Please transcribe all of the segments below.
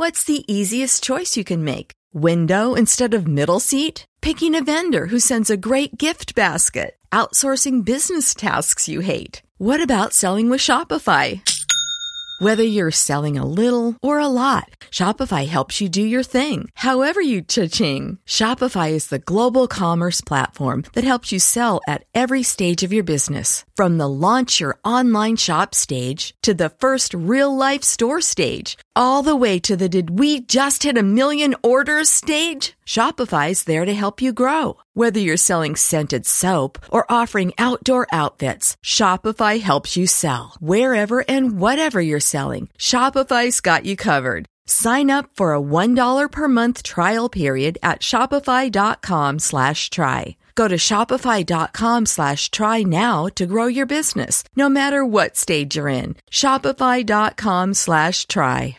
What's the easiest choice you can make? Window instead of middle seat? Picking a vendor who sends a great gift basket? Outsourcing business tasks you hate? What about selling with Shopify? Whether you're selling a little or a lot, Shopify helps you do your thing, however you cha-ching. Shopify is the global commerce platform that helps you sell at every stage of your business. From the launch your online shop stage to the first real life store stage all the way to the did we just hit a million orders stage? Shopify's there to help you grow. Whether you're selling scented soap or offering outdoor outfits, Shopify helps you sell. Wherever and whatever you're selling, Shopify's got you covered. Sign up for a $1 per month trial period at shopify.com slash try. Go to shopify.com slash try now to grow your business, no matter what stage you're in. Shopify.com slash try.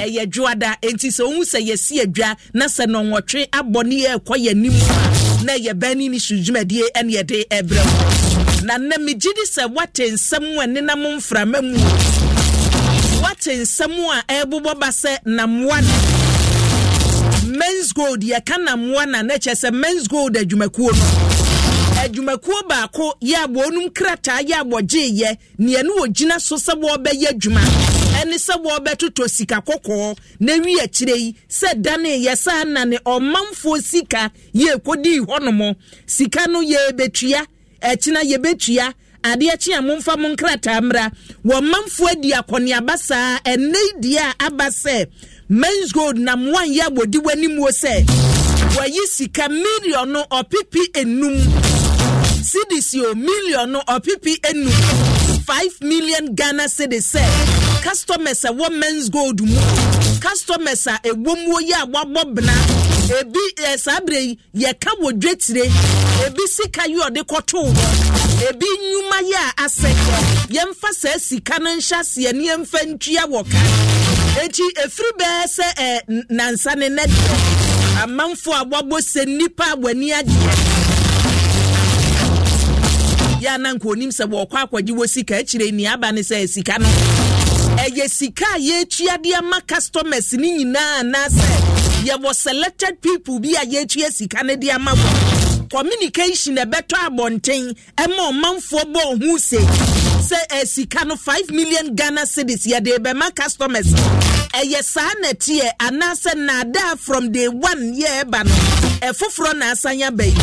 ɛyɛ dwoada nti sɛ ohun sɛ yɛsi adwa na sɛ nɔnwɔtwe abɔ ne yɛrekɔ yɛ nim a na yɛ bɛni ne su dwumadie ɛne yɛde ɛbrɛ mu na nnɛ megye di sɛ wate nsɛm a nenam mframa mu wate nsɛm a ɛrebobɔ ba sɛ namoa no men's gold yɛka namoa na na kyerɛ sɛ men's gold adwumakuo no adwumakuo baako yɛ abɔ onum krataa yɛ abɔ gyeeyɛ neɛ ne wɔgyina so sɛ wɔrebɛyɛ adwuma ɛne sɛ wɔbɛtotɔ sika kɔkɔɔ e na wi akyire yi sɛ dane yɛ saa nane ɔmanfoɔ sika yɛ hɔnom sika no yɛbɛtua ɛkyina yɛbɛtua adeɛ kye a momfa mo nkrataa mmra wɔmanfoɔ adi akɔneaba saa ɛnɛ deɛ a aba sɛ mens gold nam wanyɛ abɔdi w'animuo sɛ wɔyi sika million no ɔpepe enum cdc o million no ɔpepe enum five million ghana cedi sɛ customers a ɛwɔ men's gold mu customers a ɛwɔ mu yi a wɔabɔ bena ebi ɛ saa bere yi yɛka wɔ dwetire ebi sika yi ɔde kɔtoo hɔ ebi nyuma yi a asɛ yɛmfa saa sika no nhyɛ aseɛ ne yɛmfa ntua wɔ ka eti efiri bɛɛ sɛ ɛ nansa ne nɛ deɛ amanfo a wɔabɔ sɛ nnipa a wɔani agyeɛ yɛ anan nkonim sɛ wɔkɔ akɔgye wɔ sika akyire ni aba ne sɛ sika no ɛyɛ sika a yɛtuadeɛ ma customers ne nyinaa anaasɛ yɛwɔ selected people bi a yɛtua sika no de ama wɔ communication ɛbɛtɔ abɔnten ɛma ɔmanfoɔ bɔ ɔho se sɛ ɛsika no five million ghana cities yɛde bɛma customers ɛyɛ saa nɛteɛ anaasɛ naadaa from day one yɛ ɛba no ɛfoforɔ na asan aba yi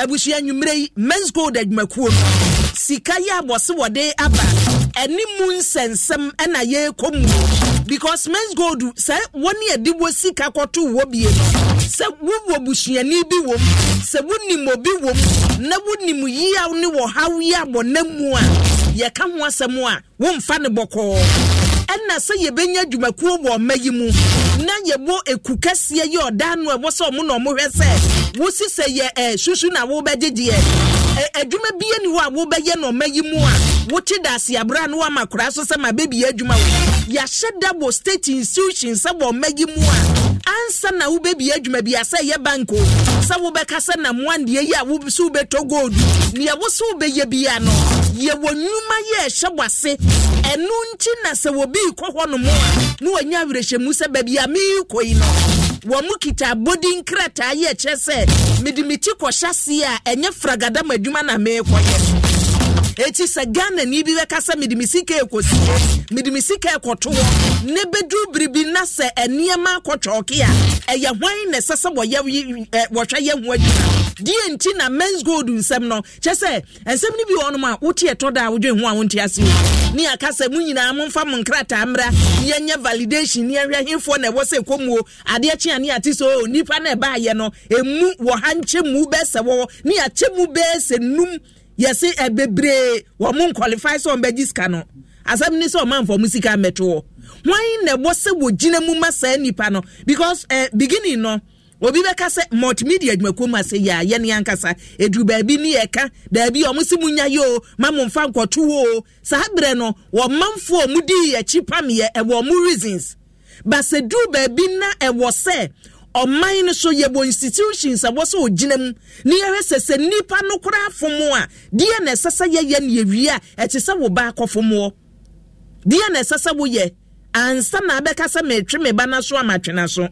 abusua nwummerɛ yi mens gold adwumakuo no sika yɛ abɔse wɔde aba ɛne mu nsɛnsɛm ɛna yɛrekɔ mu because men's gold sɛ wɔne yɛde wɔ sika kɔto wɔ bie sɛ wowɔ busuani bi wɔ mu sɛ wonim obi wɔ mu na wonim yiaw ne wɔ haw yi abɔ na mu a yɛka ho asɛm a womfa ne bɔkɔɔ ɛna sɛ yɛbɛnya dwumakuo wɔ ɔma yi mu na yɛwɔ eku kɛseɛ yi ɔdan no ɛwɔ sɛ ɔmo na ɔmo hwɛ sɛ wosi sɛ yɛ ɛɛ susu na wɔbɛgye deɛ adwuma bi ani hɔ a wobɛyɛ no ɔma yi mu a wote da ase abera no wama koraa so sɛ ma bɛbiyɛ adwuma wo yɛahyɛ da state institution sɛ wɔ ɔma yi mu a ansa na wobɛbiyɛ adwuma bi asɛ ɛyɛ bank sɛ wobɛka sɛ namoandeɛ yi a wo so wobɛtɔ gold neɛ wo so wobɛyɛ biaa no yɛwɔ nnwuma yɛ ɛhyɛ wɔ ɛno nti na sɛ wɔbi rekɔ hɔ no mu a na wanya awerɛhyɛmu sɛ baabi a merekɔ yi no wɔn mu kita abodin krataa yi kyerɛ sɛ mede me ti kɔhyɛ aseɛ a ɛnyɛ fragadam adwuma na so eti sɛ ghana ni bi bɛka sɛ mede me sika ɛkɔsi mede me sika ɛkɔto hɔ ne bɛduru biribi na sɛ nneɛma akɔtwɔɔke a ɛyɛ hwan na ɛsɛ sɛ wɔhwɛ yɛ ho adwuma deɛ nti na mens gold nsɛm no kyɛ sɛ nsɛm no bi wɔ nom a wote ɛtɔ da a wodwen ho a wonte ase o ne aka sɛ mo nyinaa momfa mo nkrataa mmra yɛnyɛ validation ne ɛhwɛ hemfoɔ na ɛwɔ sɛ ɛkɔmuo adeɛ kye ane ate sɛ o oh, nnipa ɛbaayɛ no ɛmu wɔ ha nkyɛ mu bɛɛ sɛ wɔwɔ ne akyɛ mu bɛɛ num yɛse ɛbebree eh, wɔn mo nkwalifai sɛ wɔn bɛgye sika no asɛm ne sɛ ɔman fɔm sika mɛtoɔ wɔn na ɛbɔ sɛ wɔgyina mu ma saa nipa no because ɛɛ eh, beginning no obi bɛka sɛ multimedia adwumakuo mu asɛ yɛ a yɛne ankasa Edu baabi ne yɛka daabi ɔmo se mu nya yɛ o ma mo mfa nkɔto o saa berɛ no wɔmanfoɔ a ɔmo dii akyi pamyɛ ɛwɔ ɔmo reasons basɛduru baabi na ɛwɔ sɛ ɔman no so yɛbɔ institutions a wɔsɛ ɔgyina mu na yɛhwɛ sɛ sɛ nnipa no koraa fom a deɛ na ɛsɛ sɛ yɛyɛ ne yɛwie a ɛte sɛ wo ba akɔfomɔ deɛ na ɛsɛ sɛ woyɛ ansa na abɛka sɛ metwe me ba no so amatwe no so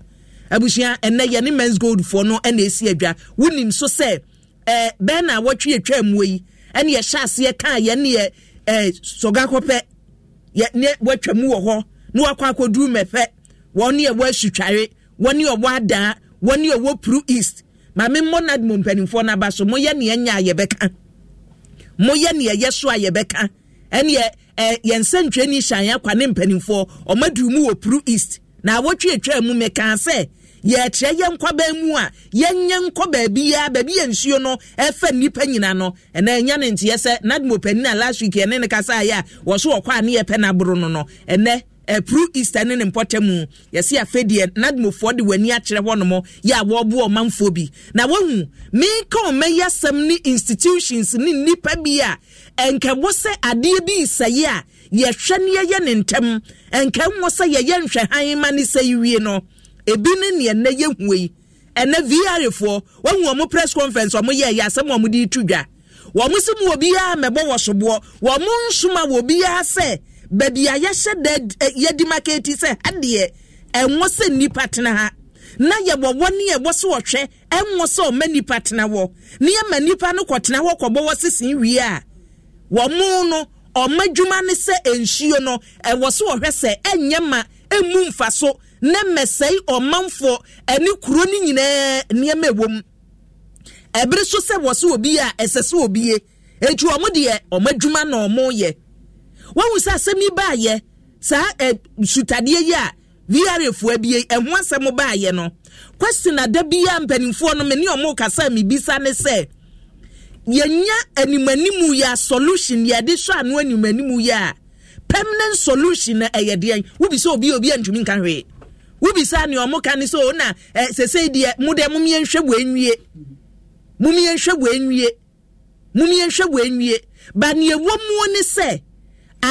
abusua ɛnɛ yɛne mens gold foɔ no ɛna ɛsi adwa wonim so sɛ ɛɛ bɛn na wɔtwe atwa mu yi ɛne yɛhyɛ aseɛ kaa yɛne yɛ ɛɛ sɔgakɔpɛ yɛ ne wɔatwa mu wɔ hɔ na wakɔ akɔduru mɛpɛ wɔn ne yɛ wɔ asutware wɔne ɔwɔ adaa wɔne ɔwɔ pru east maame monad e, mu mpanimfoɔ no aba so moyɛ neɛ nya a yɛbɛka moyɛ neɛ yɛ so a yɛbɛka ɛneɛ eh, yɛn nsɛntwerɛni hyɛn akwa ne mpanimfoɔ ɔma duru mu wɔ pru east na awotwe atwa mu mekaa sɛ yɛkyerɛ yɛn nkɔbaa mu a yɛnyɛ nkɔ baabi a baabi yɛ nsuo no ɛfɛ nnipa nyina no ɛna ɛnya ne nteɛ sɛ nadmo panin a last week yɛne ne kasa ayɛ a wɔso wɔkɔ a ne yɛpɛ n'aboro no no ɛnɛ ɛpuru easter ne ne mpɔtɛ mu yɛsi afɛdeɛ nadimofoɔ de w'ani akyerɛ hɔnom yɛ a wɔreboa ɔmanfoɔ bi na wɔhu minka ɔmɛyɛ asɛm ne institutions ne nnipa bi a nkɛbɔ sɛ adeɛ bi sɛyɛ a yɛhwɛ ne yɛyɛ ne ntɛm nkɛnwɔ sɛ yɛyɛ nhwɛhan ma ne sɛ yiwie no ebi ne neɛ nnɛ yɛhue yi ɛnɛ vr foɔ wɔhu wɔn press conference wɔn yɛ yɛ asɛm wɔn de tu dwa wɔn si mu obiara mɛbɔ wɔ soboɔ wɔn nsoma wɔ obiara sɛ baabi a yɛhyɛ da yɛdi market sɛ adeɛ ɛnwo sɛ nnipa tena ha na yɛ wɔ ne wɔ so ɔhwɛ ɛnwo sɛ ɔma nnipa tena wɔ ne yɛma nnipa no kɔtena hɔ kɔbɔ wɔ sisi wie a wɔn no ɔma adwuma ne sɛ nsuo no ɛwɔ so ɔhwɛ sɛ ɛnyɛ ma ɛmu mfa so na mmɛsɛe ɔmanfoɔ ɛne kuro no nyinaa nneɛma ɛwɔ mu ɛbere so sɛ wɔ so obi a ɛsɛ sɛ obie etu wɔn deɛ ɔmo adwuma na ɔmo yɛ wɔhu sɛ asɛm yi baayɛ saa sutadeɛ yi a vra foɔ bi ɛho asɛm baayɛ no question ada bi a mpanimfoɔ no mene ɔmo kasa mebisa ne sɛ yɛnya animanimu yɛ a solution yɛde hwɛ ano animanimu yɛ a permanent solution na ɛyɛ deɛn wobi sɛ obi obi antumi nka hwee wobi sɛ ne ɔmo ka ne sɛ ona oh, eh, sesei deɛ mo deɛ momiɛ nhwɛ wo anwie momiɛ nhwɛ wo anwie momiɛ nhwɛ wo anwie ba neɛ wɔ muo ne sɛ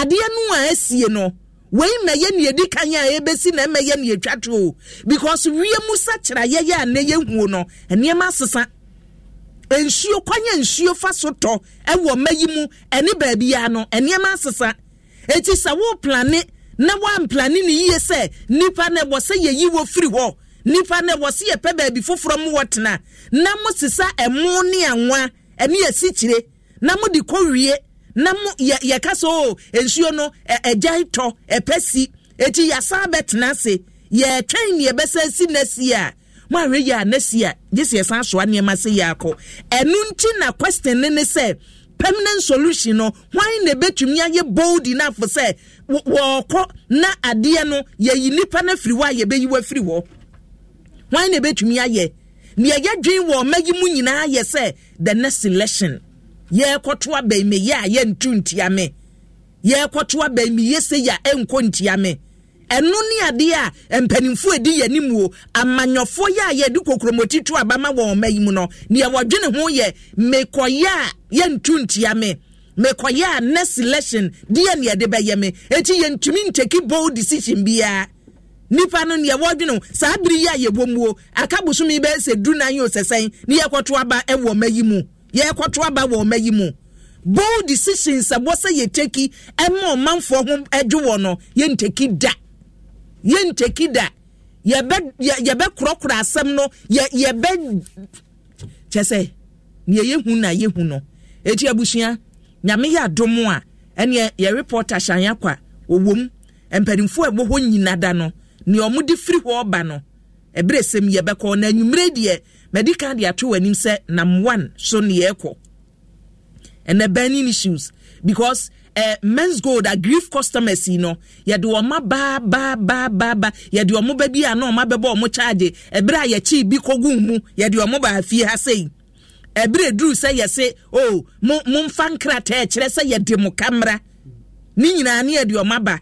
adeɛ no a asie no wei mɛyɛ ne yɛdi kan a ɛbɛsi na ɛmɛyɛ ne yɛtwa to o because wie mu sakyerayɛ yɛ a na yɛ huo no nneɛma asesa nsuo kwanya nsuo fa so tɔ ɛwɔ mɛ yi mu ɛne baabi a no nneɛma asesa eti sɛ wɔreplane na wɔamplane ne yie sɛ nipa na ɛwɔ sɛ yɛyi wɔ firi hɔ nipa na ɛwɔ sɛ yɛpɛ baabi foforɔ mu wɔtena na mo sisa ɛmo ne anwa ɛne yɛsi kyire na mo de kɔ wie na mu yɛka sɛ o nsuo no ɛgya e, e, tɔ ɛpɛ si eti yasa abɛtena ase yɛtwɛn ne yɛbɛsa si n'asi a mo ahwɛ yɛ a n'asi a gyesi yɛsan asoa nneɛma se yɛ akɔ ɛnu nti na question ne ne sɛ permanent solution no hwan na ebetumi ayɛ bold enough sɛ wɔɔkɔ na adeɛ no yɛyi nipa no firi hɔ a yɛbɛyi wɔ firi hɔ hwan na ebetumi ayɛ nea yɛdwin wɔ ɔma yi mu nyinaa yɛ sɛ the next election yɛrekɔto aba me yɛ a yɛntu ntia me yɛrekɔto aba me yɛ sɛ yɛ a ɛnkɔ ntia me ɛno ne adeɛ a mpanimfoɔ edi yɛ anim o amanyɔfoɔ yɛ a yɛde kokromoti to aba ma wɔn ɔma yi mu no nea wɔdwene ho yɛ mekɔyɛ a yɛntu ntia me mekɔyɛ a next election deɛ ne yɛde bɛyɛ me eti yɛntumi ntaki bold decision biara nipa no nea wɔdwene saa abiri yɛ a yɛbɔ mu o aka bosom yi bɛyɛ sɛ du nan yɛ osɛsɛn ne yɛkɔto aba ɛwɔ ɔma yi mu. yɛrekɔto aba wɔ ɔma yi mu bold decisions ɛbɔ sɛ yɛteki ɛma ɔmanfoɔ ho ɛdwe wɔ no yɛnteki da yɛnteki da yɛbɛ yɛbɛkorɔkorɔ asɛm no yɛ yɛbɛ kyɛ sɛ nea yɛhu na yɛhu no eti abusua nyame yɛ adom a ɛnea yɛ hyanya kwa akwa mu mpanimfoɔ a ɛwɔ hɔ nyinada no nea wɔde firi hɔ ɔba no ɛbrɛ sɛm yɛbɛkɔ na enyimire deɛ. Medical kan de ato w'anim sɛ nam one so ne yɛ kɔ ɛnna burning issues because uh, men's gold grief customers yi no yɛde wɔn baa baa baa baa baa yɛde wɔn ba bi a na wɔn abɛbɔ wɔn charge ɛbɛrɛ a yɛkyi bi kogu mu yɛde wɔn ba fie ha sɛyi ɛbɛrɛ duru sɛ yɛsɛ o oh, mo mo nfa nkrataa kyerɛ sɛ yɛde mo kamara ne nyinaa ne yɛde wɔn aba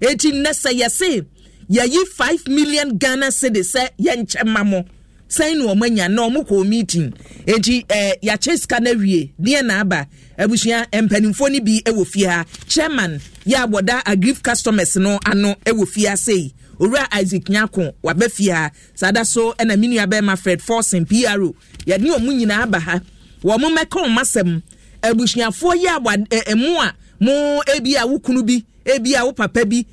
eti nnɛ sɛ yɛsɛ yɛyi five million ghana cedi sɛ yɛnkyɛn ma mo sɛn na ɔmo anya na ɔmo kɔ meeting eti ɛɛ eh, yɛakyɛ sika na wie deɛ na aba abusua mpanimfoɔ no bi wɔ fie ha chairman yɛ abɔda agrif customers no ano wɔ fie ha sei owura isaac nyako waba fie ha saa so na me nua bɛrima fred forson pro yɛde ɔmo nyinaa aba ha wɔn mɛka ɔmo asɛm abusuafoɔ yɛ abɔ ɛmo eh, eh, a mo ebi a wo bi ebi a wo bi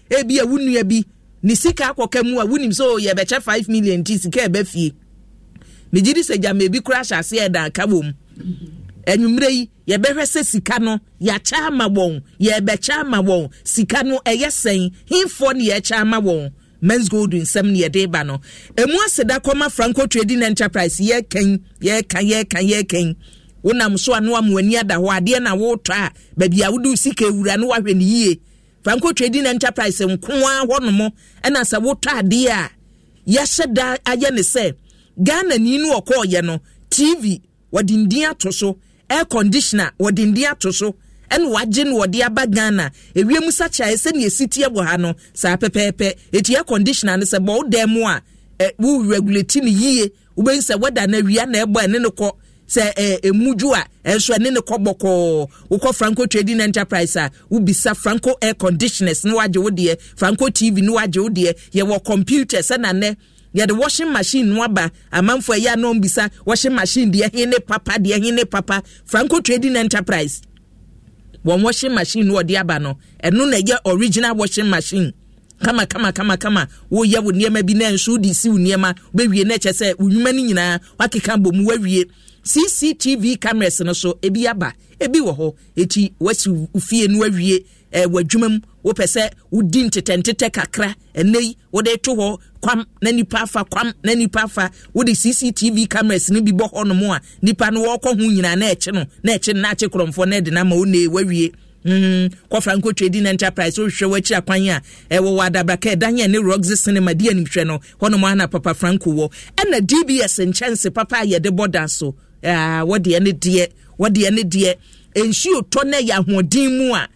ebi a wo nua bi ne sika akɔka mu a wunim sɛ oh, yɛbɛkyɛ five million ti sika ɛbɛ fie megye di sɛ gyama ebi kora ahyɛ aseɛ ɛda aka wɔ mu enwumere yi yɛbɛhwɛ sɛ sika no yɛakyɛ ama wɔn yɛbɛkyɛ ama wɔn sika no ɛyɛ sɛn hinfoɔ ne yɛkyɛ ama wɔn men's gold nsɛm ne yɛde ba no emu aseda kɔma franco trading enterprise yɛkɛn yɛkan yɛkan yɛkɛn wonam so a no amu ani ada hɔ adeɛ na wotɔ a baabi a wode sika ewura no wahwɛ ne yie franco trading enterprise nkoa hɔnom ɛna sɛ wotɔ adeɛ a yɛhyɛ da ayɛ ne sɛ ghana ni no ɔkɔɔyɛ no tv wɔde ndin ato so air conditioner wɔde ndin ato so ɛna wagye no wɔde aba ghana ewia mu sakyɛ ayɛ esi tie wɔ ha no saa pɛpɛɛpɛ etu air conditioner no sɛ bɔ ɔdan mu a ɛ wo regulate ne yie wobɛn sɛ wɛda na wia na ɛbɔ ɛne ne kɔ sɛ ɛɛ emudwo a ɛnso ɛne ne kɔ bɔkɔɔ wokɔ franco trading enterprise a wobisa franco air conditioners ne wagye wo deɛ franco tv ne wagye wo deɛ yɛwɔ computer sɛ na nɛ yɛde washing machine no aba amanfo ɛyɛ anɔm bisa washing machine deɛ hen ne papa deɛ hen ne papa franco trading enterprise wɔn washing machine no wɔde aba no ɛno na ɛyɛ original washing machine kama kama kama kama woyɛ wo nneɛma bi na nso de si wo nneɛma bɛwie na ɛkyɛ sɛ wo nnwuma no nyinaa wakeka bɔ mu cctv cameras no so ebi aba ebi wɔ hɔ eti wasi fie no awie ɛɛ wɔ adwuma mu wopɛ sɛ wodi ntetɛntetɛ kakra ɛnɛ yi wode to hɔ kwam na nipa afa kwam na nipa afa wode cctv cameras no bi bɔ hɔnom a nipa no wɔkɔ ho nyina na ɛkye no na ɛkye no na akye korɔmfoɔ na ɛde no ama wone wawie Mm, kɔfra nkɔ trading enterprise wohwɛ w'akyi akwan a ɛwɔ wɔ adabraka ɛdan a ne roxe cinema di animhwɛ no hɔnom ana papa franco wɔ ɛna dbs nkyɛnse papa a yɛde bɔda so wɔdeɛ ne deɛ wɔdeɛ ne deɛ nsuo tɔ no yɛ ahoɔden mu a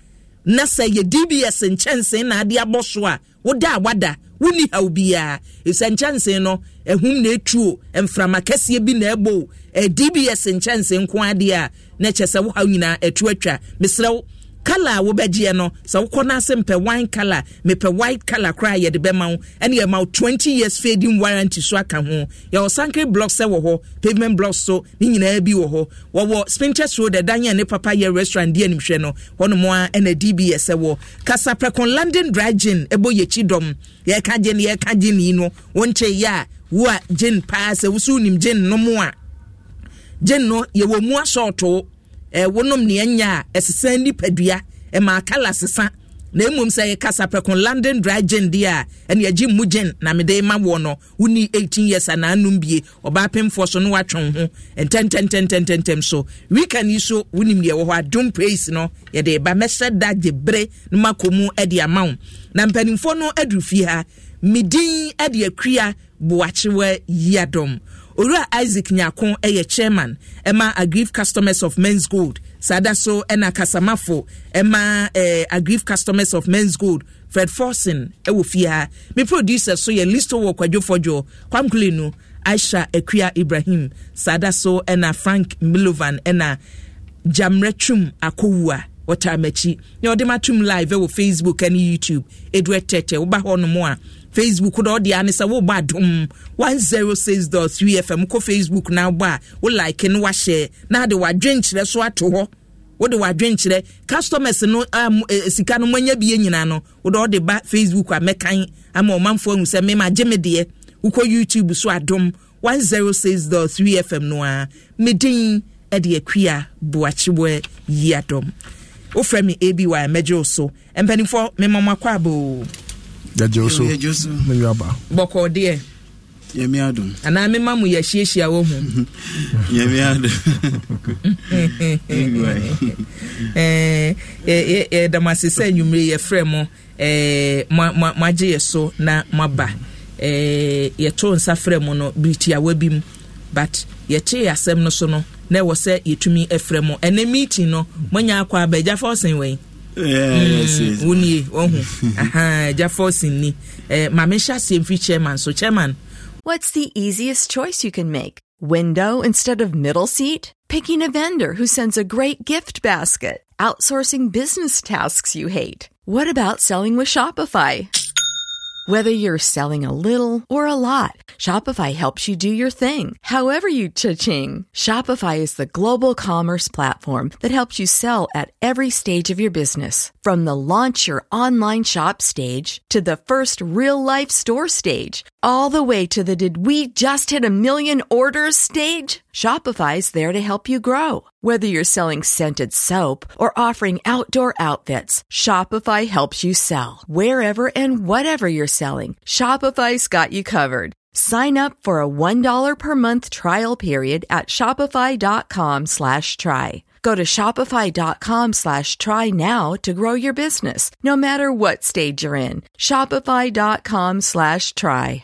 na sɛ yɛ dbs nkyɛnsee na ade abɔ so a woda wada woni haw biara ɛsɛ nkyɛnsee no ɛhum na ɛtuo mframa kɛseɛ bi na ɛbɔ o dbs nkyɛnsee nko adeɛ a na ɛkyɛ sɛ wohaw nyinaa ɛtu atwa mesrɛ wo kala a wobɛgyeɛ no sɛ wokɔ no ase mpɛ wine kala mepɛ white kala koraa yɛde bɛma wo ɛne yɛma wo 20 years fading warranty so aka ho yɛwɔ sankre block sɛ wɔ hɔ pavement block so ne nyinaa bi wɔ hɔ wɔwɔ spinchers road ɛdan a ne papa yɛ restaurant di animhwɛ no hɔnom a ɛna dbs ɛwɔ kasaprɛkon london dry gin ɛbɔ yɛkyi dɔm yɛka gye no yɛka gye nii no wɔnkyɛ yɛ a wo a gin paa sɛ wo wonim gin no mu a gin no yɛwɔ mu asɔɔtoo ɛwonom eh, neɛ nya a ɛsesa nipadua ɛma eh, akala sesa na mmom sɛ yɛkasa prɛko london dry gin deɛ a ɛne agye mu gin na mede ma woɔ no woni 18 years anaa nom bie ɔbaa pemfoɔ so no woatwe ho ntɛntɛntɛntɛntɛm so weekend yi so wonim deɛ wɔ hɔ adom praise no yɛde ba mɛhyɛ da gye bere no makɔ mu de ama wo na mpanimfoɔ no aduru fie ha medin de akua boakyewa yiadɔm owura isaac nyako yɛ chairman ma aggrieved customers of men's gold saada so na kasamafo ma eh, aggrieved customers of men's gold fred forson wɔ fie ha me producer so yɛ listo wɔ kwadwofɔdwo kwamkule no aisha akua ibrahim saada so na frank milovan na Jamretum twum akowua wɔtaa m'akyi na ɔde ma live wɔ facebook ne youtube edu tɛtɛ woba hɔ nom a facebook na ɔde ane sɛ wobɔ adom 106.3 fm kɔ facebook na wobɔ a wo like no wahyɛ na ade wadwenkyerɛ so ato hɔ wode wadwenkyerɛ customers no um, uh, sika no manya bie nyinaa no wode ɔde ba facebook a mɛkan ama ɔmanfoɔ ahu sɛ memagye me deɛ wokɔ youtube so adom 106.3 fm no a medin ɛde akua boakyewɛ yi adom wofrɛ me abi wa mɛgye wo so mpanimfoɔ memammakɔ aboo yɛgye so mewi aba bɔkɔɔdeɛ yɛmi adum anaa mema mu yɛ hyiahyia wɔ ho yɛmi adum yɛdam ase sɛ nnwumere yɛfrɛ mo moagye yɛ so na moaba yɛto nsa frɛ mo no birikyiawa bi mu but yɛte asɛm no so no na ɛwɔ sɛ yɛtumi frɛ mo ɛnɛ meeting no moanya akɔ a bɛagyafa ɔsen wɔ yi Mm, wonie ɔhu eh, maame hyɛ aseɛ chairman so chairman What's the easiest choice you can make? Window instead of middle seat? Picking a vendor who sends a great gift basket? Outsourcing business tasks you hate? What about selling with Shopify? Whether you're selling a little or a lot, Shopify helps you do your thing, however you cha-ching. Shopify is the global commerce platform that helps you sell at every stage of your business. From the launch your online shop stage to the first real life store stage, all the way to the did we just hit a million orders stage. Shopify's there to help you grow. Whether you're selling scented soap or offering outdoor outfits, Shopify helps you sell. Wherever and whatever you're selling, Shopify's got you covered. Sign up for a $1 per month trial period at shopify.com slash try. Go to shopify.com slash try now to grow your business, no matter what stage you're in. Shopify.com slash try.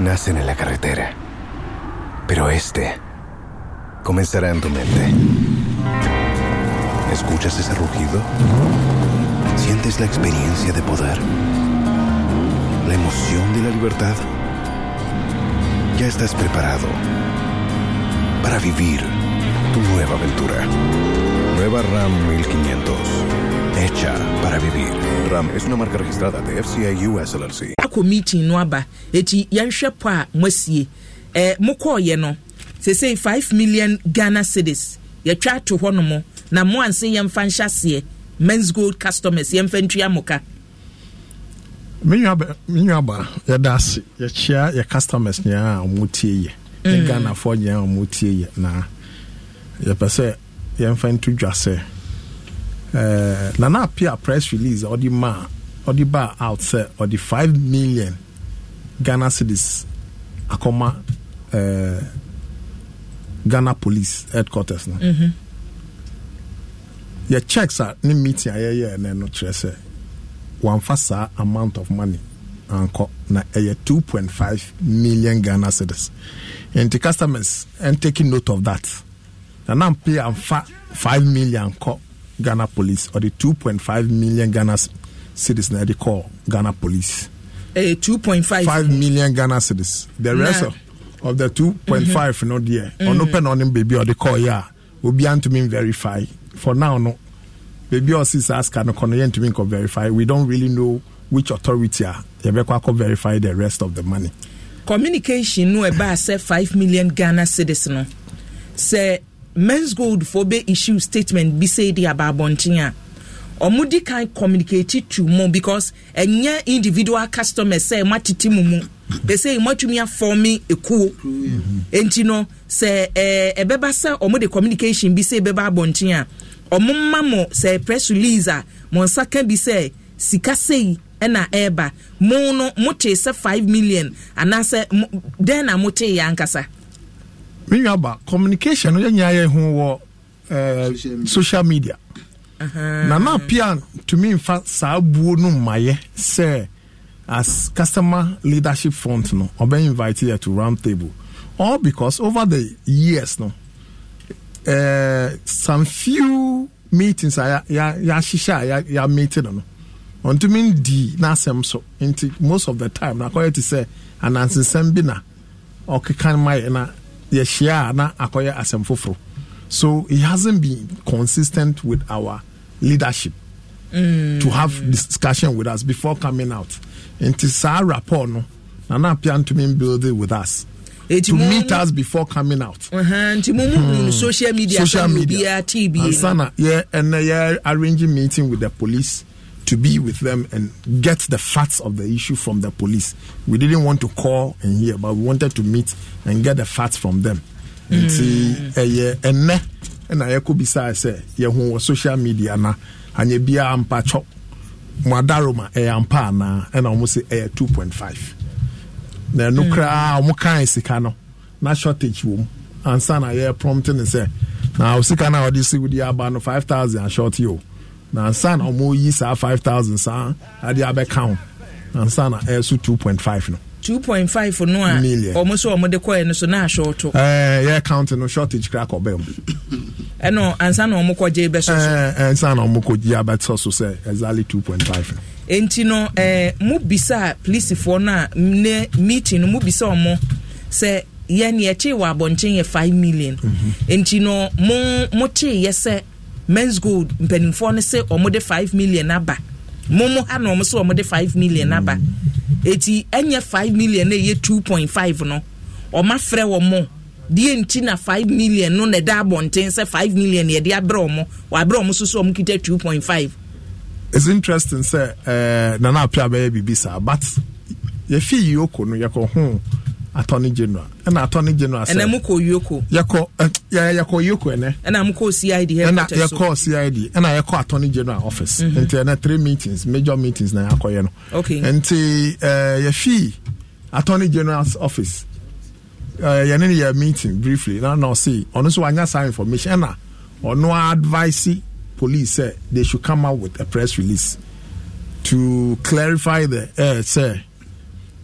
nacen en la carretera, pero este comenzará en tu mente. ¿Escuchas ese rugido? ¿Sientes la experiencia de poder? ¿La emoción de la libertad? Ya estás preparado para vivir tu nueva aventura. Nueva RAM 1500 hecha para vivir. Ram es una marca registrada de FCI US LLC. Akọ meeting no aba eti yɛnhwɛ pɔ a moasie. Eh mokɔɔyɛ no sesei 5 million Ghana cedis yɛtwa ato hɔ no mo na mo anse yɛmfa nhyɛ aseɛ men's gold customers yɛmfa ntua moka. menuaba yɛda ase yɛkyia yɛ customers nyinaa a ɔmo tie yɛ ne mm. ghanafoɔ nyinaa a ɔmo tie yɛ na yɛpɛ sɛ yɛmfa nto dwa sɛ uh, eh, Nana Pia press release or the ma or the bar out sir or the five million Ghana cedis akoma uh, Ghana police headquarters no. mm checks are ne meeting ayɛ yɛ ɛnɛ no kyerɛ sɛ wɔamfa saa amount of money ankɔ na point five million Ghana cedis nti customers and taking note of that na na mpɛ amfa five million kɔ Ghana Police or the 2.5 million Ghana citizens they call Ghana Police. Uh, 2.5 5 million Ghana citizens. The rest nah. of, the 2.5 mm-hmm. not there. Mm-hmm. On open on him baby or they call yeah. Will be to me verify. For now no. Baby or sis ask and connect to me verify. We don't really know which authority are verify the rest of the money. Communication no about say five million Ghana citizens. Say men's gold for be issue statement bi say di aba abɔnten a ɔmo di kan communicate to mo because ɛnyɛ individual customer sɛ ɛmo atete mu mu bɛsɛ ɛmo atumi afɔmi ekuo nti no sɛ ɛɛ ɛbɛba sɛ ɔmo de communication bi sɛ ɛbɛba abɔnten a ɔmo ma mo sɛ press release a mo nsa ka bi sɛ sika sei ɛna ɛɛba mo no mo te sɛ five million anaasɛ mo dɛn na mo te yɛ ankasa me ba communication no yɛnya yɛ ho wɔ eh, social media uh-huh. na na pia tumi nfa saa buo no mmayɛ sɛ as customer leadership front no ɔbɛ invite yɛ to round table all because over the years no uh, some few meetings a yɛahyehyɛ a yɛamete no no ɔntumi di n'asɛm so nti most of the time na akɔyɛ te sɛ anansesɛm bi na ɔkeka ma yɛ na yɛhyia a na akɔyɛ asɛm foforɔ so he hasn't been consistent with our leadership mm. to have discussion with us before coming out nti saa rapport no nana apia ntumi build it with us to meet us before coming out. nti mo mu hmm. mm, social media social media tv. ansana yɛ ɛnɛ yɛ arranging meeting with the police to be with them and get the facts of the issue from the police. We didn't want to call and hear, but we wanted to meet and get the facts from them. nti hmm. ɛyɛ ɛnɛ ɛna yɛkɔ bisaa sɛ yɛho wɔ social media na anyɛ biaa mpatwɔ mo adaroma ɛyɛ ampa na, ɛna ɔmo sɛ ɛyɛ 2.5 na ɛno hmm. koraa ɔmo kan sika no na shortage wɔ mu ansa na yɛ prompt ne sɛ na osika no a wɔde si wodi aba no 5000 ashorte o nansa na ɔmo yi saa five thousand saa ade abɛka ho nansa na ɛso two point five no. two point five no a ɔmo sɛ ɔmo de kɔɛ no so na ahyɛ ɔto. ɛɛ yɛ count no shortage kura kɔ bɛn mu. ɛnna ansa na ɔmo kɔ gye bɛ so. ɛɛ ansa na ɔmo kɔ gye abɛtɔ so sɛ exactly two point five. enti no ɛɛ mo bisa polisifoɔ no a ne meeting no mo bisa ɔmo sɛ yɛn yɛkye wɔ abɔnten yɛ five million. Mhm. enti no mo mo kye yɛ sɛ. men's gold mpanimfoɔ no sɛ ɔmode 5 million aba momo ha na ɔmo sɛ ɔmode 5 million aba eti ɛnyɛ 5 million na ɛyɛ 2.5 no ɔma frɛ wɔ dị deɛ nti na 5 million no na ɛda abɔnten sɛ 5 million yɛde abrɛ ɔmo wabrɛ ɔmo so so ɔmo kita 2.5 it's interesting sɛ uh, nana apɛ abɛyɛ biribi saa but yɛfi yioko no yɛkɔ ho attorney general ɛna attorney general sɛ ɛna mu kɔ yoko yɛkɔ ɛ yɛkɔ yoko ɛnɛ ɛna mu kɔ cid headquarters ɛna yɛkɔ cid ɛna yɛkɔ attorney general office mm -hmm. nti ɛna three meetings major meetings na yɛakɔyɛ no okay nti ɛɛ yɛfi attorney general's office ɛɛ yɛne ne yɛ meeting briefly na na ɔsi ɔno nso wanya saa information ɛna ɔno advise police sɛ they should come out with a press release to clarify the ɛɛ uh, sɛ.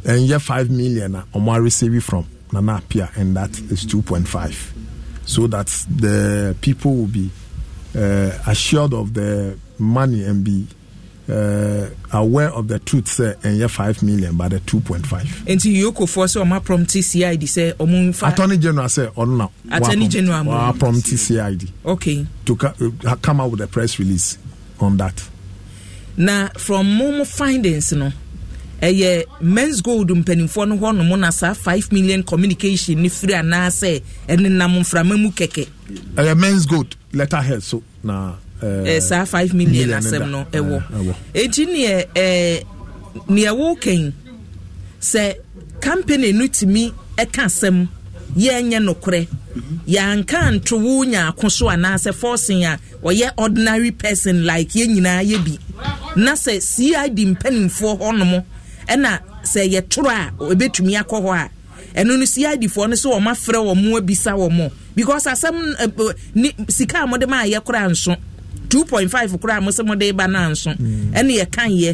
And ɛnyɛ five million I'm uh, receiving from Nana Apia and that is two point five so that the people will be uh, assured of the money and be uh, aware of the truth And ɛnyɛ five million but the two point five. nti yokofoɔ sɛ ɔma prɔmte cid say. ɔmo nfa. attorney general say ɔno na attorney general mo wa prɔmte cid. okay to uh, come out with a press release on that. Now, from mo findings no ɛyɛ men's gold mpanimfoɔ no hɔ nom na saa five million communication ne firi anaasɛ ɛnenam mframa mu kɛkɛ ɛyɛ men's gold letterhead so na eh, ɛɛ saa five million asɛm no ɛwɔ eti eh, neɛ ɛɛ eh, neɛ wɔɔkɛn sɛ company no tumi ɛka asɛm yɛnyɛ nokorɛ yɛanka nto wo nyaako so anaasɛ forcing a ɔyɛ ordinary person like yɛn nyinaa yɛ bi na sɛ cid mpanimfoɔ hɔnom ɛna sɛ yɛtoro a ɛbɛtumi akɔ hɔ a ɛno no siadifoɔ no so wɔma frɛ wɔ mo abisa wɔ mo because asɛm eh, eh, sika a mode ma ayɛ koraa nso 2.5 koraa mo sɛ mode ba no nso mm. ɛne yɛkanyɛ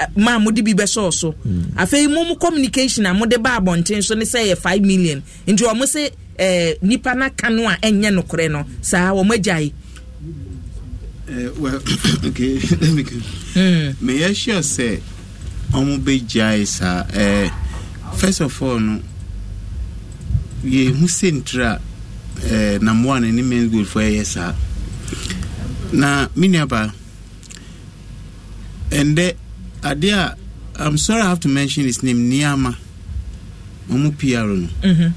eh, ma mode bi bɛsɔɔ so mm. afei mo communication a mode ba abɔnten so ne sɛ yɛ 5 million nti ɔmo sɛ eh, nipa no aka no a ɛnyɛ nokorɛ no saa wɔm agyae meyɛ hyia sɛ ɔmo bɛgyae saa ɛɛ first of all no yɛhu sentire eh, a ɛɛ namoa no ne men's gold fo ɛyɛ saa na me nuaba ɛndɛ adeɛ a i'm sorry i have to mention his name niama ɔmo pr no mm-hmm.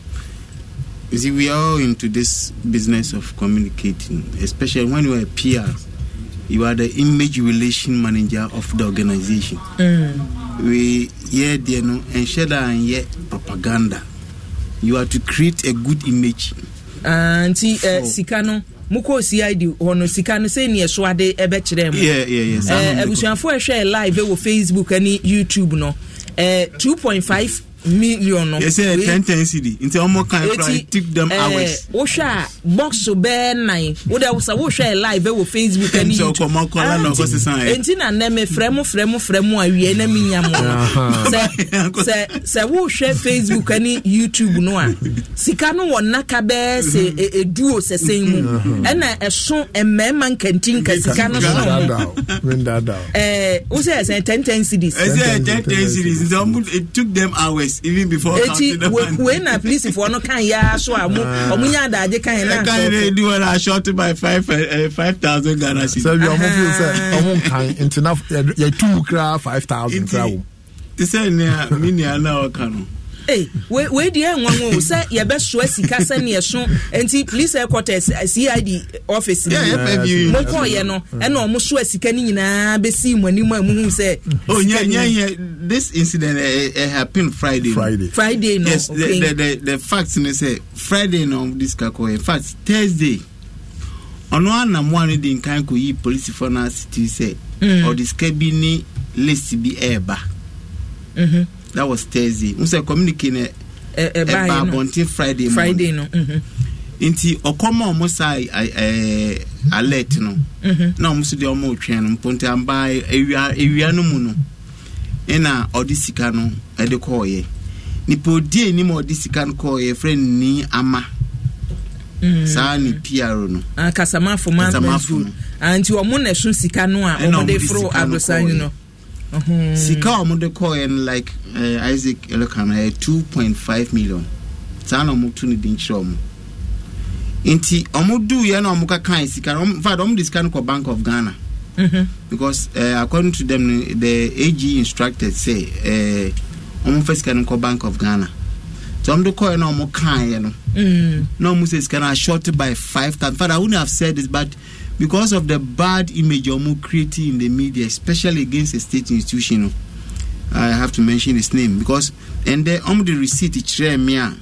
you see we are all into this business of communicating especially when you are a pr you are the image relation manager of the organization. Mm. We yeah, dear no, and share and yeah, propaganda. You are to create a good image. Anti uh, eh, Sikano. mokɔ cid hɔ no sika no sɛ ne ɛso ade ɛbɛkyerɛ mu eh, abusuafoɔ ɛhwɛ live wɔ facebook ne youtube no uh, eh, 2.5 million no. yɛsɛ yes, eh, ten ten cd nti ɔmɔ kan kura it took them uh, hours. wohwɛ a box bɛɛ nan wode wosa wohwɛ live wɔ facebook ɛne youtube enti na nnɛ me frɛ mu frɛ mu frɛ mu awie na menya mo sɛ wohwɛ facebook ne youtube no a sika no wɔ naka bɛɛ sɛ ɛduo e, e, sɛsɛn mu mhm. ɛna ɛso mmarima nkantinka sika no so eh, wo sɛ ɛsɛ ten ten cds. ɛsɛ ten ten cds nti it took them hours twice even before eti wei na polisifoɔ no kan ya so a mo ɔmo nya adagye kan na kan na edi wɔn na short by five eh, eh, five thousand ghana cedi. sɛbi ɔmo fi sɛ ɔmo nkan ntina yɛ tu kura five thousand kura wɔm. ti sɛ nea mi nea na ɔka no wei deɛ ɛnwanwo sɛ yɛbɛsoa sika sɛne ɛso nti police headquarters eh, cid office mokɔɔyɛ no ɛna ɔmo soa sika no nyinaa bɛsii mu anim a muhu sɛ this incident uh, uh, happened friday friday friday no yes okay. the, the, the, the fact no sɛ friday no this kakɔ in fact thursday ɔno anamoa no de nkan kɔyi Police no asetiw sɛ ɔde sika bi ne list bi ɛɛba that was thursday n sɛ communique no ɛba abɔnten friday friday no mhm. nti ɔkɔma ɔmo saa ɛɛ alert no mhm. na ɔmo so deɛ ɔmo twɛn no mponte amba ewia ewia no mu no ɛna ɔde sika no ɛde kɔɔyɛ nipa odi anim a ɔde sika no kɔɔyɛ fɛ ni ama saa ne pr no kasamafo ma kasamafo ah, nti ɔmo na ɛso sika no a ɔmo de foro adosan no. sika a wɔde kɔɛ no like uh, isaac elokan ɛyɛ eh, two point five million saa na wɔto no din kyerɛ wɔn nti wɔn na wɔn sika no in fact wɔn de sika no kɔ bank of ghana mm-hmm. because uh, according to them the ag instructed say wɔn uh, fɛ sika no kɔ bank of ghana so wɔn de kɔɛ na wɔn yɛ no na wɔn sɛ sika no are short by five thousand in fact i wouldnt have said this but. because of the bad image ọmọ creating in the media especially against a state institution i have to mention his name because ẹnde ọmọ de receipt kyerẹ mi a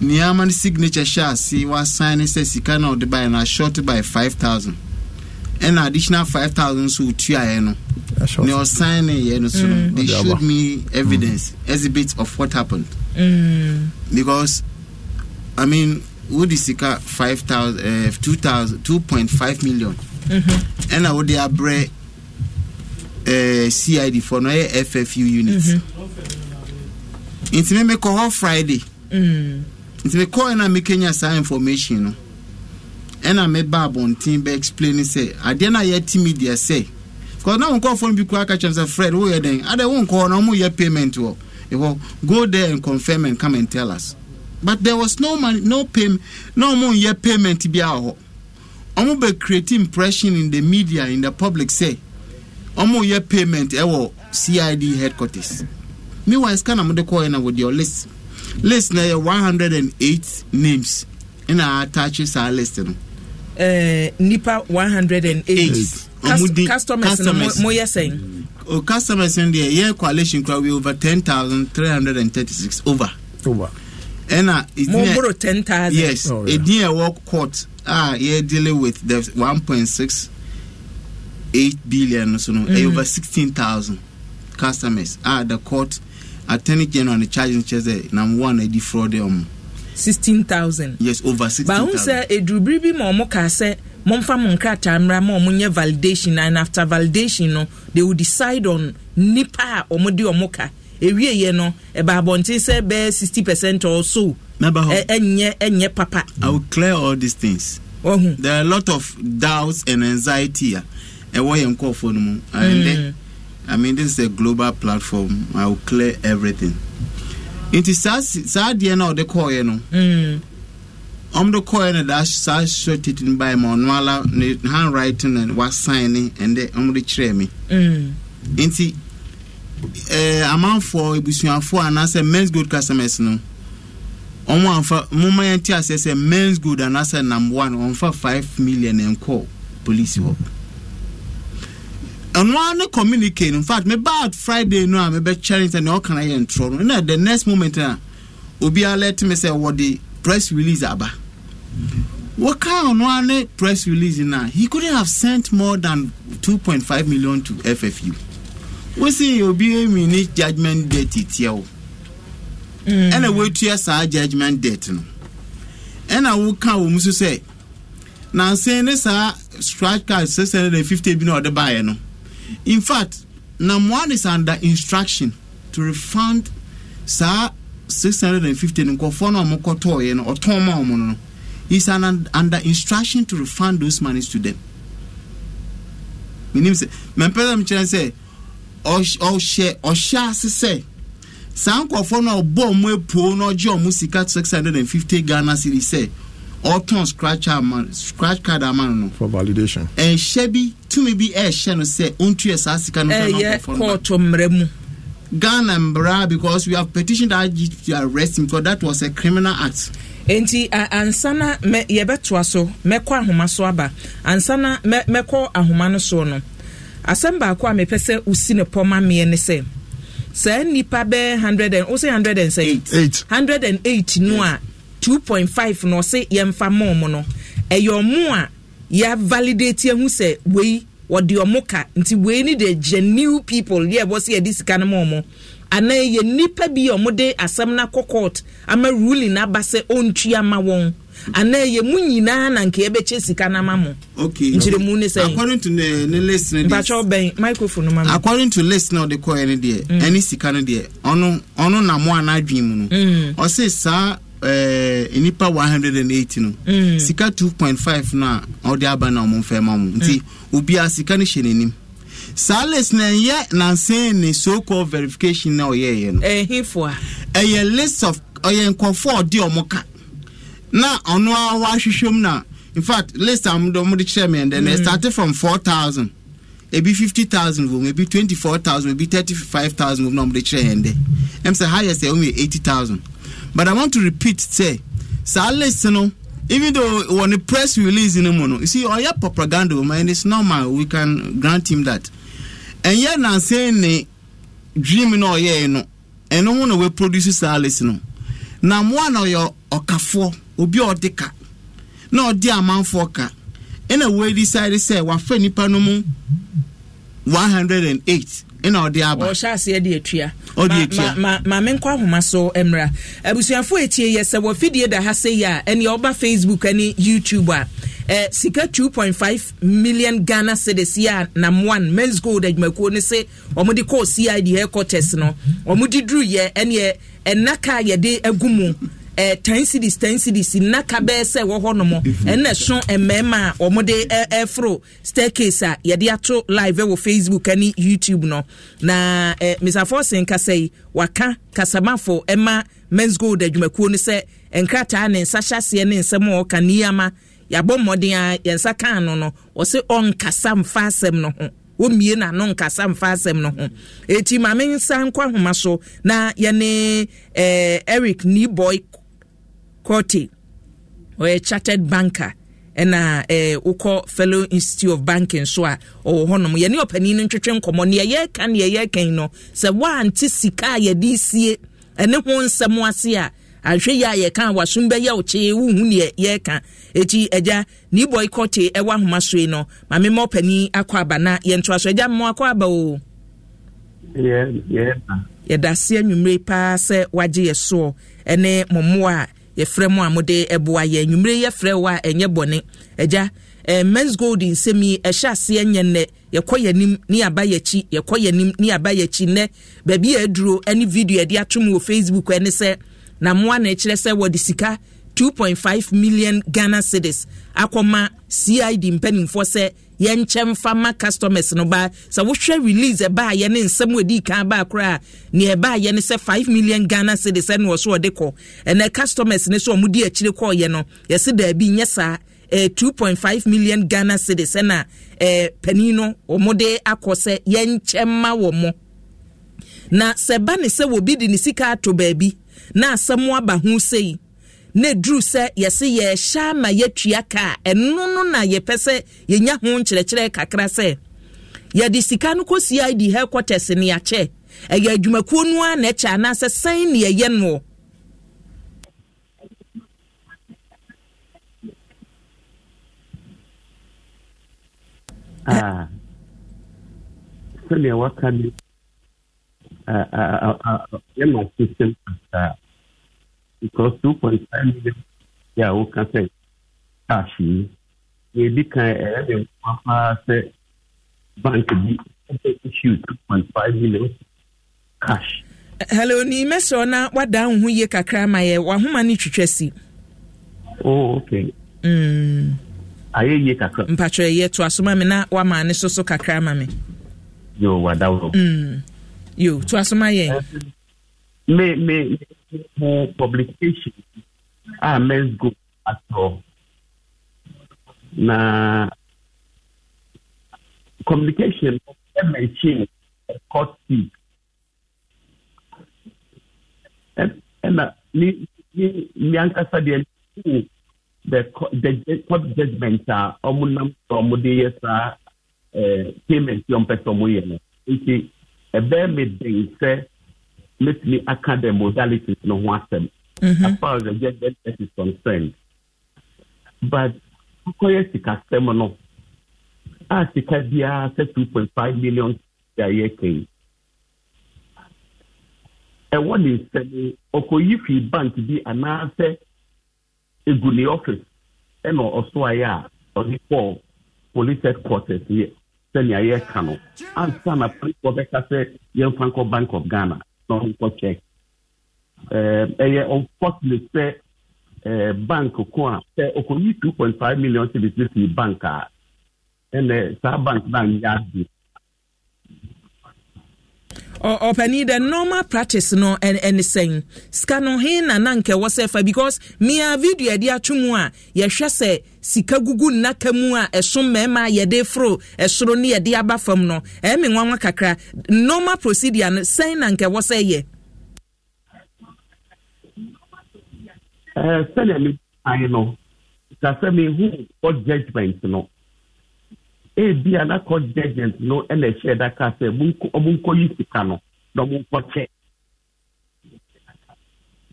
nneɛma signature hyɛ ase wasan ne sɛ sika na ɔde baeɛ no ashort by five 5000 an additional 5000 nso wotuaeɛ no ne ɔsan sign yɛ no so no mm. they showed me mm. evidence mm. exhibit of what happened mm. because i mean wode sika 2.5 eh, million mm-hmm. ɛna wode abrɛ eh, cid fɔ no ɛyɛ ffu unit mm-hmm. nti me mekɔ hɔ friday mm-hmm. nti mekɔɛ no a mekɛnya saa information no ɛna meba abɔnten bɛ explain sɛ adeɛ no a yɛatimi deɛ sɛ na wo nkɔfoɔ no bi koraa ka kyerɛm sɛ fred woyɛ dɛn adɛ wo nkɔ hɔ na ɔmoyɛ payment wɔ ɛhɔ go there and confirm and come and tell us but there was no money no payment no ọmọ n yẹ payment bi ahọ ọmọ bẹ create impression in the media in the public say ọmọ n yẹ payment ẹwọ cid headquarters meanwhile scanner mo de kọ ẹ na wò di ọ list list na yẹ one hundred and eight names ɛna ataakye saa list no. Eh, nipa one hundred and eight. Cust- customers na mo yɛ sɛn. o customers n deɛ yɛ coalition kura we over 10,336 over. over ɛna moboro ten thousand yes oh, ɛdin ɛwɔ court a yɛ dealing with the one point six eight billion no so no ɛyɛ mm-hmm. over sixteen thousand customers a the court attorney general ne charge n kyerɛ sɛ nam one ɛdi fraud ɔmo. sixteen thousand. yes over sixteen thousand. baahu sɛ edurubiri bi ma ɔmo kaa sɛ. momfa mo nkrataa mmra ma ɔmo nyɛ validation and after validation no they will decide on nipa a ɔmo de ɔmo ka ewieɛ no ɛba abɔnten sɛ bɛɛ sixty percent or so ɛnyɛ ɛnyɛ papa. i will clear all these things. ɔhun there are a lot of doubts and anxiety a ɛwɔ yɛn nkɔɔfo no mu. ɛnde hmm. i mean this is a global platform i will clear everything. nti saa saa deɛ no a ɔde kɔɔeɛ no. ɔmde kɔɛ no da saa hyɛ titi no bae ma ɔno ala ne handwriting no wasign ne ɛndɛ ɔmde kyerɛɛ me hmm. nti amanfoɔ ebusuafoɔ anaasɛ men's gold customers no wɔn amfa moma yɛn ti aseɛ sɛ men's gold anaasɛ number one wɔnfa five million nkɔ polisi hɔ ɛnoa ne communicate in fact mebaa friday no a mebɛkyɛre sɛ nea ɔkana yɛ ntorɔ no na the next moment a obiara lɛte me sɛ wɔde press release aba wɔka ɔnoa ne press release no he couldn't have sent more than two point five million to ffu wosi obi emi ne judgement date tiɛ o ɛna mm. woatua saa judgement date no ɛna woka wɔ mu so sɛ nansen ne saa scratch card six hundred and fifty bi na ɔde baeɛ no in fact namoa is under instruction to refund saa six hundred and fifty no nkɔfoɔ no a wɔkɔtɔɔeɛ no ɔtɔn ma wɔn no he is an, under instruction to refund those money to them menim sɛ mɛmpɛ sɛ mekyerɛ sɛ ɔhyɛ ɔhyɛ ase sɛ saa nkurɔfoɔ no a ɔbɔ ɔmo epuo na ɔgye ɔmo sika six hundred and fifty ghana series sɛ ɔtɔn scratch ama scratch card ama no. for validation. ɛhyɛ bi tumi bi ɛhyɛ no sɛ ɔntu yɛ saa sika no. ɛyɛ kɔɔtɔ mmerɛ mu. ghana mbra because we have petitioned IGP to arrest him because that was a criminal act. nti ansana yɛbɛtoa so mɛkɔ ahoma so aba ansana mɛkɔ ahoma no so no. asɛm baako a mepɛ sɛ wosi no pɔ ma meɛ ne sɛ saa nnipa bɛɛ 100 wo sɛ 100 sɛ 108 no a five no ɔse yɛmfa ma mu no ɛyɛ ɔmo a yɛavalidate ahu sɛ wei wɔde ɔmo ka nti wei ne de gye new people yɛ ɛbɔ sɛ yɛde sika no ma ɔmo anaa yɛ nnipa bi a ɔmo de asɛm no akɔ court ama ruling no aba sɛ ɔntua ma wɔn anaa ɛyɛ mu nyinaa na nke yɛbɛkyɛ sika no ama mo nkyerɛmu ne sɛmpatwɛ bɛn microphone ma according to list na ɔde mm. no sika na mo ana adwen mu mm. saa eh, nipa 180 no mm. sika 2.5 a aba na ɔmo mfɛ ma mo nti obiaa sika no n'anim saa ɛyɛ ne verification na ɔyɛɛyɛ no ɛyɛ list of ɔyɛ nkɔfoɔ ɔde ɔmo ka na ɔno a wahwehwɛ mu na in fact list a mode mode kyerɛ me ɛndɛ na ɛstarte mm. from 4000 ebi 50000 vom ebi 24000 ebi 35000 vom na mode kyerɛ ɛndɛ ɛm sɛ highest ɛwom yɛ 80000 but i want to repeat sɛ saa list no even though wɔn press release no mu no you see ɔyɛ propaganda wɔn and it's normal we can grant him that ɛnyɛ nansan ne dream na ɔyɛ no ɛno ho na wɔproduce saa list no na mo a na ɔyɛ ɔkafoɔ obi a ɔde ka na ɔde amanfoɔ ka ɛna wɔadi sare sɛ wafa nipa no mu 108 ɛna ɔde aba ɔhyɛ aseɛ de atua ɔde atua ma ma ma nkɔ ahoma so mmra abusuafo etie yɛ sɛ wɔfidie da ha sɛ a ɛnea ɔba facebook ɛne youtube a ɛɛ sika 2.5 million ghana cedis yɛ a nam one men's gold adwumakuo no se wɔde kɔɔ cid headquarters no wɔde duru yɛ ɛneɛ ɛnaka yɛde agu mu eh, ten cities ten cities nnaka bɛɛ sɛ wɔ hɔ nom ɛna ɛso mmarima a wɔde ɛforo eh, eh, staircase a yɛde ato live wɔ facebook ne youtube no na eh, misafo sen kasa yi waka kasamafo ɛma men's gold adwumakuo no sɛ nkrataa ne nsa hyɛseɛ ne nsɛm a ɔka nneɛma yɛabɔ mmɔden a yɛnsa kaa no no ɔse ɔnkasa mfa asɛm no ho wɔmmie n'ano nkasa mfa asɛm no ho ɛti maame nsa nkɔ ahoma so na yɛne eh, eric boy Korte ɔyɛ chartered banker ɛna uh, eh, wokɔ fellow institute of banking so uh, a ɔwɔ hɔnom yɛne ɔpanin no ntwetwe nkɔmmɔ neɛ yɛreka neɛ yɛrkan no sɛ sika a yɛde sie ɛne ho nsɛm ase a ahwɛ yi a yɛka a wasom bɛyɛ wo kyee wohu neɛ ɛti agya ne ɛwɔ ahoma aba na yɛntoa so agya akɔ aba o yɛda paa sɛ wagye yɛ soɔ ɛne yɛfrɛ mu a mode ɛboa yɛ nwumere yɛfrɛ wo a ɛnyɛ bɔne agya eh, mens gold nsɛm yi ɛhyɛ aseɛ nyɛ nnɛ yɛkɔ yɛnim ne aba yɛkyi yɛkɔ yɛnim ne aba yɛkyi nnɛ baabi a aduro ne video yɛde atom wɔ facebook ɛne sɛ na mmoa na ɛkyerɛ sɛ wɔde sika 2.5 million Ghana cedis akɔma CID mpanimfoɔ sɛ yɛnkyɛn fa ma customers no ba sɛ wohwɛ release ɛba a yɛne nsɛm edi kan ba akora a nea ɛba a sɛ five million Ghana cedis ɛna ɔso ɔde kɔ ɛnna customers ne so ɔmo di akyire kɔɔyɛ no yɛsi daabi nyɛ saa ɛɛ two million Ghana cedis ɛna ɛɛ panin no ɔmo de akɔ sɛ yɛnkyɛn ma wɔn mo na sɛ ba ne sɛ wobi de ne sika ato baabi na asɛm aba ho sei. na duru sɛ yɛse yɛhyɛ ama yɛatua ka a ɛno no na yɛpɛ sɛ yɛnya ho nkyerɛkyerɛ kakra sɛ yɛde sika no kɔsi di headquarters ne akyɛ ɛyɛ adwumakuo no a na ɛkyɛ anaasɛ sɛn ne ɛyɛ noɔ sɛdeɛ waka no ah. ah, ah, yɛma system asaa because 2.5 million yɛ a woka cash yi deɛ ɛdi kan ɛyɛ de nkoa paa sɛ bank bi issue 2.5 million cash hello ni mɛsrɛ na wada wo ho yie kakra ma yɛ wahoma no twitwa si oh, okay mm. ayɛ yie kakra mpatwerɛ yɛ to asoma me na wama ne so so kakra ma me yo wada wo mm. yo to asoma yɛ me me for publication a ah, men's go all. na communication ẹ mẹchin ẹkọ tea ẹ ẹ na ni ni ni ankasa deɛ n the the court judgement a ah, wɔn nam so wɔn de yɛ saa ɛɛ payment yɛ wɔn pɛ sɛ wɔn yɛ no nti ɛbɛn mi den sɛ mɛtumi aka the modalities no ho mhm. as far as the gender sex is concerned but akɔyɛ sikasɛm no a sika biara sɛ two point five million a yɛka yi ɛwɔ ne nsɛm ɔkɔyi fi bank bi anaasɛ egu ne office ɛna ɔso ayɛ a ɔde kɔɔ police headquarters yɛ sɛnea yɛka no ansa na police wɔbɛka sɛ yɛmfa nkɔ bank of ghana na ɔnkɔ check ɛyɛ eh, unfortunate sɛ eh, bank ko a sɛ ɔkɔyi two point five million cedis ne fi bank a ɛnna saa bank naa nyɛ adi. ɔpani the normal practice no ɛne sɛn sika no he na na nkɛwɔ sɛ fa because mia video ɛde atwo mu a yɛhwɛ sị sika gugu nnaka mu a ịsụ mmarima a yɛde foro ɛsoro na yɛde aba fam no nwa nwanwa kakra normal procedure no sɛn na nkɛwɔ sɛ yɛ. sɛdeɛ mi kan no sasɛ mi hu court judgement no ebi a na court no na ɛhyɛ da sɛ ɔmo nkɔ yi sika no na ɔmo nkɔ kyɛ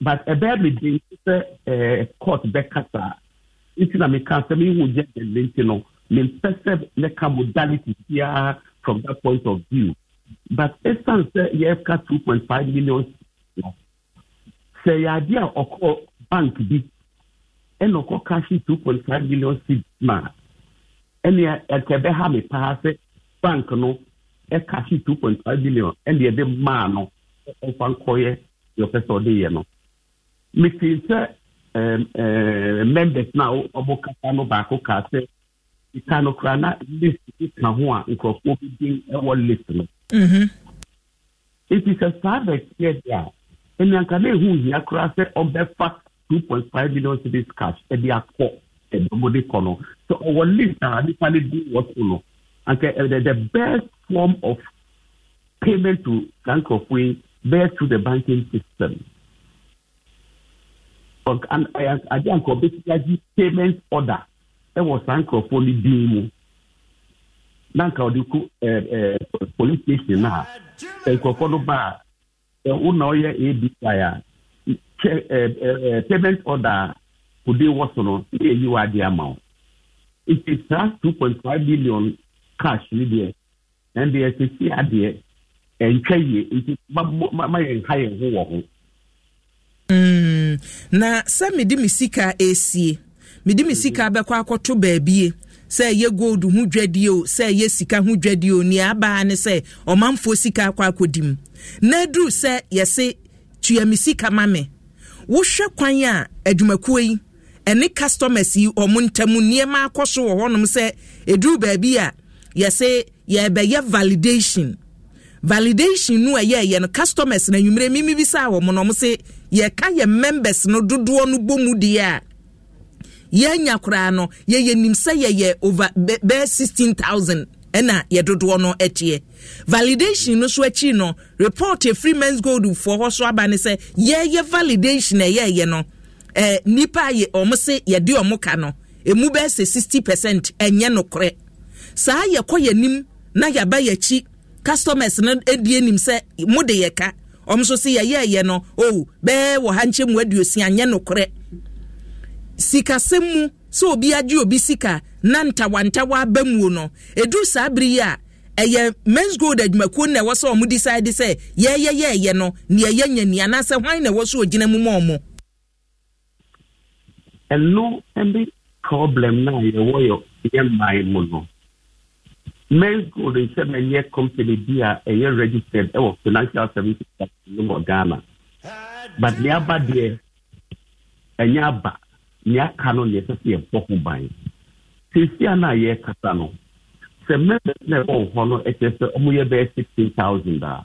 but ɛbɛyɛ mi den sɛ ɛɛ court bɛkasa nti na mi ka sɛ mi hu judges ne nti no mi mpɛ sɛ ne ka modality biara from that point of view but esan sɛ yɛ ka two point five million no sɛ yɛ a ɔkɔ bank bi ɛna ɔkɔ kashi two point five million seed ma ɛnea ɛkɛ bɛha me paa sɛ bank no ɛka si two point five billion ɛnea ɛde maa no ɔfa nkɔyɛ deɛ ɔpɛ sɛ ɔde yɛ no mete sɛ members na ɔbɔ kasa no baako kaa sɛ sika no koraa na list bi ka ho a nkurɔfoɔ bi din ɛwɔ list no mhm. nti sɛ saa bɛteɛ de a ɛnea nka na ɛhu hia koraa sɛ ɔbɛfa two point five billion cities cash ɛde akɔ ɛdɔmɔde kɔ no So our link a nipa ne what wɔ know, no anka the best form of payment to bank of yi bɛyɛ to the banking system ade I ɔbɛsi agye payment order ɛwɔ was bank of din mu Bank of ɔde ko eh, eh, police station now. nkurɔfoɔ no ba a ɛwo na ɔyɛ abi a kyɛ payment order could be what so know. ɛyɛ yiwa adi ama o it is that 2.5 billion cash ni deɛ ɛn deɛ sisi adeɛ ɛntwa yie nti ma my entire yɛn ho hmm. na sɛ mede me sika esie mede me sika bɛkɔ akɔto baabie sɛ ɛyɛ gold ho dwadie o sɛ ɛyɛ sika ho dwadie o nea abaa ne sɛ ɔmanfoɔ sika akɔ akɔdi mu na aduru sɛ yɛse tua me sika ma me wohwɛ kwan a adwumakuo yi ɛne customers yi wɔn ntam nneɛma akɔ so wɔ hɔnom sɛ eduru baabi a yɛsɛ yɛbɛyɛ validation validation no a yɛyɛ no customers na nwumire mimi bi sa wɔn na wɔn sɛ yɛka yɛ members no dodoɔ no bɔ mu deɛ a yɛnya koraa no yɛyɛ nim sɛ yɛyɛ over bɛɛ sixteen thousand ɛna yɛ dodoɔ no ɛteɛ validation no so akyi no report efiri men's gold foɔ hɔ so aba ne sɛ yɛyɛ validation a yɛyɛ no eh, nipa yɛ ɔmo se yɛde ɔmo ka no emu bɛɛ sɛ sixty percent ɛnyɛ nokorɛ saa yɛkɔ yɛnim na yaba yɛkyi customers no edi enim sɛ mo de yɛ ka ɔmo nso se yɛyɛ yɛ no o oh, bɛɛ wɔ ha nkyɛn mu aduosi anyɛ nokorɛ sikasɛm mu sɛ obi agye obi sika na ntawantawa aba mu no edu saa bere yi a ɛyɛ men's gold adwumakuo na ɛwɔ sɛ ɔmo decide sɛ yɛyɛ yɛyɛ no nea yɛnyɛ nea anaasɛ hwan na ɛwɔ so ogyina mu ma ɔmo. ɛno ɛne problem no a yɛwɔ yɛ yɛ mman mu no mansgold sɛ manyɛ company bi a ɛyɛ registered ɛwɔ financial services no wɔ ghana but nea aba deɛ ɛnyɛ aba nea aka no neɛ ɛsɛ sɛ yɛbɔ ho ban seesia no a yɛrekasa no sɛ members na ɛwɔ hɔ no ɛkyerɛ sɛ ɔmoyɛ bɛyɛ sixteen thousand a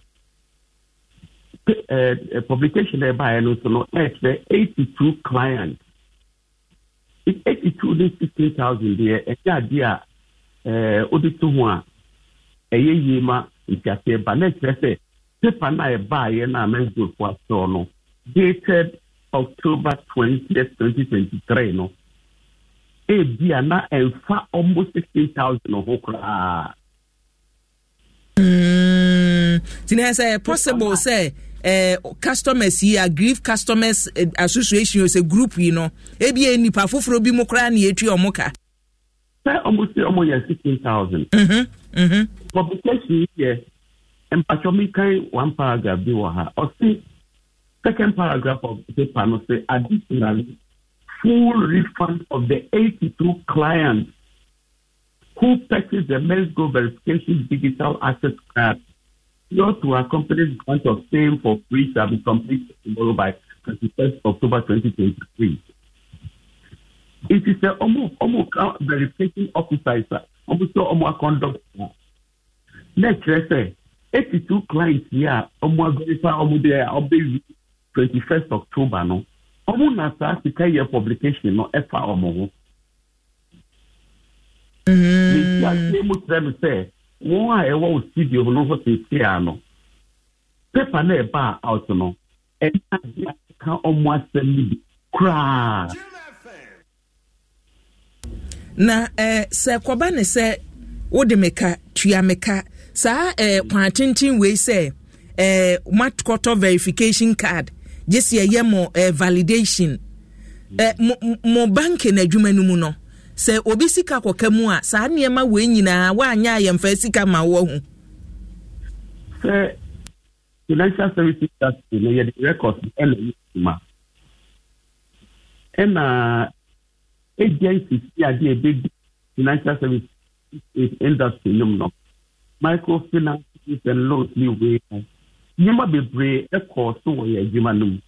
publication a ɛbaeɛ no nso no ɛkyerɛ eighty two clients Akwụkwọ ndị 16000 dị ya ụdị adị a ọ dịtụ hụ a ịyụ enyem a nke a sịa baa na pepa na-eba ihe na-eme nke ukwu afọ ọzọ dịtị ọktoba 20 2023 na ụdị a na nfa ọmụ 16000 ọhụrụ a. tinie as a possible say. Eh, customers yi grief. customers eh, association sɛ group yi no ebi yɛ nipa foforɔ bi mu koraa na yɛtwi ɔmo ka. sɛ ɔmo ti ɔmo yɛ sixteen thousand. publication yɛ mpatwa mi kan one paragraph bi wɔ ha ɔsi second paragraph of the paper no say additionally full refund of the eighty-two clients who purchased the go verification digital access card. Not to accompany the grant of same for free shall be completed tomorrow by 21 st October 2023. It is the Omo, Omo verification officer, Omo so Omo conduct. Next, let's say 82 clients here, Omo verify Omo there, Omo 21st October no. Omo na the sika yɛ publication no ɛfa Omo ho. Mm. Nti wɔn a ɛwɔ wɔ studio no hɔ seesia no pepa na ɛba out no ɛna adi aka ɔmo asɛm no bi koraa. na ɛɛ sɛ kɔba ne sɛ wode meka tua meka saa ɛɛ kwan tenten wei sɛ ɛɛ matkɔtɔ verification card gye si ɛyɛ mo ɛɛ validation ɛɛ mo mo banki na adwuma no mu no sɛ obi sika kɔka mu a saa nneɛma wei nyinaa waanyɛ a yɛmfa sika ma wɔ ho sɛ financial services industry no yɛde record ɛna yi kuma ɛna agencies bi ade a ɛbɛdi financial services industry nom no microfinance and loans ne wei no nneɛma bebree ɛkɔɔ so wɔ yɛn adwuma no mu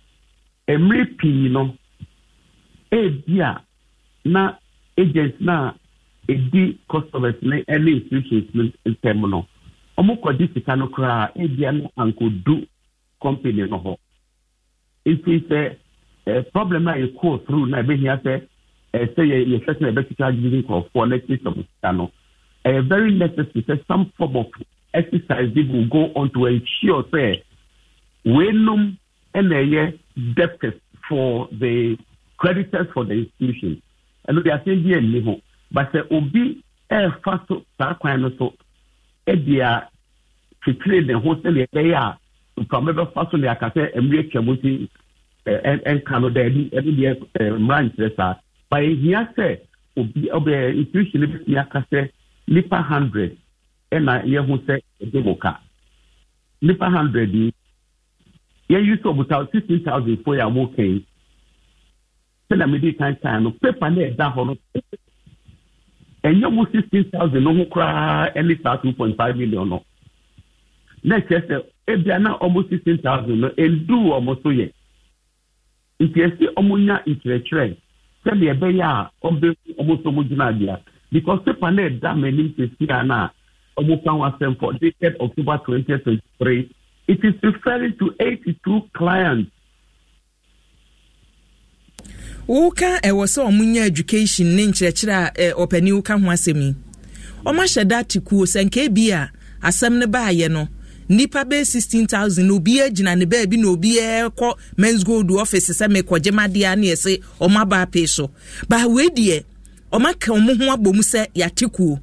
mmerɛ pii no ebi a na agents na edi customers ne ɛne institutions ne ntɛm no wɔn kɔgye sika no koraa ebia no ankodu company no hɔ nti sɛ ɛɛ problem a yɛ through na ebihia sɛ ɛɛ sɛ yɛ yɛ sɛ sɛ ɛbɛkita agyirin nkorɔfoɔ na ɛkyi sɛ sika no ɛyɛ very necessary sɛ some form of exercise bi will go on to ensure sɛ weenum ɛna ɛyɛ debtors for the creditors for the institution ɛno de asɛm bi anni ho ba sɛ obi ɛɛfa so saa kwan no so ɛde a twitwire ne ho sɛdeɛ ɛbɛyɛ a nframa bɛfa so ne aka sɛ mmiri atwa mu ti ɛnka no daabi ɛno deɛ mmara nkyerɛ saa ba ehia sɛ obi ɔbɛ intuition no bɛtumi aka sɛ nipa hundred ɛna yɛho sɛ ɛde mo ka nipa hundred yi yɛn yi sɛ sixteen thousand four yɛ a kɛn yi sɛdeɛ mede kan kan no paper no ɛda hɔ no ɛnyɛ mu sixteen thousand no ho koraa ɛne two point five million no na ɛkyerɛ sɛ ebia na ɔmo sixteen thousand no enduu ɔmo so yɛ nti esi ɔmo nya nkyerɛkyerɛ sɛdeɛ ɛbɛyɛ a ɔbɛ so ɔmo gyina adeɛ because paper no ɛda m'anim sisi a na ɔmo kan w'asɛm for dated october twenty twenty three it is referring to eighty two clients. woka ɛwɔ eh, sɛ ɔmo nya education ne nkyerɛkyerɛ a ɛ eh, ɔpɛni woka ho asɛm yi ɔmo ahyɛ da ate kuo sɛ nke bi a asɛm no baayɛ no nipa bɛyɛ sixteen thousand obi gyina ne baabi na obiara kɔ men's gold office sɛ mekɔgye madeɛ ne yɛsɛ ɔmo aba apee so baa wei deɛ ɔmo aka ɔmo ho abɔ mu sɛ yate kuo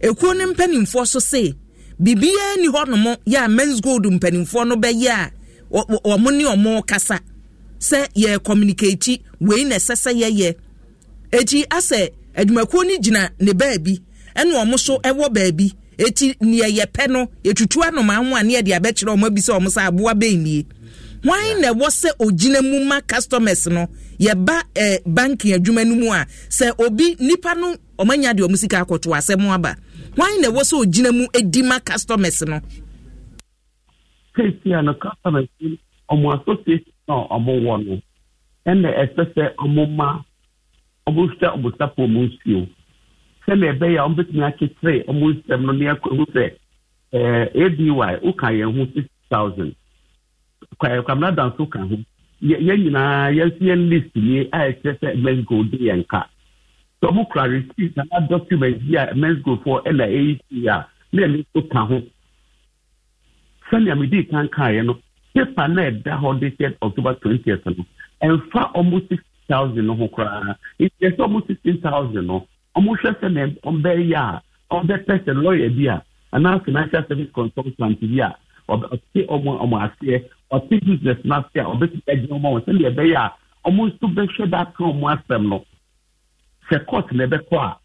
ekuo ne mpanimfoɔ so se biribiara ni hɔnom yɛ a men's gold mpanimfoɔ no bɛyɛ a ɔmo ne ɔmo kasa. sɛ yɛ communicate wei na ɛsɛ sɛ yɛyɛ eti asɛ adwumakuo no gyina ne baabi ɛna wɔn so ɛwɔ baabi eti neɛ yɛ pɛ no etutu anoma ho a ne yɛ de abɛkyerɛ wɔn abi sɛ wɔn sɛ aboa bɛyi nie wɔn na ɛwɔ sɛ ogyina mu ma customers no yɛba ɛɛ banki adwuma no mu a sɛ obi nipa no wɔn anya deɛ wɔn sika akɔto asɛm aba wɔn na ɛwɔ sɛ ogyina mu edi ma customers no. keesi a na customers wɔn associate na ɔmowɔ no ɛna ɛsɛ sɛ ɔmoma ɔmohwɛ ɔbosafo ɔmo nsuo sɛna ɛbɛyɛ ya ɔmbɛtumi akyekyere ɔmo nsɛm no ne eh, akɔhu sɛ yɛn ho six thousand kwamena danso ka ho yɛn nyinaa yɛn list nie a ɛkyerɛ sɛ yɛn ka sɛ receipt na document e a ɛna e ɛyi na ɛno nso ka ho sɛnea no paper na ɛda hɔ de sɛ october twentieth no ɛnfa ɔmo six thousand no ho koraa ɛsɛ sɛ ɔmo sixteen thousand no ɔmo hwɛ sɛ na ɔbɛyɛ a ɔbɛpɛ sɛ lawyer bi a anaa financial service consultant bi a ɔte ɔmo ɔmo aseɛ ɔte business n'ase a ɔbɛsi ɛgye ɔmo wɔn sɛdeɛ ɛbɛyɛ a ɔmo nso bɛhwɛ de aka ɔmo asɛm no sɛ court na ɛbɛkɔ a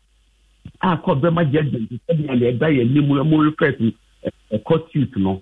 a court bɛma judgement sɛdeɛ na ɛda yɛ anim ɛmo refers ɛkɔ suit no.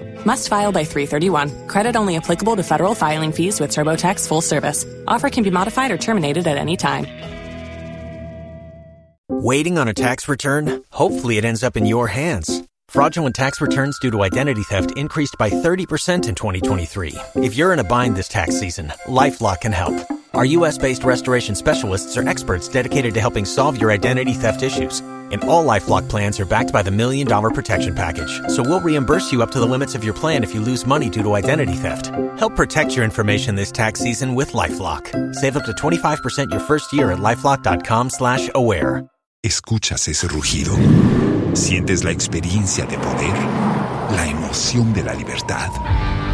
Must file by 331. Credit only applicable to federal filing fees with TurboTax full service. Offer can be modified or terminated at any time. Waiting on a tax return? Hopefully, it ends up in your hands. Fraudulent tax returns due to identity theft increased by 30% in 2023. If you're in a bind this tax season, LifeLock can help. Our U.S. based restoration specialists are experts dedicated to helping solve your identity theft issues. And all Lifelock plans are backed by the Million Dollar Protection Package. So we'll reimburse you up to the limits of your plan if you lose money due to identity theft. Help protect your information this tax season with Lifelock. Save up to 25% your first year at lifelock.com slash aware. ¿Escuchas ese rugido? ¿Sientes la experiencia de poder? ¿La emoción de la libertad?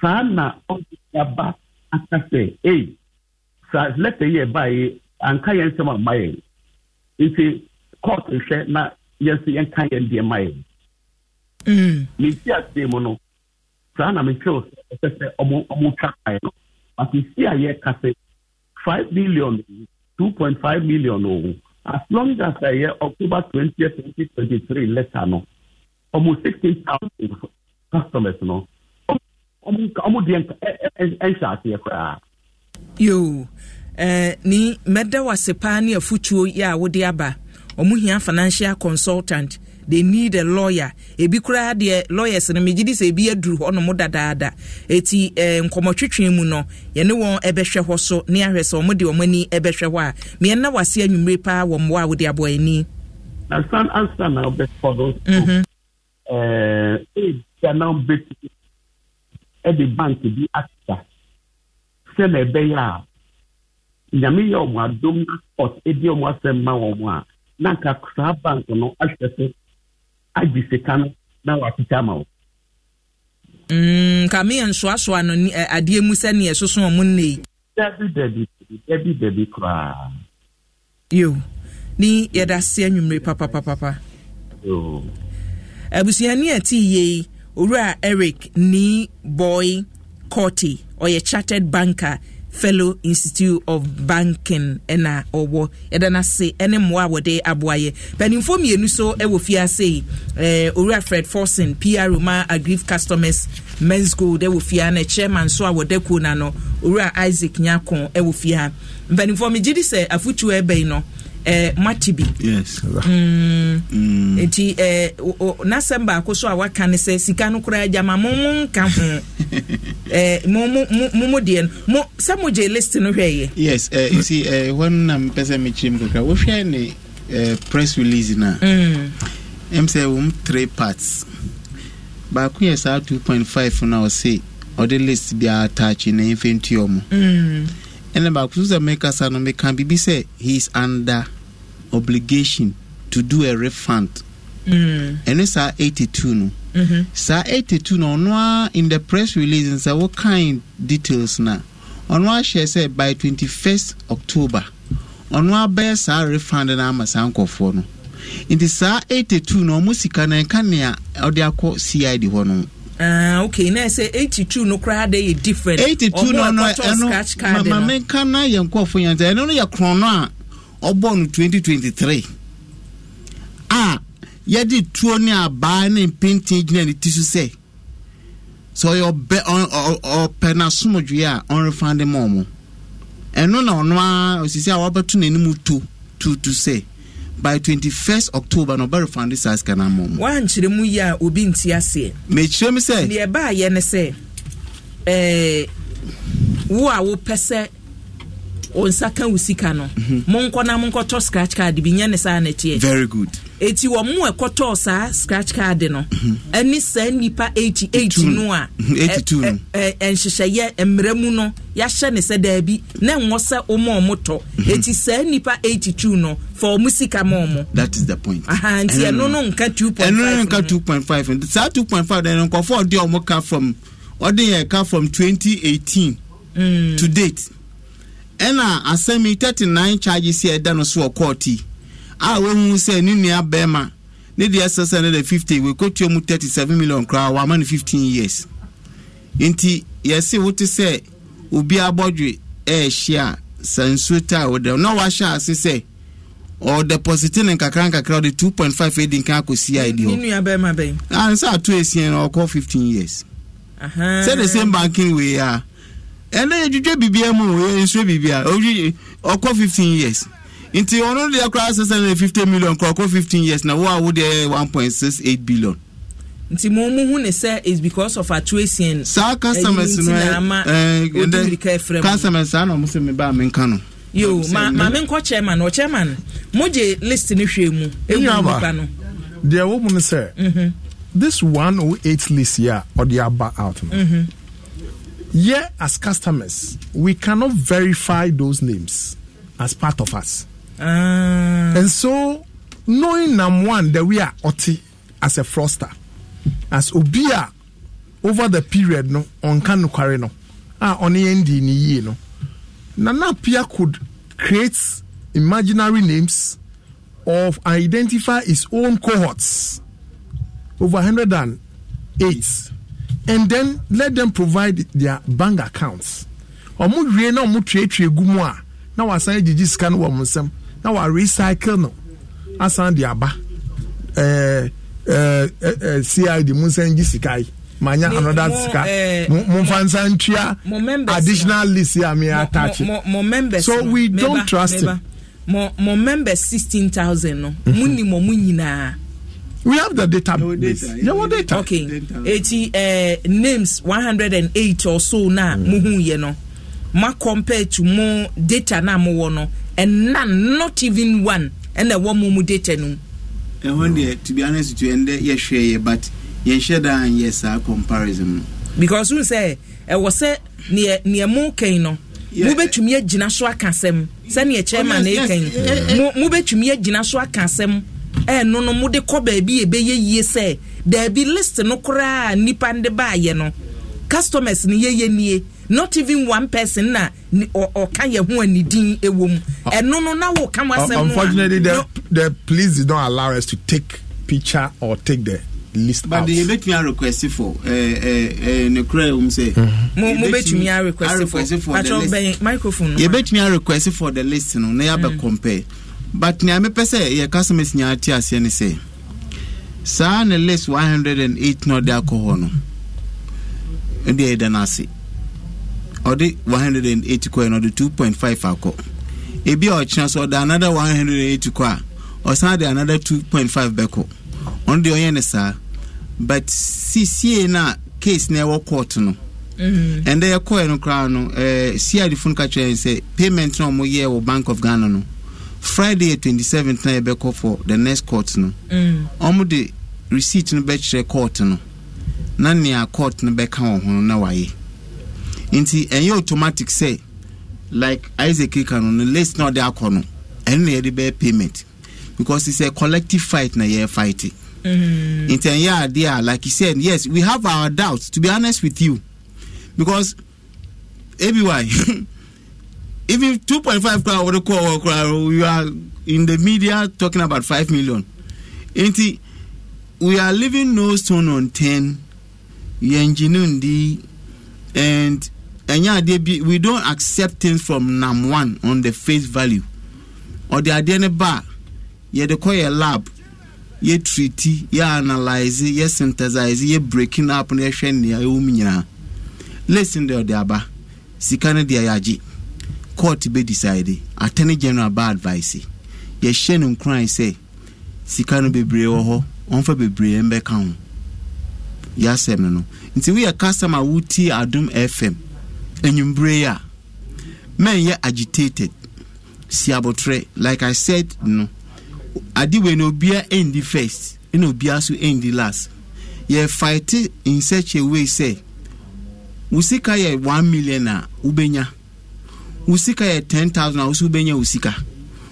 saa na ɔba aka sɛ ei saa lɛtɛ yi ɛba yi anka yɛn nsɛm ama yɛn nti court nhwɛ na yɛn nso yɛnka yɛn deɛ ma yɛn. ne si ase mu no saa na mekyerɛw sɛ ɛsɛ sɛ ɔmo ɔmo twa kae no but si a yɛka sɛ five million two point five million o as long as ɛyɛ october twentieth twenty twenty three letter no ɔmo sixteen thousand customers no ɔmo deɛ nhyɛ aseɛ koraa yo eh, ni mɛda wase paa ne afotuo yi a wode aba ɔmo hia financial consultant they need a lawyer ebi koraa deɛ lawyers no megye di sɛ ebi aduru hɔnom dadaada eti eh, nkɔmɔtwetwe mu no yɛne wɔn ɛbɛhwɛ hɔ so ne ahwɛ sɛ ɔmo de ɔmo ani ɛbɛhwɛ hɔ a meɛ na wase anwummere paa wɔ mmoa a wode abɔ ani ansa na wobɛkɔ no ɛɛ ɛyɛ gya na wobɛtumi de bank bi akita sɛnɛ ɛbɛyɛ a nyame yɛ ɔmo adom na sport edi ɔmo asɛm ma wɔn a na nka saa bank no ahwɛ so agye sika no na wakita ama wɔn. Mm, nkame yɛ nsoasoa no adeɛ mu sɛneɛ soso ɔmo nne yi. dabi dabi dabi dabi koraa. yo ni yɛda se anwummere papapapapa. abusuani a ti yie yi owura eric ni boy corty ɔyɛ chartered banker fellow institute of banking ɛna ɔwɔ ɛda n'ase ɛne mmoa a wɔde aboa yɛ mpanimfoɔ mmienu so ɛwɔ fiase yi ɛɛ eh, owura fred forson pr ma agrief customers men's gold ɛwɔ fia na chairman so a wɔde kuo na no owura isaac nyako ɛwɔ fia mpanimfoɔ mi gyi di sɛ afutuo ɛbɛn no eh, matibi yes. mm. mm. nti eh, n'asɛm baako so a waka ne sɛ sika no koraa gyama mo mo nka ho eh, mo mo mo deɛ no mo sɛ mo gye list no hwɛɛyɛ yes uh, you see uh, eh, wɔn na mpɛ sɛ mekyerɛ mu kakra wohwɛ ne uh, press release no a mm. ɛm sɛ wɔm three parts baako yɛ saa 2.5 no a ɔse ɔde list biara taache na yɛmfɛ ntua mu mm ɛna baako so sɛ mekasa no meka biribi sɛ he is under obligation to do a refund mm. ɛne saa 82 no mm-hmm. saa 82 no ɔno a in the press release nsa wo kind details na ɔno ahyɛ sɛ by twenty first october ɔno abɛyɛ saa refund no ama saa nkɔfoɔ no nti saa 82 no ɔmo sika no ɛka nea ɔde akɔ cid hɔ no Uh, okay na 82 no koraa da yɛ different 82 no na yɛ yɛn ɛno no yɛ a ɔbɔ no 2023 a yɛde tuo ne abaa ne gyina ne ti so sɛ sɛ ɔyɛ ɔpɛ a ma ɔmo ɛno na ɔno a osisi a wabɛto n'anim to tutu sɛ by 21st october na ɔbɛrɛ fund size kan ama mu. wankyerɛ mu yi a obi nti aseɛ. mekyerɛ mu sɛ. deɛ ɛbaa yɛ ne sɛ ɛɛ eh, wo a wopɛ sɛ wo nsa ka wo sika no. Mhm. monkɔ na monkɔtɔ scratch card bi nyɛ ne saa na teɛ. very good eti wɔn mu ɛkɔtɔ saa scratch card no ɛne mhm. saa nipa eighty eight no a mhm, eighty two no e, e, e, nhyehyɛeɛ mmerɛ mu no yɛahyɛ ne sɛ daabi na nwɔ sɛ ɔmo ɔmo tɔ mhm. eti saa nipa eighty two no fa ɔmo sika ma ɔmo. that is the point. nti ɛno no nka two point five. ɛno no nka two point five saa two point five ɛno nkɔfɔ ɔde ɔmo ka from ɔde yɛ ka from twenty eighteen mm. to date ɛna asɛmi thirty nine charges yɛ ɛda no so wɔ kɔɔti a wɔhu sɛ ne nua bɛrima ne deɛ ɛsɛ sɛ ne de fifty wɔkɔtua mu thirty seven million koraa wɔama no fifteen years nti yɛsi wote sɛ obi abɔdwe ɛɛhyɛ a sansuo ta a wɔda na wahyɛ ase sɛ ɔdeposite ne nkakra nkakra ɔde two point five edi nkan akɔsi a edi hɔ ne nua bɛrima bɛn ansa ato esien na ɔkɔ fifteen years sɛ de same banking wei a ɛnna yɛ dwedwe biribiara mu yɛ nsuo biribiara ɔkɔ fifteen years nti ɔno deɛ koraa six hundred and fifty million kurɔkɔ fifteen years na wo a wo deɛ one point six eight billion. nti mo mu hu ne sɛ is because of atuation. saa customers no ɛ ɛ ɛdɛ customers saa na ɔmo sɛ mi ba mi nka no. yo ma maame nkɔ chairman ɔ chairman mo gye list ne hwɛ mu ewu nipa no. deɛ mu no sɛ. Mhm. this one oh eight list yɛ a ɔde aba out no. mm yeah, as customers we cannot verify those names as part of us. Ah. and so knowing number one that we are OTI as a froster as Obia, over the period no ɔnka nokware no ah ɔne yɛn di ne yie no nana pia could create imaginary names of identify his own cohorts over 108 and then let them provide their bank accounts ɔmo wie na ɔmo tuetue gu mu a na wasan gyegye sika no wɔ na wa recycle no asan de aba ɛɛ ɛɛ ɛɛ cid mu nsa ngye sika yi ma nya another sika eh, mo nfa nsa ntua additional list yi a mi attach so we no. don't trust meba. him. mo mo members sixteen thousand no mm-hmm. mo ni mo mo nyinaa. we have the database. No data. Yeah, what data? Okay. Eti uh, eh, names 108 or so na mm. muhu ye no. Ma compare to mo data na mo wo no and none not even one ɛna ɛwɔ mu mu data no mu. ɛhɔn deɛ to be honest to ɛn dɛ yɛhwɛ yɛ but yɛnhyɛ daa nyɛ saa comparison no. because n sɛ ɛwɔ sɛ neɛ neɛ mu kɛn no mobɛtumi agyina so aka asɛm sɛneɛ chairman na ɛkɛn mobɛtumi agyina so aka asɛm ɛno no mode kɔ baabi ɛbɛyɛ yie sɛ daabi list no koraa nnipa de baayɛ no customers no yɛyɛ nie not even one person na ɔka yɛ ho anidin ɛwɔ mu ɛno ah. no na wɔka mo asɛm unfortunately the, the police did not allow us to take picture or take the list but out. But yɛbɛtumi arequest for nokorɛ wom sɛ mobɛtumi arequest for bɛn microphone yɛbɛtumi arequest for the list no na yɛabɛ compare but nea mepɛ sɛ yɛ customers nyinaa te aseɛ ne sɛ saa ne list 108 na ɔde akɔ hɔ no ɛdeɛ yɛda no ase ɔde 180 kɔ na ɔde 2.5 akɔ ebi a ɔkyena so ɔde another 180 kɔ a ɔsan de another 2.5 bɛkɔ ɔno deɛ ɔyɛ ne saa but sisie na case na ɛwɔ court no mm-hmm. ɛndɛ yɛkɔɛ no koraa no eh, siadifo no ka sɛ payment na ɔmoyɛ wɔ bank of ghana no friday 27 th na yɛbɛkɔ for the next court no mm. ɔmo de receipt no bɛkyerɛ court no na nea court no bɛka wɔ ho na wayɛ nti ɛnyɛ automatic sɛ like isaac kan no list na ɔde akɔ no ɛno na yɛde bɛyɛ payment because it's a collective fight na yɛyɛ fight mm. nti ɛnyɛ adeɛ a like you said yes we have our doubts to be honest with you because aby even two point five kora wɔde kɔ wɔ kora you are in the media talking about five million nti we are leaving no stone unturned yɛn gyenundi and ɛnyɛ adeɛ bi we don't accept things from nam one on the face value ɔde adeɛ ne ba yɛde kɔ yɛ lab yɛ treaty. yɛ analyze. yɛ synthesize yɛ breaking up na yɛhwɛ nea ɛwɔ mu nyinaa lesin deɛ ɔde aba sika no deɛ yɛagye court bɛ decide attorney general ba advice yɛhyɛ no nkuran sɛ sika no bebree wɔ hɔ ɔmfa bebree mbɛka ho yɛasɛm no no nti woyɛ customer wotie adom fm enyimbre yi a menyɛ agitated si abotire like i said no ade wei na end endi first ɛna obia end endi last yɛ fight in such a way sɛ wosika yɛ one million a wobɛnya wosika yɛ ten thousand a woso wobɛnya wosika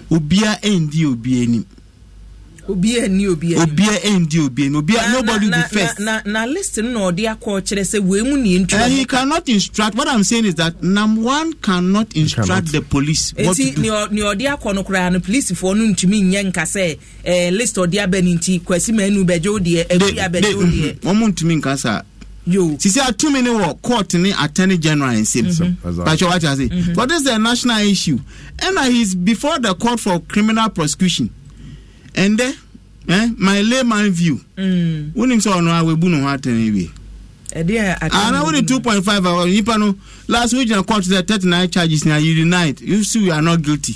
obia endi obia anim obiara ni obiara obiara ndi obiara obiara nobody will be first. na na na list na ɔde akɔ kyerɛ sɛ wei mu ni ntura. he cannot instruct what i'm saying is that nam one cannot instruct the police what Eti, to do. eti ni ɔde akɔ no koraa no polisifoɔ no ntumi nyɛ nka sɛ ɛɛ eh, list ɔde aba ne nti kwasi mɛnu bɛgye o deɛ ebi abɛgye o deɛ. wɔn mu ntumi nka saa. sisi atumi ni wɔ court ni attorney general nsɛm pàṣẹ wàá ti ase but this is a national issue and uh, he is before the court for criminal prosecution ɛndɛ eh, my layman view wonim sɛ ɔno a wabu ne ho atene wie ana wode 2.5 hour nipa no last week wogyina court sɛ 39 charges na you denied you see you are not guilty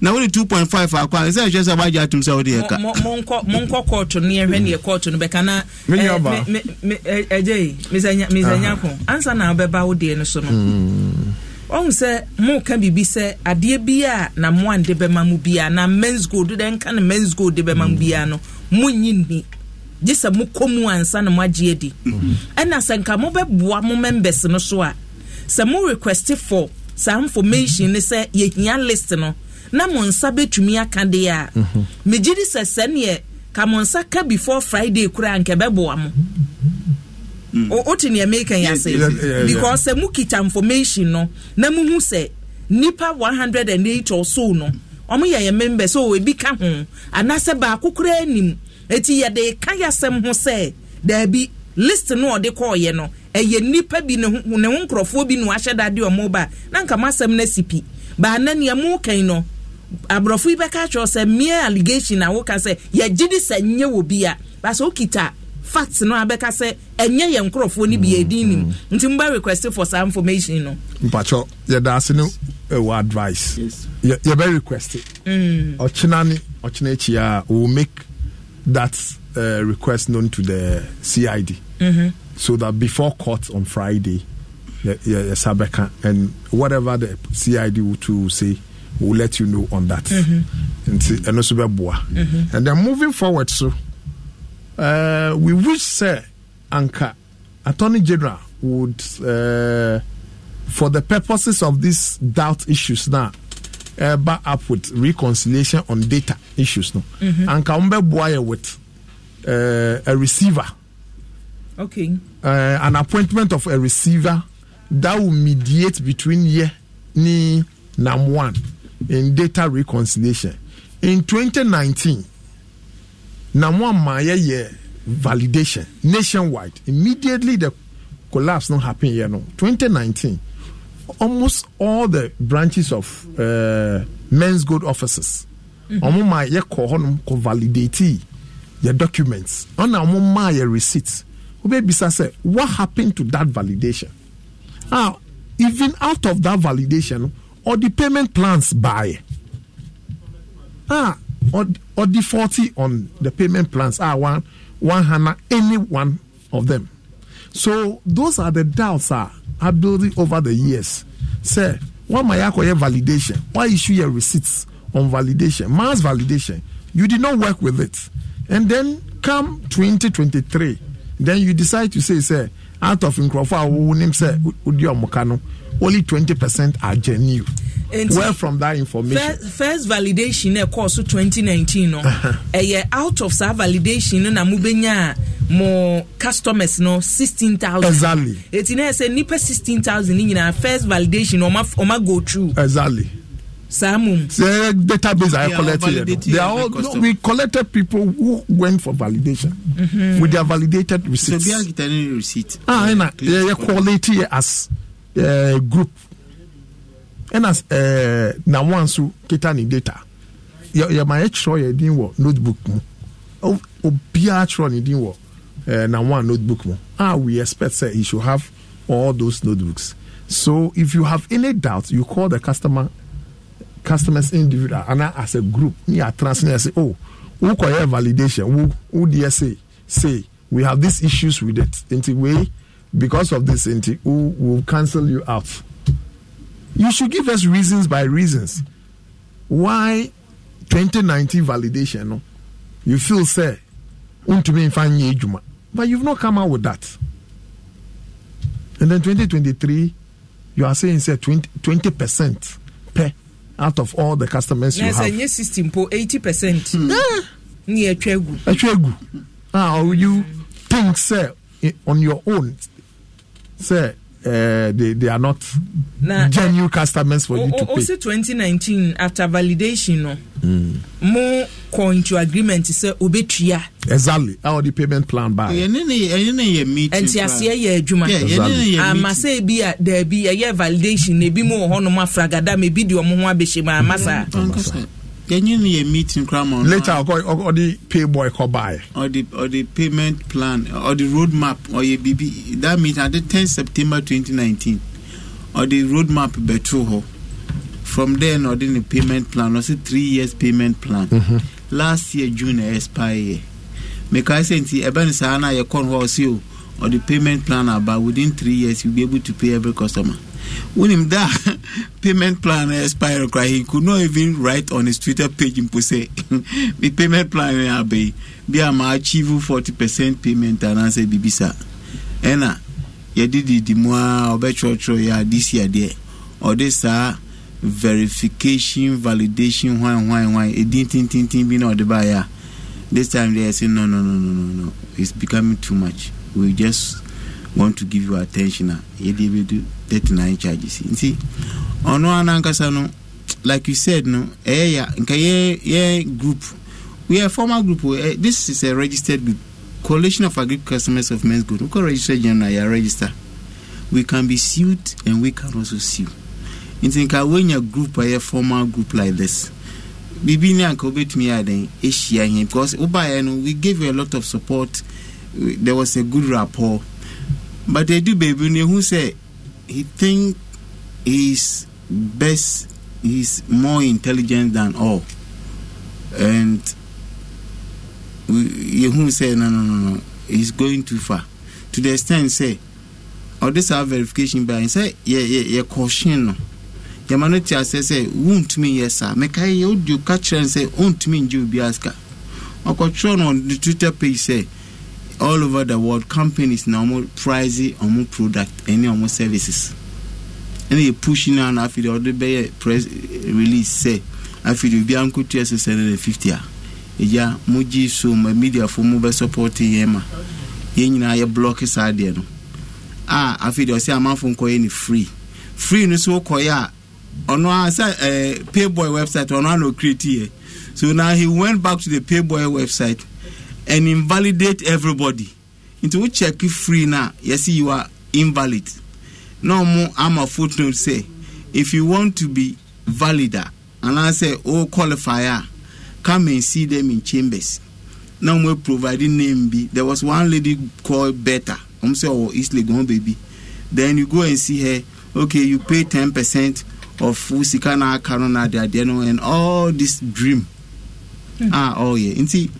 na wode 2.5 akɔ a sɛ ɛhwɛ sɛ woagye atom sɛ wode yɛka monkɔ kɔɔto no yɛhwɛ neɛ court. no bɛka na ɛgyei mesɛ nyako ansa na wobɛba wo deɛ no so no hmm. ɔhu sɛ moka biribi sɛ adeɛ na moande bɛma mu na mans gold dɛ nka no mans gold de bɛma mu mm. no monyi nni gye sɛ mokɔ mu ansa na moagye adi mm. ɛna sɛ nka mobɛboa mo members no so a sɛ mo request for saa information ne sɛ yɛhia list no na mo nsa bɛtumi aka deɛ a mhm. megye di sɛ sɛneɛ ka mo nsa ka before friday koraa nkɛ bɛboa mo wote nea meka yi ase because sɛ mokita information no na muhu sɛ nipa one hundred and eight or so no ɔmo yɛ yɛ member so, ebi ka ho anaasɛ baako koraa nim eti yɛde ka yasɛm ho sɛ daabi list no ɔde kɔɔyɛ no ɛyɛ nipa bi ne ho ne ho nkorɔfoɔ bi na wahyɛ daade ɔmo ba na nka mo asɛm no si pi baana nea mo kan no aborɔfo yi bɛka akyerɛ sɛ mmea allegation a woka sɛ yɛgye de sɛ nyɛ wɔ bi a baasa okita fact no abɛka sɛ ɛnyɛ yɛn nkurɔfoɔ no bi yɛdin nim mm-hmm. nti mba request for saa information no mpatwɔ yɛda no ɛwɔ advice yɛbɛ request mm. ɔkyena ne ɔkyena akyi a will make that uh, request known to the cid mm-hmm. so that before court on friday yɛsa bɛka and whatever the cid will to say will let you know on that And mm-hmm. ɛno so bɛboa mm-hmm. and then moving forward so Uh, we wish, sir, Anka, Attorney General would, uh, for the purposes of these doubt issues now, uh, back up with reconciliation on data issues. No, mm-hmm. Anka with uh, a receiver. Okay. Uh, an appointment of a receiver that will mediate between ye ni nam one in data reconciliation in 2019 na mo ama yɛyɛ validation nationwide immediately the collapse no happen here no 2019 almost all the branches of uh, men's gold offices ɔmo mm-hmm. ma yɛkɔ hɔnom kɔ validate yɛ documents ɔna ɔmo ma yɛ receipt wobɛbisa sɛ what happened to that validation ah even out of that validation or the payment plans buy ah or or the forty on the payment plans are ah, one one hana any one of them so those are the doubts are ah, are building over the years sir why my akoye validation why issue your receipts on validation mass validation you did not work with it and then come 2023 then you decide to say sir out of nkurɔfoɔ a only 20 percent are genuine where from that information. first, first validation ẹ kọ́ so twenty nineteen no out of saa validation no na mo mo customers no sixteen exactly eti náà sẹ nípa sixteen thousand ni nyinaa first validation ọma ọma go through. exactly. Samu. The database I collected. They are all, no, we collected people who went for validation mm-hmm. with their validated receipts. So, getting receipt. Ah, yeah, yeah, quality as a uh, group ɛna ɛɛ na wɔn nso kita ne data yɛ yɛ maa yɛtwerɛ yɛ din wɔ notebook mu obiara twerɛ ne din wɔ ɛɛ na wɔn notebook mu ah we expect say you should have all those notebooks so if you have any doubt you call the customer customers individual and as a group me at transnet say oh who kɔyɛ validation who who deɛ say say we have these issues with it nti wey because of this nti who will cancel you out. You should give us reasons by reasons why 2019 validation. No? You feel say, but you've not come out with that. And then 2023, you are saying say 20 percent per out of all the customers yes, you have. Yes, system po 80 percent. Yeah, hmm. ah, you think say on your own say Uh, they, they are not Na, genuine uh, customers for o, you to o, pay. Also 2019 after validation no. Mm. Mo kọ into agreement sẹ obetua. Exactly how the payment plan by. And see, I see a meeting. Ẹnti ase ẹ yẹ adwuma. Ẹni ni yẹ meeting. Amasa ebi a dẹbi ẹ yẹ validation ebi more wọ hɔ nom afragada ma ebi di ɔmo ho abɛhyɛ mu amasa yɛnye no yɛ meeting koramɔ later ɔkɔ ɔde pay boy kɔ baɛ ɔde ɔde payment plan ɔde road map ɔyɛ biribi that meeting ade ten september twenty nineteen ɔde road map bɛtoo hɔ from there na ɔde ne payment plan ɔsɛ three years payment plan mm -hmm. last year june na expire yɛ mekae sɛ nti ɛbɛ no saa na yɛkɔ no hɔ o ɔde payment plan aba within three years you be able to pay every customer wonim da payment plan expire kora he could not even write on his twitter page mpo say the payment plan ɛ aba yi bi a 40 percent payment and ah, biribi sa ɛna eh, yɛde didi mu a ah, ɔbɛtwerɛtwerɛ yɛ a this year deɛ eh. this saa ah, verification validation why, why? hwan hwan eh, didn't, tintintin bi na ɔde the buyer. this time they deɛ ɛsɛ no no no no no it's becoming too much we just want to give you attention a yɛde bɛdu 39 charges nti ɔno ana ankasa no like you said no ɛyɛ eh, ya nka yɛ group we are a formal group uh, this is a registered group coalition of agricultural customers of men's good wokɔ register general yɛ register we can be sued and we can also sue nti nka woanya group a eh, yɛ formal group like this Bibi ni anka wobɛtumi yɛ aden ah, ɛhyia ah, hɛ because wobaeɛ no we gave you a lot of support there was a good rapport but edu do, baby. Who say he think he's is best He's more intelligent than all and who say no no no no he's going too far to the extent or oh, this our verification by a say yeah yeah yeah kɔɔhyɛn no say. Say, te asɛ sɛ wontumi yɛ saa meka yɛ catch and say no sɛ wontumi ngye obi asika ɔkɔtwerɛ control on the twitter page Say. all over the world companies na wɔn price wɔn product ɛne wɔn services ɛna yɛ push na na afei deɛ ɔde bɛyɛ press release sɛ afei deɛ obiara nkotua sɛ sɛ ɛna fifty a ɛgya mo gye so ma media fo mo bɛ support yɛn ma yɛn nyinaa yɛ block saa deɛ no a afei deɛ ɔsɛ amanfo nkɔyɛ ne free free no so kɔyɛ a ɔno a sɛ ɛɛ eh, payboy website ɔno a na ɔkireti yɛ so now he went back to the payboy website and invalidate everybody nti wo check free na yɛsi you are invalid na ɔmo ama footnote say if you want to be valid a anaasɛ o oh, qualify a come and see them in chambers na ɔmo provide name bi there was one lady called Beta ɔmo say ɔwɔ oh, East Lagos ɔmo baby then you go and see her okay you pay ten percent of wo sika na aka no na adeadeɛ no and all this dream mm. ah ɔyɛ oh, yeah. nti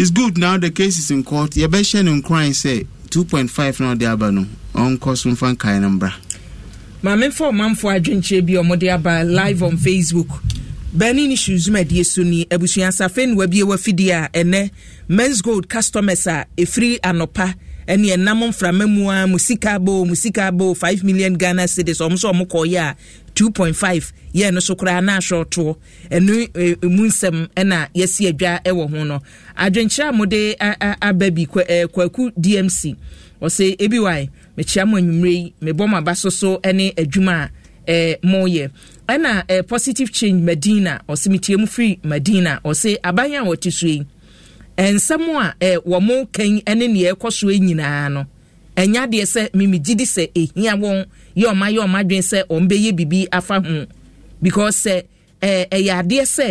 it's good now the case is in court yɛbɛhyɛ no nkran sɛ 2.5 na ɔde aba no ɔnkɔ so mfa nkae no mbra maame mfa ɔmanfoɔ adwenkyerɛ bi ɔmode aba live on facebook bɛni ne sunzum adie so ni abusua safe ne wabie wafidie a ɛnɛ mens gold customers a ɛfiri anɔpa ɛne ɛnam mframa mu a mu bo mu bo 5 million ghana cities ɔmo sɛ ɔmo a 2.5 yɛ no so koraa na ahyɛwtoɔ ɛno e, mu nsɛm ɛna yɛsi adwa ɛwɔ ho no adwenkyerɛ a mode aba bi kwaku dmc ɔsɛ ebi wae mekyia mo anwummerɛ yi mebɔ mo aba so so ne adwuma a moyɛ ɛna positive change madina ɔsɛ metie mu firi madina ɔsɛ aban a wɔte so yi nsɛm a wɔ mo kan ne neɛ ɛkɔ soɔ nyinaa no ɛnyɛ adeɛ sɛ memegye di sɛ ɛhia wɔn yɛ ma yɛ ma dwen sɛ ɔm bɛyɛ bibi afa ho because sɛ ɛɛ ɛyɛ adeɛ sɛ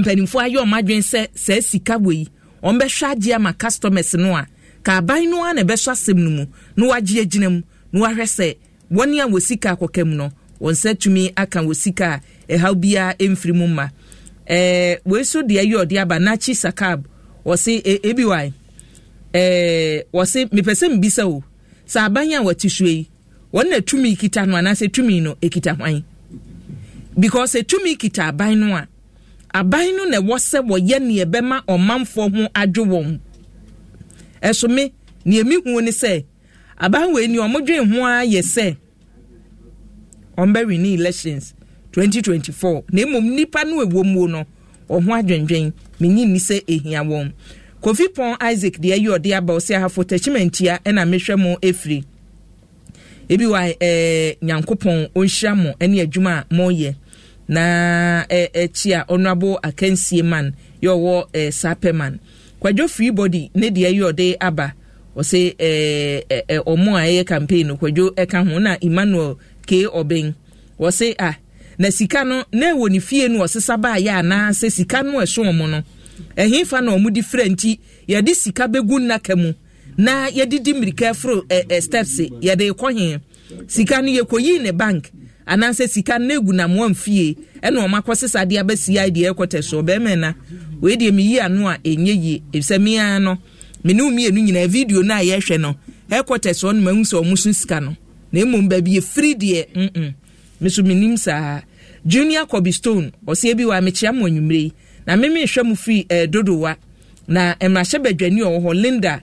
mpanimfoɔ ayɛ ɔma dwen sɛ saa sika wɔ yi ɔm bɛhwɛ agye ama customers no a ka aban no a na ɛbɛhwɛ asɛm no mu na wagye agyina mu na wahwɛ sɛ wɔn a wɔ sika akɔka mu no wɔn nsa tumi aka wɔ sika a ɛhaw biara mfiri mu mma ɛɛ wɔn nso deɛ yɛ ɔde aba n'akyi sakab wɔsi ebi wae ɛɛ wɔsi mipɛsɛ mbisa o sɛ aban a wɔte so yi wɔn na tumi kita no anaasɛ tumi no ekita hwan because etumi kita aban no a aban no na ɛwɔ sɛ wɔyɛ nea ɛbɛma ɔmanfoɔ ho adwo wɔn ɛso me nea mi hu ne sɛ aban wɔ ani ɔmo dwen ho ara yɛ sɛ ɔmo bɛ win elections twenty twenty four na emom nipa no ɛwɔ mu no ɔho adwendwen menyi ni sɛ ehia wɔn kofi pɔn isaac deɛ yɛ ɔde aba ɔsi ahafo tɛkyimantia ɛna mehwɛ mo efiri ebi wa ɛɛ eh, nyankopɔn ɔnhyira mo ɛne adwuma a mɔyɛ na ɛɛ eh, ɛkyi a ɔnoabo akansie man yɛ ɔwɔ ɛɛ eh, sapɛ man kwadwo free body ne deɛ yɛ ɔde aba ɔsɛ ɛɛ ɛɛ ɔmo a ɛyɛ campaign no kwadwo ɛka ho na emmanuel k ɔbɛn wɔsɛ a ah, na sika no na ɛwɔ ne fie no ɔsesa baa yɛ anaa sɛ sika no ɛso ɔmo no ɛhefa na ɔmo de fira nti yɛde sika bɛgu nnaka mu na yɛdidi mmirika foro ɛ e, ɛ e, steps yɛde kɔ hin sika no yɛkɔyii ne bank anaasɛ sika no egu namoa mfie ɛna ɔmo akɔ sisa adeɛ abɛsi ayi deɛ ɛkɔtɛ so bɛrima na wei deɛ miyi ano a enye yie efisɛ mia no mene wo mmienu nyinaa video no a yɛhwɛ no ɛkɔtɛ so no mahu sɛ ɔmo so sika no na mmom baabi efiri deɛ mm meso menim saa junior kobe stone ɔsɛ bi wɔ amekyia mo anwummerɛ na mimi ehwɛ mu fi ɛɛ e, dodowa na mmarahyɛbadwani ɔwɔ hɔ linda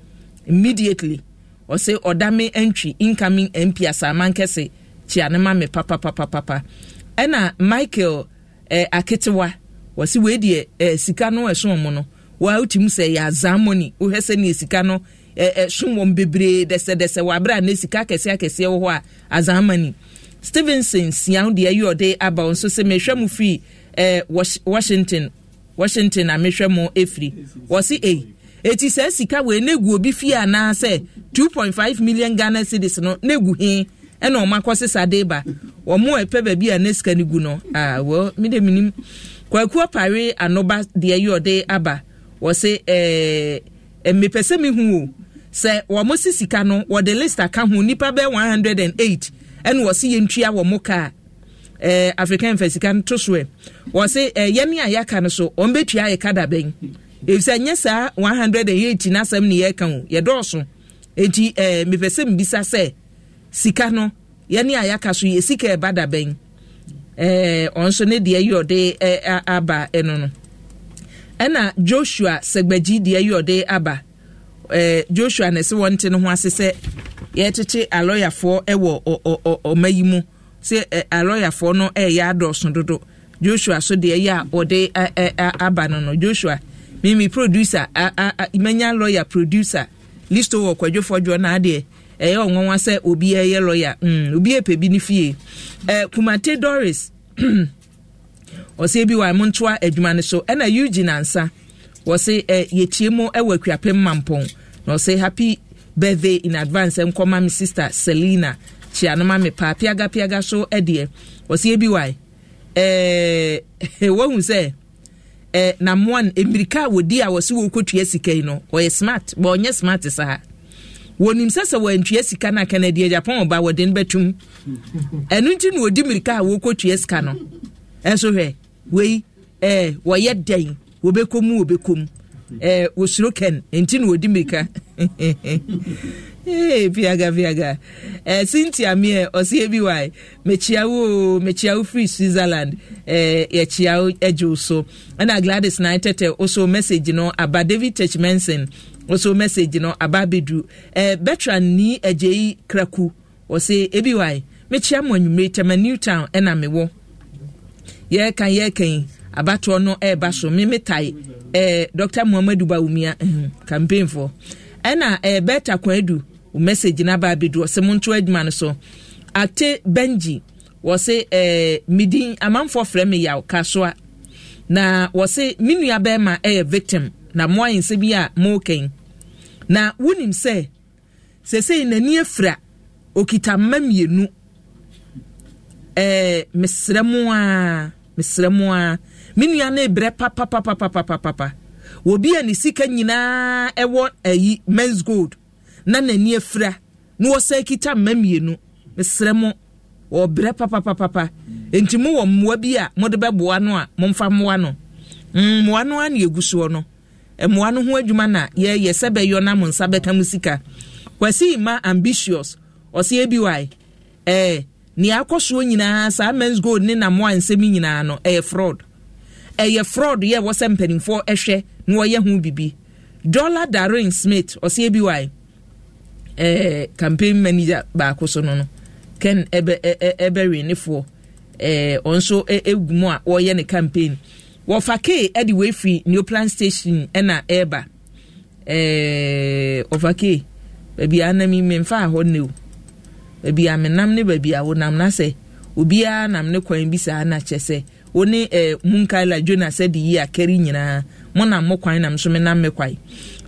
immediately ɔsɛ ɔdame entry incoming mp asaman kɛse kyia ne papa papa papapapapa ɛna michael eh, aketewa wɔsi wei deɛ eh, sika no ɛsom e mu e no wɔawotumi sɛ yɛ azamoni wohɛ sɛ ne sika no ɛsom wɔn bebree dɛsɛdɛsɛ wɔ abere a ne sika akɛseɛ akɛseɛ wɔ hɔ a azamani stevenson siaw deɛ yi ɔde aba nso sɛ mehwɛ mu firi eh, washington washington a mehwɛ mu efiri wɔsi eyi eti sɛ sika wei na egu obi fie anaasɛ two point five million ghana cedis no na egu hin ɛna ɔmo akɔ de ba ɔmo ɛpɛ baabi a ne sika no gu no aa wɔ mi de mi nim kwaku apare anoba deɛ yɛ ɔde aba wɔsi ɛɛ mmepɛsɛ mi hu o sɛ wɔn si sika no wɔde list aka ho nipa bɛ one hundred and eight ɛna wɔsi yɛn ntua wɔn kaa ɛɛ african fɛ sika no to soɛ wɔsi ɛɛ yɛn ni a yɛaka no so wɔn bɛ tua yɛ kada bɛn. efisɛ nye saa one hundred and eighty n'asɛm ne yɛreka o yɛdɔɔso eti ɛɛ mepɛ sɛ mbisa sɛ sika no yɛne a yɛaka so yɛ sika ɛba e da bɛn ɛɛ eh, ɔnso ne deɛ yɛ ɔde ɛɛ eh, aba ɛno eh, no ɛna joshua sɛgbɛgyi deɛ yɛ ɔde aba ɛɛ joshua na ɛsɛ wɔn ti no ho ase sɛ yɛtete alɔyafoɔ ɛwɔ ɔ ɔ ɔma yi mu sɛ ɛ alɔyafoɔ no ɛɛyɛ adɔɔso dodo joshua so deɛ yɛ a ɔde ɛɛ aba no no joshua. mimi producer manya lawyer producer listo wɔ kwadwofoɔ dwoɔ na adeɛ ɛyɛ e, ɔnwanwa sɛ obi ɛyɛ e, lawyer mm obi ɛpɛ e, bi ne fie ɛɛ kumate doris ɔsɛ bi wɔ ɛmo ntoa adwuma no so ɛna eugene ansa wɔsɛ ɛɛ yɛtie mu ɛwɔ akuapem mampɔn na ɔsɛ happy birthday in advance nkɔma mi sister selina kyianoma me paa piaga piaga so ɛdeɛ ɔsɛ bi wɔ ɛɛ wɔhu sɛ eh, nam one mmirika a wɔdi a wɔsi wɔ kɔtua sika yi no wɔyɛ smart but smart saa wɔnim sɛ sɛ wɔantua sika no aka no japan ɔba wɔde no bɛtum ɛno nti na wɔdi mmirika a wɔkɔtua sika no ɛnso hwɛ wei eh, wɔyɛ dɛn wɔbɛkɔ mu wɔbɛkɔ mu eh, wɔsuro kɛn nti na wɔdi mmirika Hey, viaga viaga eh, cynthia mie ɔsi eh, ebi wa mekyiawo mekyiawo free switzerland eh, yɛkyiawo ɛgye so ɛna gladys na tɛtɛ oso message no aba david techmanson also message you no aba abedu eh, bertrand ni agyeyi eh, e. kraku ɔsi ebi wa mekyia mo anwumire new town ɛna eh, mewɔ yɛreka yɛreka abatoɔ no ɛreba so mimi tai, eh, dr muhammadu bawumia hmm, campaign for ɛna eh, berta kwadu message na baa bi do sɛ monto adwuma no so ate benji wɔse eh, midin amanfoɔ frɛ me yaw kasoa na wɔse me nua bɛrima ɛyɛ victim na mo mmoa nsɛ bi a mo mokɛn na wonim sɛ sɛsei n'ani afira okita mma mmienu ɛɛ eh, mesrɛ mu a mesrɛ mu a me nua no ebrɛ papapapapapapa obi a ne sika nyinaa ɛwɔ ayi men's gold na n'ani afira na wɔsan kita mma mmienu mesrɛ mo wɔbrɛ papapapapa nti mowɔ mmoa bi a mode bɛboa no a momfa mmoa no mm, mmoa no a na ɛgu soɔ no mmoa no ho adwuma na yɛyɛ sɛ bɛyɔ na mo nsa bɛka sika kwasi ma ambitious ɔsɛ ebi wae ɛɛ nea akɔ soɔ nyinaa saa men's gold ne nam a nsɛm nyinaa no ɛyɛ fraud ɛyɛ fraud yɛ wɔsɛ mpanimfoɔ ɛhwɛ na wɔyɛ ho bibi dollar darren smith ɔsɛ ebi wae eh, campaign manager baako so no no ken ɛbɛwe ne foɔ ɔnso egu mu a wɔreyɛ ne campaign wɔfa kee ɛde wei firi neoplan station ɛna ɛreba eh, ɔfa kee baabi a nam yi memfa hɔ ne o baabi a menam ne baabi a wɔnam na sɛ obiara nam ne kwan bi saa na kyɛ sɛ wɔne ɛɛ eh, munkaila jona sɛ de yi akɛri nyinaa mo nam mo kwan nam so menam me kwan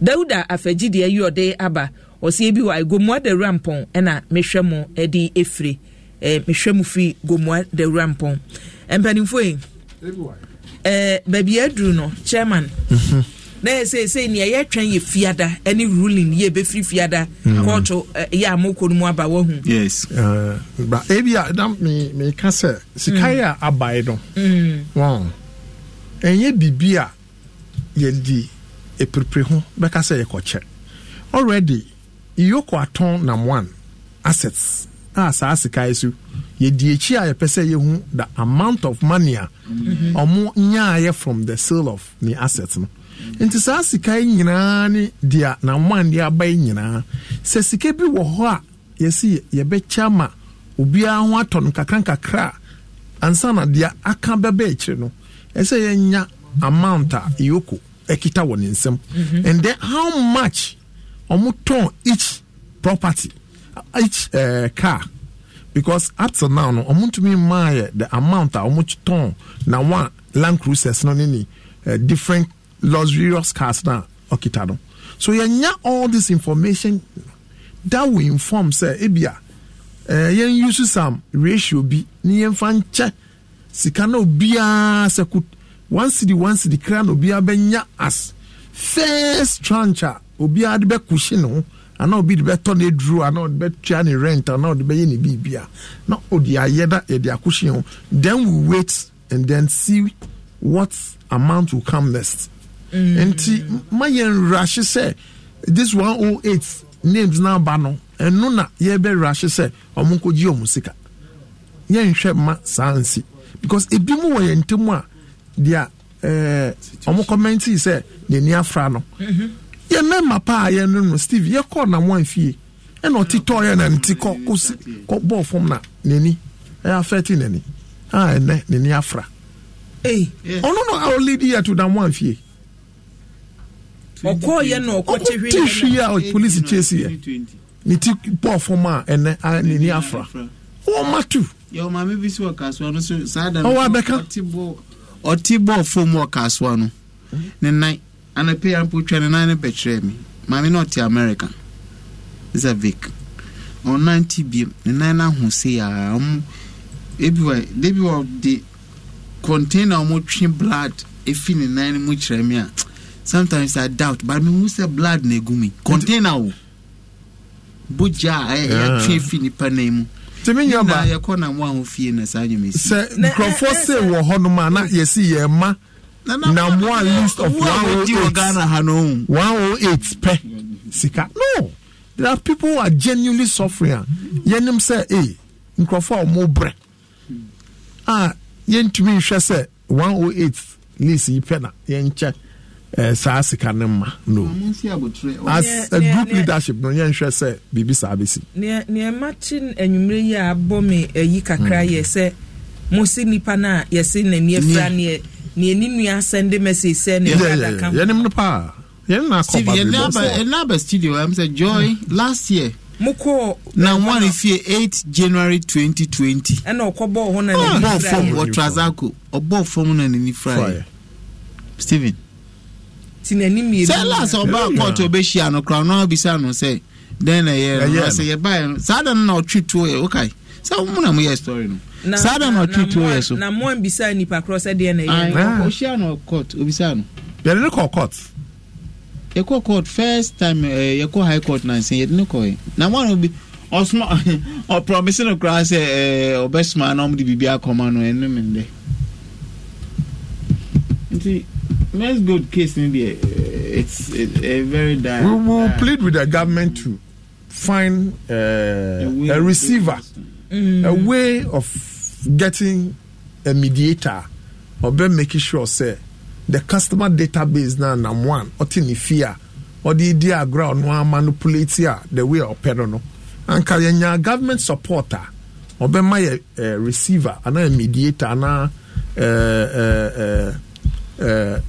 dawuda afɛgyi deɛ yi ɔde aba ɔsɛ bi wɔ gomua dawura mpɔn ɛna mehwɛ mo de efiri ɛɛ mehwɛ mo firi gomua dawura mpɔn mpanimfoɔ yi ɛɛ baabi aduru no chairman. Mm-hmm. na yɛ sɛ sɛ nea yɛtwɛn yɛ fiada ne ruling yɛ bɛfiri fiada kɔɔto mhm. yɛ a mokɔ no mu aba wahu ebia na meka sɛ sikae a mm. abae no mm. ɛnyɛ biribi a di ɛpiripiri ho bɛka sɛ yɛkɔkyɛ already yoko atɔn na one assets a saa sikae so yɛdi akyi a yɛpɛ sɛ yɛhu the amount of money a ɔmo mhm. nyaayɛ from the sale of ne assets no nti saa sikae nyinaa ne deɛ na one deɛ aba yi e nyinaa sɛ sika bi wɔ hɔ a yɛsi yɛbɛkyɛ ma obiara ho atɔ no kakra a ansa na deɛ aka bɛbɛ akyire no ɛsɛ yɛnya amount a yoko ɛkita wɔ ne nsam mhm. and then how much ɔmo tɔn each property each uh, car because up to now no ɔmo ntumi mmaa yɛ the amount a ɔmo tɔn na one land cruisers no ne ni uh, eh, different luxurious cars na ɔkita no so yɛnya all this information that will inform sɛ ebia uh, eh, yɛn use some ratio bi ne yɛn fa nkyɛ sika na obiara sɛ one city one city kra na obiara bɛnya as first tranche a obiara de bɛ kusi ne ho anaa obi de bɛtɔ ne duro anaa ɔde bɛtua ne rent anaa ɔde bɛyɛ ne biribia na ɔde ayɛ da yɛde akusi ho then we wait and then see what amount will come next. Mm. nti ma yɛn nrahye sɛ this one oh eight names na aba no ɛno na yɛbɛ nrahye sɛ ɔmo nkɔgye ɔmo sika yɛnhwɛ ma saa nsi because ebi mu wɔ yɛn ntam a deɛ ɛɛ ɔmo kɔmɛnti sɛ n'ani afra no. Mm -hmm yɛ mɛma paa yɛ no no steve yɛkɔ na mo amfie ɛna e ɔte tɔɔyɛ na nti kɔ kɔsi kɔ bɔɔ fam na n'ani ɛyɛ e afɛte n'ani a ɛnɛ n'ani afra ɔno no a ɔledi yɛ to na mo amfie ɔkɔɔ yɛ no ɔkɔte hwi a polisi kyesi yɛ ne ti bɔɔ fam a ɛnɛ n'ani afra wɔn ma tu. yɛ maame bi si wɔ kasoa no so saa da no ɔwɔ abɛka ɔte bɔɔ fam wɔ kasoa no ne nan anapa yi ampo twa ne nan ne bɛkyerɛ mi maame na ɔte america ɛsɛ vic ɔnan biem ne nan na ho se yaa ɔmo ebi wɔ debi wɔ de container ɔmo twi blood efi ne nan ne mu kyerɛ mi a sometimes i doubt but mi hu sɛ blood na egu mi container o bogya a ɛyɛ ah. yɛatwe fi nipa nan mu tìmínyàbá yɛkɔ na mo àwọn fie na saa nyɛ mi si. sɛ nkurɔfoɔ eh, eh, se wɔ hɔnom a na yɛsi yɛn ma na mo list of one oh eight one oh eight pɛ sika no there are people who are genuinely suffering a yɛnim sɛ ee nkurɔfoɔ a wɔn brɛ a yɛntumi nhwɛ sɛ one oh eight list yi pɛ na yɛnkyɛ ɛɛ saa sika ne ma no as a group leadership no yɛnhwɛ sɛ biribi saa bɛ si. nea nea mmakye enyimire yi a abɔ mi ɛyi eh, kakra mm. yɛ sɛ mo si nipa na yɛsi n'ani efura ne yɛ ne ɛni nua sɛnde message sɛ ne wadaka yɛnem no paa yɛne na akɔbaɛnaba studio ɛm sɛ joy last year mokɔ na wane fie eight january 2020 ɛna ɔkɔbɔɔ ho na ɔbɔɔ fam wɔ trasako ɔbɔɔ fam na n'ani frae steven ti n'ani mmienu sɛ last ɔbaa kɔɔto ɔbɛhyia no kora no abisa no sɛ dɛn na ɛyɛ no sɛ yɛbaɛ no saa da no na ɔtwe sɛ wo mu na moyɛ story no saa na ɔtwe tuo yɛ so na moa mbisa nipa korɔ sɛ deɛ na ɛyɛ ɔhyia no court obisa no yɛde ne kɔ court yɛkɔ court first time eh, yɛkɔ high court nansen yɛde ne kɔɛ na moa no bi ɔsoma ɔpromise no koraa sɛ ɔbɛsoma na ɔmde biribi akɔma no ɛno eh, me dɛ nti men's gold case ni deɛ eh, it's it, a very dire we will plead with the government to find uh, a, receiver. To mm. a way of getting a mediator or be making sure say the customer database now number one ɔte ne fie a ɔde di agorɔ a ɔno amanipulate a the way of perono, and anka yɛnya government supporter, or be my uh, receiver anaa mediator anaa uh, eh, uh, uh, uh,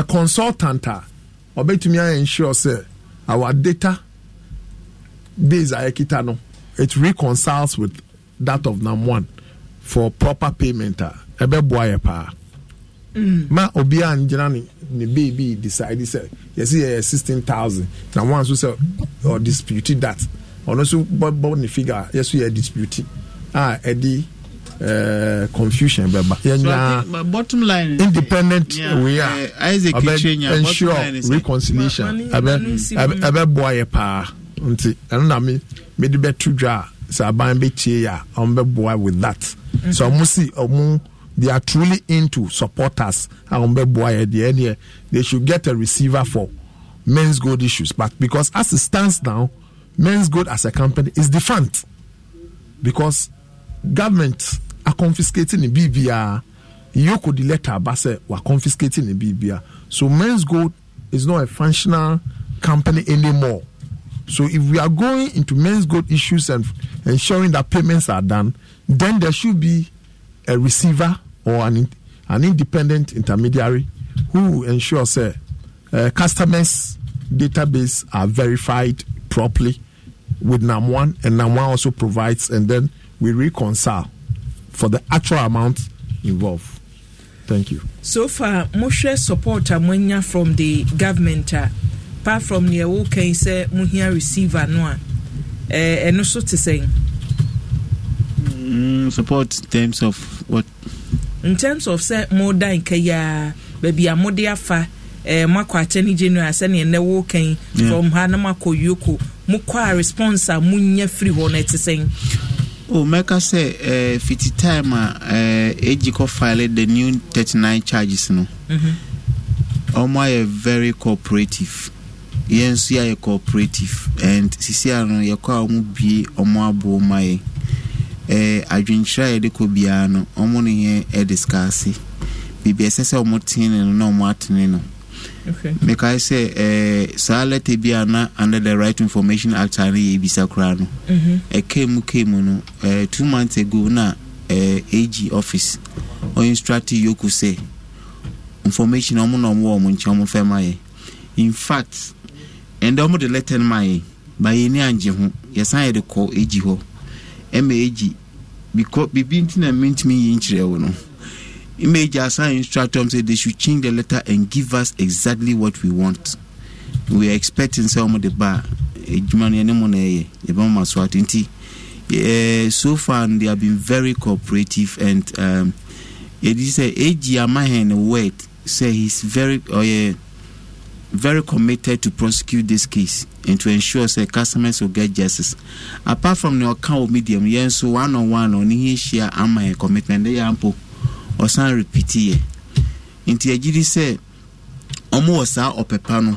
a consultant a ah, ɔbɛtumi ayɛ ensure say our data base a yɛkita no it reconciles with that of number one for proper payment ah. mm. a ɛbɛ ma obiara n gyina ne ne beebi decide sɛ yɛsi yɛ sixteen thousand na one nso sɛ ɔ dispute that ɔno nso bɔ bɔ ne figure yɛso yɛ eh, dispute a ah, ɛdi. Uh, eh, confusion bɛba yɛnya independent wei a eh, ensure reconciliation ɛbɛboa yɛ paa nti ɛno na me mede bɛto dwa a sɛ aban bɛtie a ɔmbɛboa with that mm-hmm. so ɔmo si ɔmo they are truly into supporters a ɔmbɛboa yɛ deɛ ɛneɛ they should get a receiver for men's gold issues but because as it stands now men's gold as a company is defunct because government are confiscating the biribiaa yoko the letter aba sɛ wa confiscating the biribiaa so men's gold is not a functional company anymore So if we are going into men's gold issues and ensuring that payments are done, then there should be a receiver or an an independent intermediary who ensures uh, uh, customers' database are verified properly with NAM1, and NAM1 also provides, and then we reconcile for the actual amount involved. Thank you. So far, Moshe support Amwenya from the government. Uh, apart from nea ɛwɔ kan sɛ mohia receiver no a ɛno eh, eh so te sɛn mm, support terms of what in terms of sɛ moda nkɛyia baby a mode afa eh, moakɔ akyɛne january sɛneɛ nnɛ wo kan from ha na moakɔ yoko mokɔ a response a monya firi hɔ no ɛte sɛn o mɛka sɛ uh, fiti time a ɛgyi uh, kɔ file the new thirty nine charges no ɔmo mm -hmm. ayɛ very cooperative yɛn nso yɛ cooperative and sisi ano yɛkɔ a wɔn bie wɔn aboɔ ma yɛ ɛɛ adwinkyerɛ a yɛde kɔ biara no wɔn ne yɛn ɛdiskaase biribi ɛsɛ sɛ wɔn tene no na wɔn atene no mekae sɛ ɛɛ saa lɛtɛ bi a na under the right information act a ne yɛ ebisa koraa no mm-hmm. ɛkɛɛ mu kɛɛ mu no ɛɛ two months ago na ɛɛ ag office ɔyinstrate yoku sɛ information ɔmo na ɔmo wɔ ɔmo nkyɛn ɔmo fɛn ma yɛ in fact ɛndɛ ɔmo de lɛtɛ no maa yɛ ba yɛ ni angye ho yɛsan yɛ de kɔ egyi hɔ ɛma egyi bikɔ bibi nti na mintimi yi nkyerɛ wo no ɛma egyi asan instruct say they should change the letter and give us exactly what we want we are expecting sɛ ɔmo de ba edwuma no yɛne mo na ɛyɛ yɛbɛn mo aso ato nti ɛɛ so far they have been very cooperative and um, yɛde sɛ egyi ama hɛn word sɛ he is very ɔyɛ. yeah very committed to prosecute this case and to ensure say customers will get justice. Apart from the account medium, yes, nso one on one on ihe hyia ama my commitment ẹ yà mpo ọsan repeat yẹ. Nti agyiri sɛ almost wɔ saa ɔpɛpa no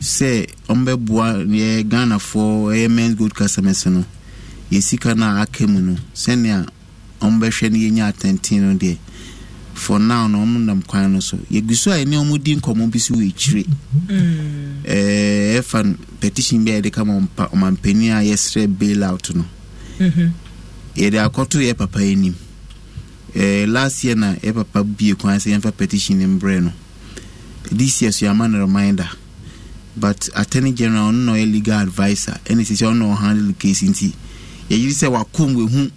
sɛ ɔmo bɛ boa yɛ Ghanafoɔ ɛyɛ men's gold customers no yɛ sika no a aka mu no sɛnea ɔmo bɛhwɛ no yɛ nya atɛntɛn no for now na ɔmo nam kwan no so yɛgu so a ɛne ɔmo di nkɔmɔ bi so wɔ akyire ɛɛ mm. eh, ɛfa petition bi a yɛde kama ɔmampanin a yɛsrɛ bail out no mm-hmm. yɛde akɔto yɛ papa anim ɛɛ eh, last year na yɛ papa bie kwan sɛ yɛmfa petition ne mbrɛ no this year so yɛama no reminder but attorney general ɔno na ɔyɛ legal adviser ɛna sisi ɔno na ɔhandle case nti yɛyiri sɛ wakɔm wehu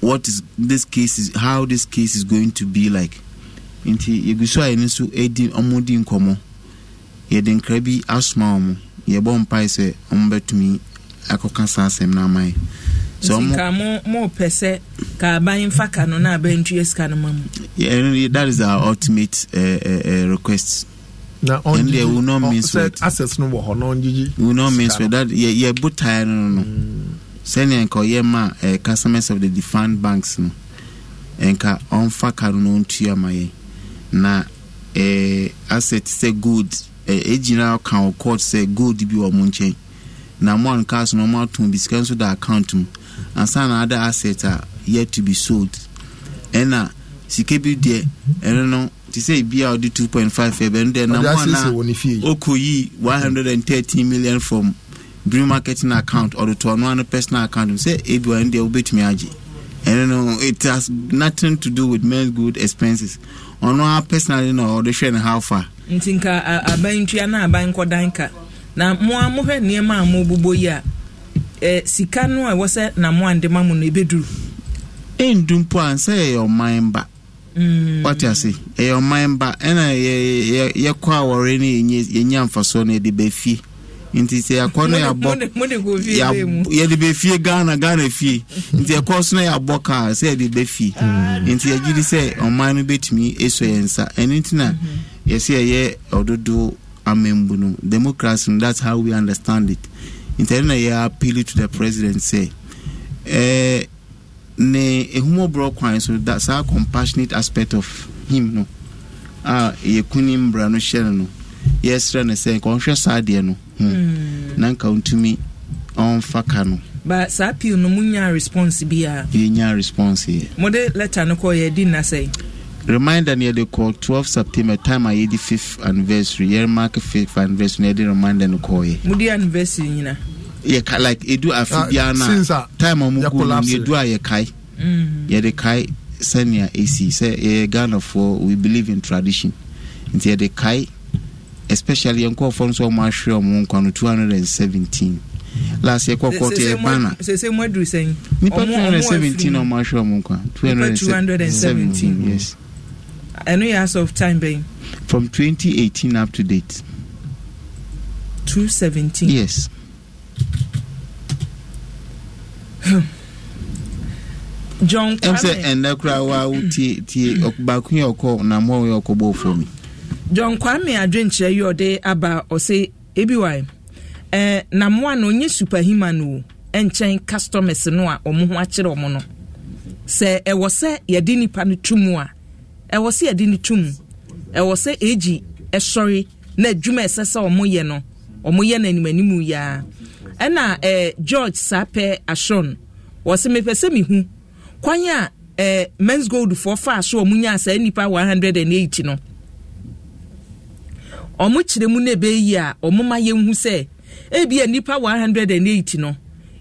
what is this case is how this case is going to be like nti yɛgu so a yɛne nso di ɔmo di nkɔmɔ yɛde nkra bi asoma ɔmo yɛbɔ mpae sɛ ɔmo bɛtumi akɔka saa asɛm no ama yɛ so nka mo mo pɛ sɛ ka aban fa ka no na aban tu esika no ma mu. that is our ultimate uh, uh, uh, request. na ɔn jiji ɔn sɛ access no wɔ hɔ na ɔn jiji. we no mean sweat that yɛ yɛ bo tire no no. Mm sɛnea nka ɔyɛ ma eh, customers of the defined banks no nka ɔmfa karo no ɔntua ma yɛn na eh, asset sɛ gold ɛgyina eh, ka wɔ court sɛ gold bi wɔ mo nkyɛn na mo ankas no ɔmo ato bi nso da account mu ansa na ada asset a yet to be sold ɛna sika bi deɛ ɛno no te sɛ ebi a ɔde two point five ɛbɛn deɛ na mo ana okɔ one hundred and thirteen million from bring marketing account or to another personal account say if are ebi wa ndi obetumi agye and know. Uh, it has nothing to do with men's good expenses On a personally na ɔde hwɛ no how far nti nka abantua na aban nkɔdan ka na mo a mohwɛ nneɛma a mobobɔ yi a eh, sika no a ɛwɔ sɛ na mo ande ma mu no ɛbɛduru ɛndu eh, mpo a sɛ ɛyɛ ɔman ba wate ase ɛyɛ ɔman ba ɛna yɛkɔ a wɔre no yɛnya mfasoɔ no yɛde bɛfie nti sɛ yɛakɔ no yɛabɔ yɛde bɛfie ghana ghana fie nti yɛkɔ so no yɛabɔ kaa sɛ yɛde bɛfie mm. nti yɛgye di sɛ ɔman no bɛtumi ɛsɔ yɛn nsa ɛno nti na mm-hmm. yɛsɛ yɛyɛ ɔdodo amambu no democracy no that's how we understand it nti ɛno na yɛ to the president sɛ eh, ne ehumɔborɔ kwan so that saa compassionate aspect of him no a ah, yɛkuni mbra no hyɛ no no yɛsrɛ no sɛ nkɔnhwɛ saa deɛ no Hmm. na nka ntumi ɔmfa ka no saa appeal no mu response bi a yɛnya response yɛ mode letter no kɔɔ yɛdi nna sɛe reminder no yɛde kɔ 12 september time a yɛdi 5 anniversary yɛremark 5th anniversary na yɛde reminder no kɔɔyɛ mode anniversary nyina yɛka like ɛdu afe ah, biara no time a mu gu no yɛdu a yɛkae mm. yɛde kae sɛnea ɛsi sɛ yɛyɛ ghanafoɔ we believe in tradition nti yɛde kae especially nkɔɔfoɔ nso ɔmo ahwere ɔmo nkwa no two hundred and seventeen last year kɔkɔ te ɛbana nipa two hundred and seventeen ɔmo ahwere ɔmo nkwa two hundred and seventeen yes. ɛno yɛ as of time bɛn. from twenty eighteen up to date. two seventeen. yes. john kwame. ɛn sɛ ɛnɛ kura wa tie tie baako yɛ ɔkɔ na mɔ yɛ ɔkɔ bɔ fɔ john kwame adwenkyerɛ yi ɔde aba ɔsɛ ebi wa ɛɛ na mmoa no onye superhuman o nkyɛn customers no a wɔn ho akyerɛ wɔn no sɛ ɛwɔ sɛ yɛde nipa no tu mu a ɛwɔ sɛ yɛde no tu mu ɛwɔ sɛ egi ɛsɔre na adwuma ɛsɛ sɛ wɔn yɛ no wɔn yɛ no anim anim yaa ɛna ɛɛ george sapɛ ashon wɔsɛ mepɛ sɛ mihu kwan a ɛɛ men's gold foɔ fa so wɔn nyaa sɛ nipa one hundred and eighty no. ọmụ kyerɛ mu na yi a ọmụma ma yɛnhu sɛ ebi a nipa one hundred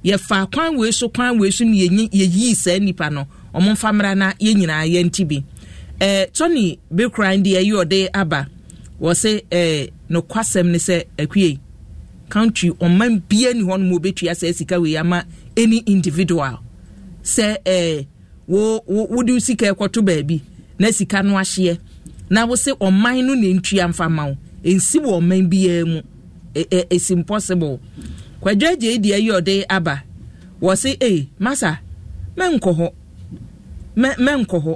yɛfa kwan wei so kwan wei so na yɛyii saa nipa no ɔmo nfa na yɛn nyinaa yɛn ti bi ɛɛ eh, tɔni bikran deɛ yi ɔde aba wɔsɛ ɛɛ eh, nokwasɛm ne sɛ akue country ɔman bia ni hɔ nom obɛtua sɛ sika wei ama any individual sɛ ɛɛ eh, wo wo wode sika ɛkɔto baabi na sika no ahyeɛ na wosɛ ɔman no na ntua mfa ma wo. nsi wɔ ɔman biara mu e, e, it's impossible kwadwagye deɛ yi ɔde aba wɔsi ee masa mɛnkɔ hɔ mɛ mɛnkɔ hɔ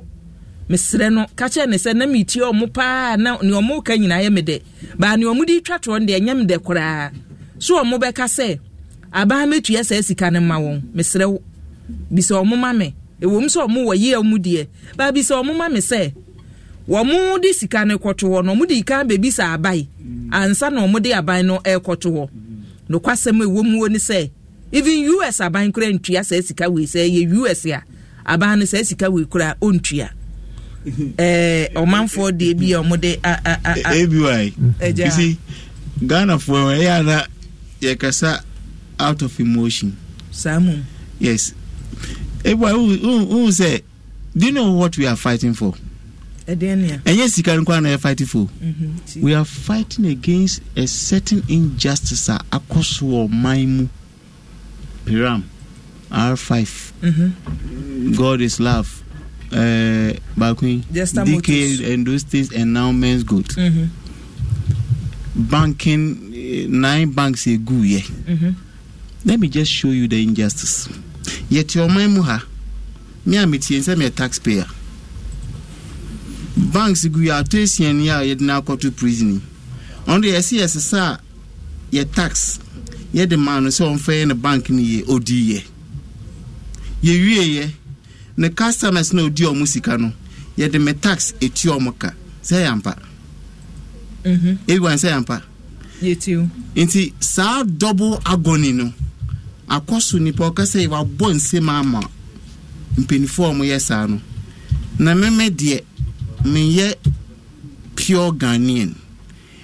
mesrɛ no kakyɛ ne sɛ na metie ɔmo paa na nea ɔmo ka nyinaa yɛ me dɛ baa nea ɔmo de twa toɔ no deɛ nyɛ me dɛ koraa so ɔmo bɛka sɛ abaa metua saa sika no ma wɔn mesrɛ wo bisɛ ɔmo ma me ewom sɛ ɔmo wɔ yie ɔmo deɛ baa bisɛ ɔmo ma me sɛ wɔn de sika no kɔto hɔ na wɔn de ika beebi sa aban ansa na wɔn de aban no ɛrekɔto hɔ nokwasɛm a ɛwɔ mu wɔ ne sɛ even us aban kura ntua sɛ sika wei sɛ ɛyɛ us a aban no sɛ sika wei kura ontua ɛɛ ɔmanfoɔ deɛ bi a wɔn de a a a a e, ebi wa yi kisi ghana foɔ ɛyɛ ana kasa out of emotion. saa yes ebi wa yi who who say do you know what we are fighting for ɛnyɛ sika no kora na yɛ fight fo mhm, we are fighting against a certain injustice a akɔ so wɔ ɔman mu piram r5 mhm. god is love uh, Bakun, DK, and those things, and now men's good. Mhm. Banking, nine banks a good, Let me just show you the injustice. Yet your ha, me, me a taxpayer banks gu ato esia ni a yɛde no akɔto prison ɔno deɛ yɛsi yɛsɛ sɛ yɛ tax yɛde maa no sɛ ɔmfa yɛ ne bank no yɛ odi yɛ yɛwie yɛ ne customers na odi ɔmo sika no yɛde me tax etu ɔmo ka sɛ yampa mhm. ebiwan sɛ yampa nti saa double agony no akɔso nipa ɔkasa yɛ wabɔ nsɛm ama mpanyinfoɔ ɔmo yɛ saa no na mɛmɛ deɛ meyɛ pure ghanaian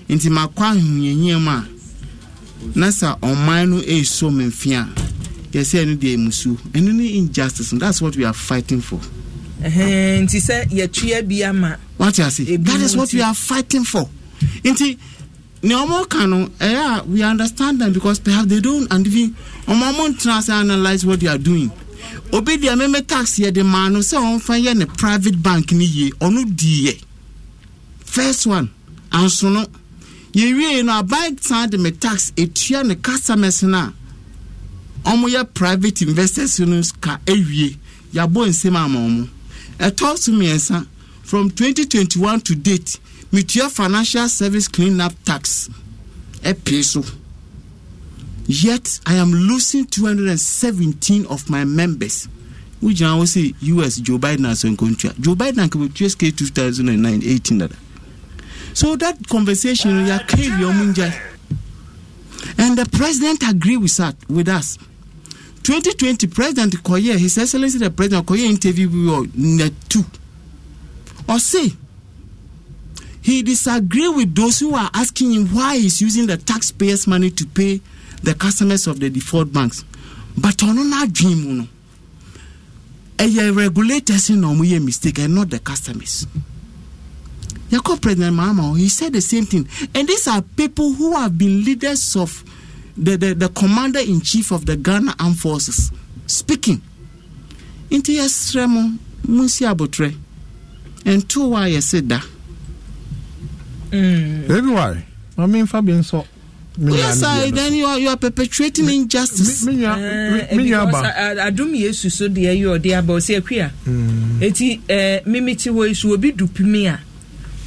nti makɔ ahoyɛyia mu a na sɛ ɔman no ɛso me mfe a yɛsɛ ɛno deɛ musuo ɛno ne injustice no that's what we are fighting for nti sɛ yɛtua bi ama wate ase that is what we are fighting for nti ne ɔmo ka no ɛyɛ a we understand them because perhaps they don't and even ɔmo ɔmo ntena ase analyze what they are doing obi deɛ meme tax yɛde maa no sɛ ɔmfa yɛ ne private bank no yie ɔno diiɛ first one anso no yɛwiei no aban saa de me tax ɛtua ne customers no a ɔmoyɛ private investors no ka awie e yɛabɔ nsɛm ama ɔmo ɛtɔ e so mmiɛnsa from 2021 to date metua financial service clean up tax ɛpie so Yet I am losing 217 of my members. Which I will say US Joe Biden has in country. Joe Biden can be GSK 2009 18. So that conversation you are and the president agree with that with us. 2020 President Koye, His Excellency the President Koye interview we were net two. Or say he disagree with those who are asking him why he's using the taxpayers' money to pay the customers of the default banks but ɔno n'adwene mu no ɛyɛ regulators na ɔmo yɛ mistake and not the customers yakɔ president mahama he said the same thing and these are people who have been leaders of the the, the commander in chief of the ghana armed forces speaking nti yɛsrɛ mo munsi abotire ntowa yɛsi da. ebi wa maame nfa bi nsɔ. yes i then you are you are perpetuating me, injustice. mi nya eh, mi eh, nya ba adum yesu so deɛ yi ɔde aba ɔsi akuya eti ɛɛ eh, mimi ti hɔ esu obi dupu mi a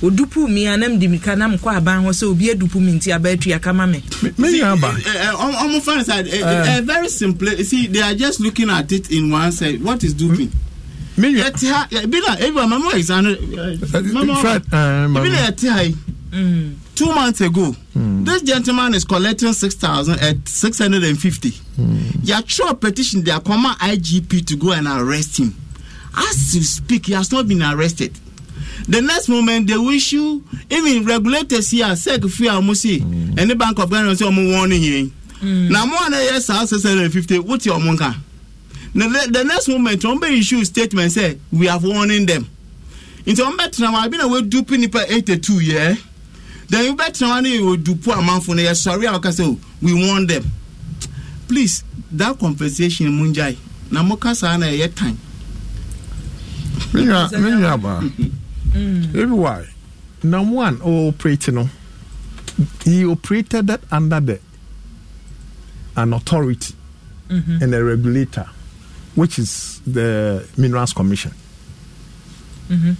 odupu mi a nam di mi ka nam kɔ aban hɔ sɛ obi edupu mi nti aba etuya kama mi. mi nya ba ɔmo fan side ɛ very simple see they are just looking at it in one side what is duping. Mm. mi nya ɛti ha ebi na ebi wa mama wa exam. fred ɛɛ mama ebi na two months ago mm. this gentleman is collecting six thousand at eh, six hundred and fifty yàtúrọ hmm. petition their comma igp to go and arrest him as you speak he has not been arrested the next moment they will issue even regulators here sec fi àwọn sí ẹni bank of ghana sọ ọmọ wọn nìyẹn na mo àná yẹ sáà six hundred and fifty wọ́n ti ọmọ nǹkan the next moment wọn bẹ issue statement say we have warning them nti wọn bẹ tẹnabọ abiná wọ́n dupe nípa eighty two yẹn then you bet no money you do poor amount for the sorry I can say we want them please that conversation munjai na mo kasa na time. menya mm. why number one o oh, operate no he operated that under the an authority mm-hmm. and a regulator which is the minerals commission. Mm-hmm.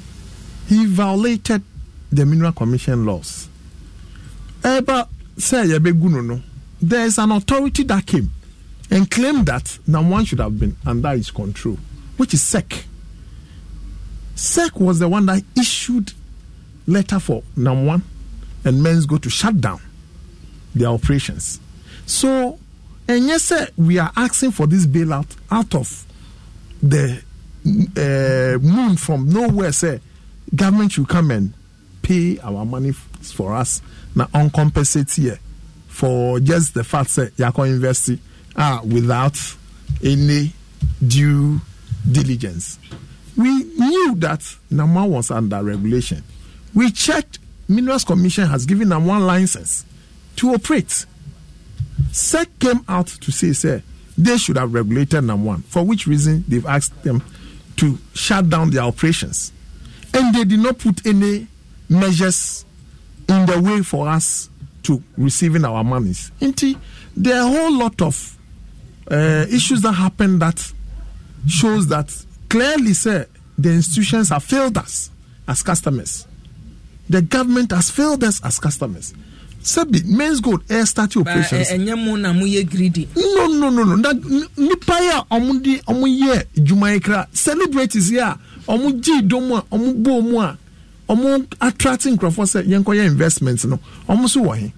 He violated the Mineral Commission laws. ɛba sɛ yɛbɛgu no no there is an authority that came and claimed that number one should have been under his control which is sec sec was the one that issued letter for number one and men's go to shut down their operations so and yes sir, we are asking for this bailout out of the uh, moon from nowhere say government should come and pay our money for us na uncompensated for just the fact say yakɔ invest ah without any due diligence we knew that Namwan was under regulation we checked minerals commission has given Namwan license to operate sec came out to say say they should have regulated Namwan for which reason they've asked them to shut down their operations and they did not put any measures in the way for us to receiving our monies. Inti, there are a whole lot of uh, issues that happen that shows that clearly, sir, the institutions have failed us as customers. The government has failed us as customers. Sebi, men's gold air start operations. Ɛnyɛ eh, mu na mu yɛ greedy. No no no no Nipaya nipa yi a ɔmo di ɔmo yɛ dwuma yi kra celebrities yi a ɔmo gye dom ɔmo attract nkurɔfoɔ sɛ yɛnkɔyɛ investment no ɔmo nso wɔ he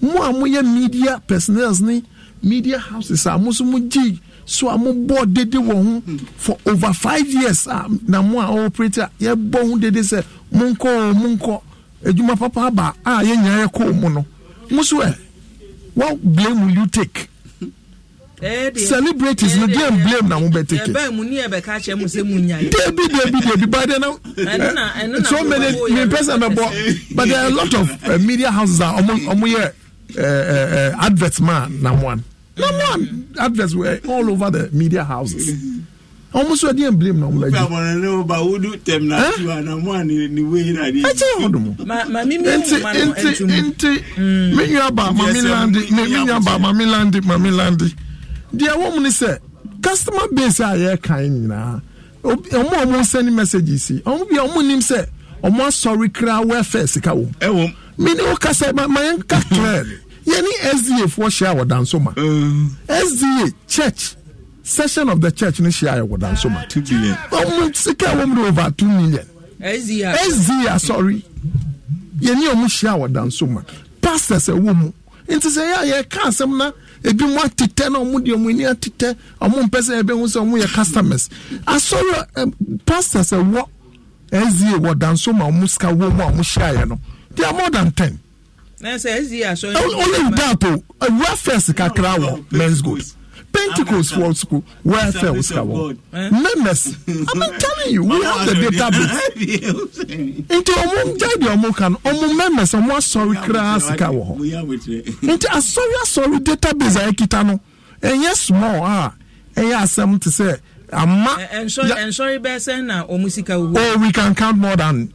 mo a moyɛ media personnels ne media houses a mo nso mo gye so a mo bɔ dede wɔ ho for over five years a na mo a ɔoperate a yɛbɔ ho dede sɛ mo nkɔ o mo nkɔ adwuma papa aba a yɛn nyinaa yɛkɔ o mo no mo nso ɛ what blame will you take celebrities no dem blame na mo bɛ take it. ɛbɛn mu ni ɛbɛka kyɛ mu se mu nya ye. debi debi debi by then now. ɛnu na ɛnu na so many mi pɛsɛ bɛ bɔ but there are a lot of uh, media houses a ɔmo ɔmo yɛ uh, uh, advert ma na mo an na mo an adverts were all over the media houses. ɔmo so ɛdi blame na ɔmo la ju. bàbá ne ko ba wudu tɛm na ju ana mu a ni ni wo yina de. ɛkyɛ yɛ ɔdun mu. maami mi hu ma no ɛntu mu. nti nti mi nua ba maami landi mi nua ba maami landi maami landi deɛ wɔm ne sɛ customer base a yɛrekan nyinaa ɔmo a ɔmo send messages yi ɔmo bi a ɔmo nim sɛ ɔmo asɔre kra welfare sika wɔm ɛwɔm mene wo kasa ma yɛn ka clearly yɛne sda foɔ hyia wɔ danso ma uh. sda church session of the church ne hyia yɛ wɔ danso ma ɔmo sika wɔm de over two million sda sorry yɛne ɔmo hyia wɔ danso ma pastors ɛwɔ mu nti sɛ yɛ a yɛka asɛm na ebi mu atetɛ na ɔmo deɛ ɔmo ani atetɛ ɔmo mpɛ sɛ ɛbɛn ho sɛ ɔmo yɛ customers asɔre ɛ pastors ɛwɔ ɛzie wɔ danso ma ɔmo sika wɔ mu a ɔmo hyɛ ayɛ no they are more than ten. na sɛ ɛzie asɔre. only that o reference kakra wɔ men's goods. Pentacles for school, welfare was covered. Members, I'm eh? telling you, we have the database. Into mum, daddy or mokan, among members, and what sorry crass cow. Into a sorry, sorry database, I kitano. And yes, small, ah, and yes, some to say, ama. And sorry, best, and now, Oh, we can count more than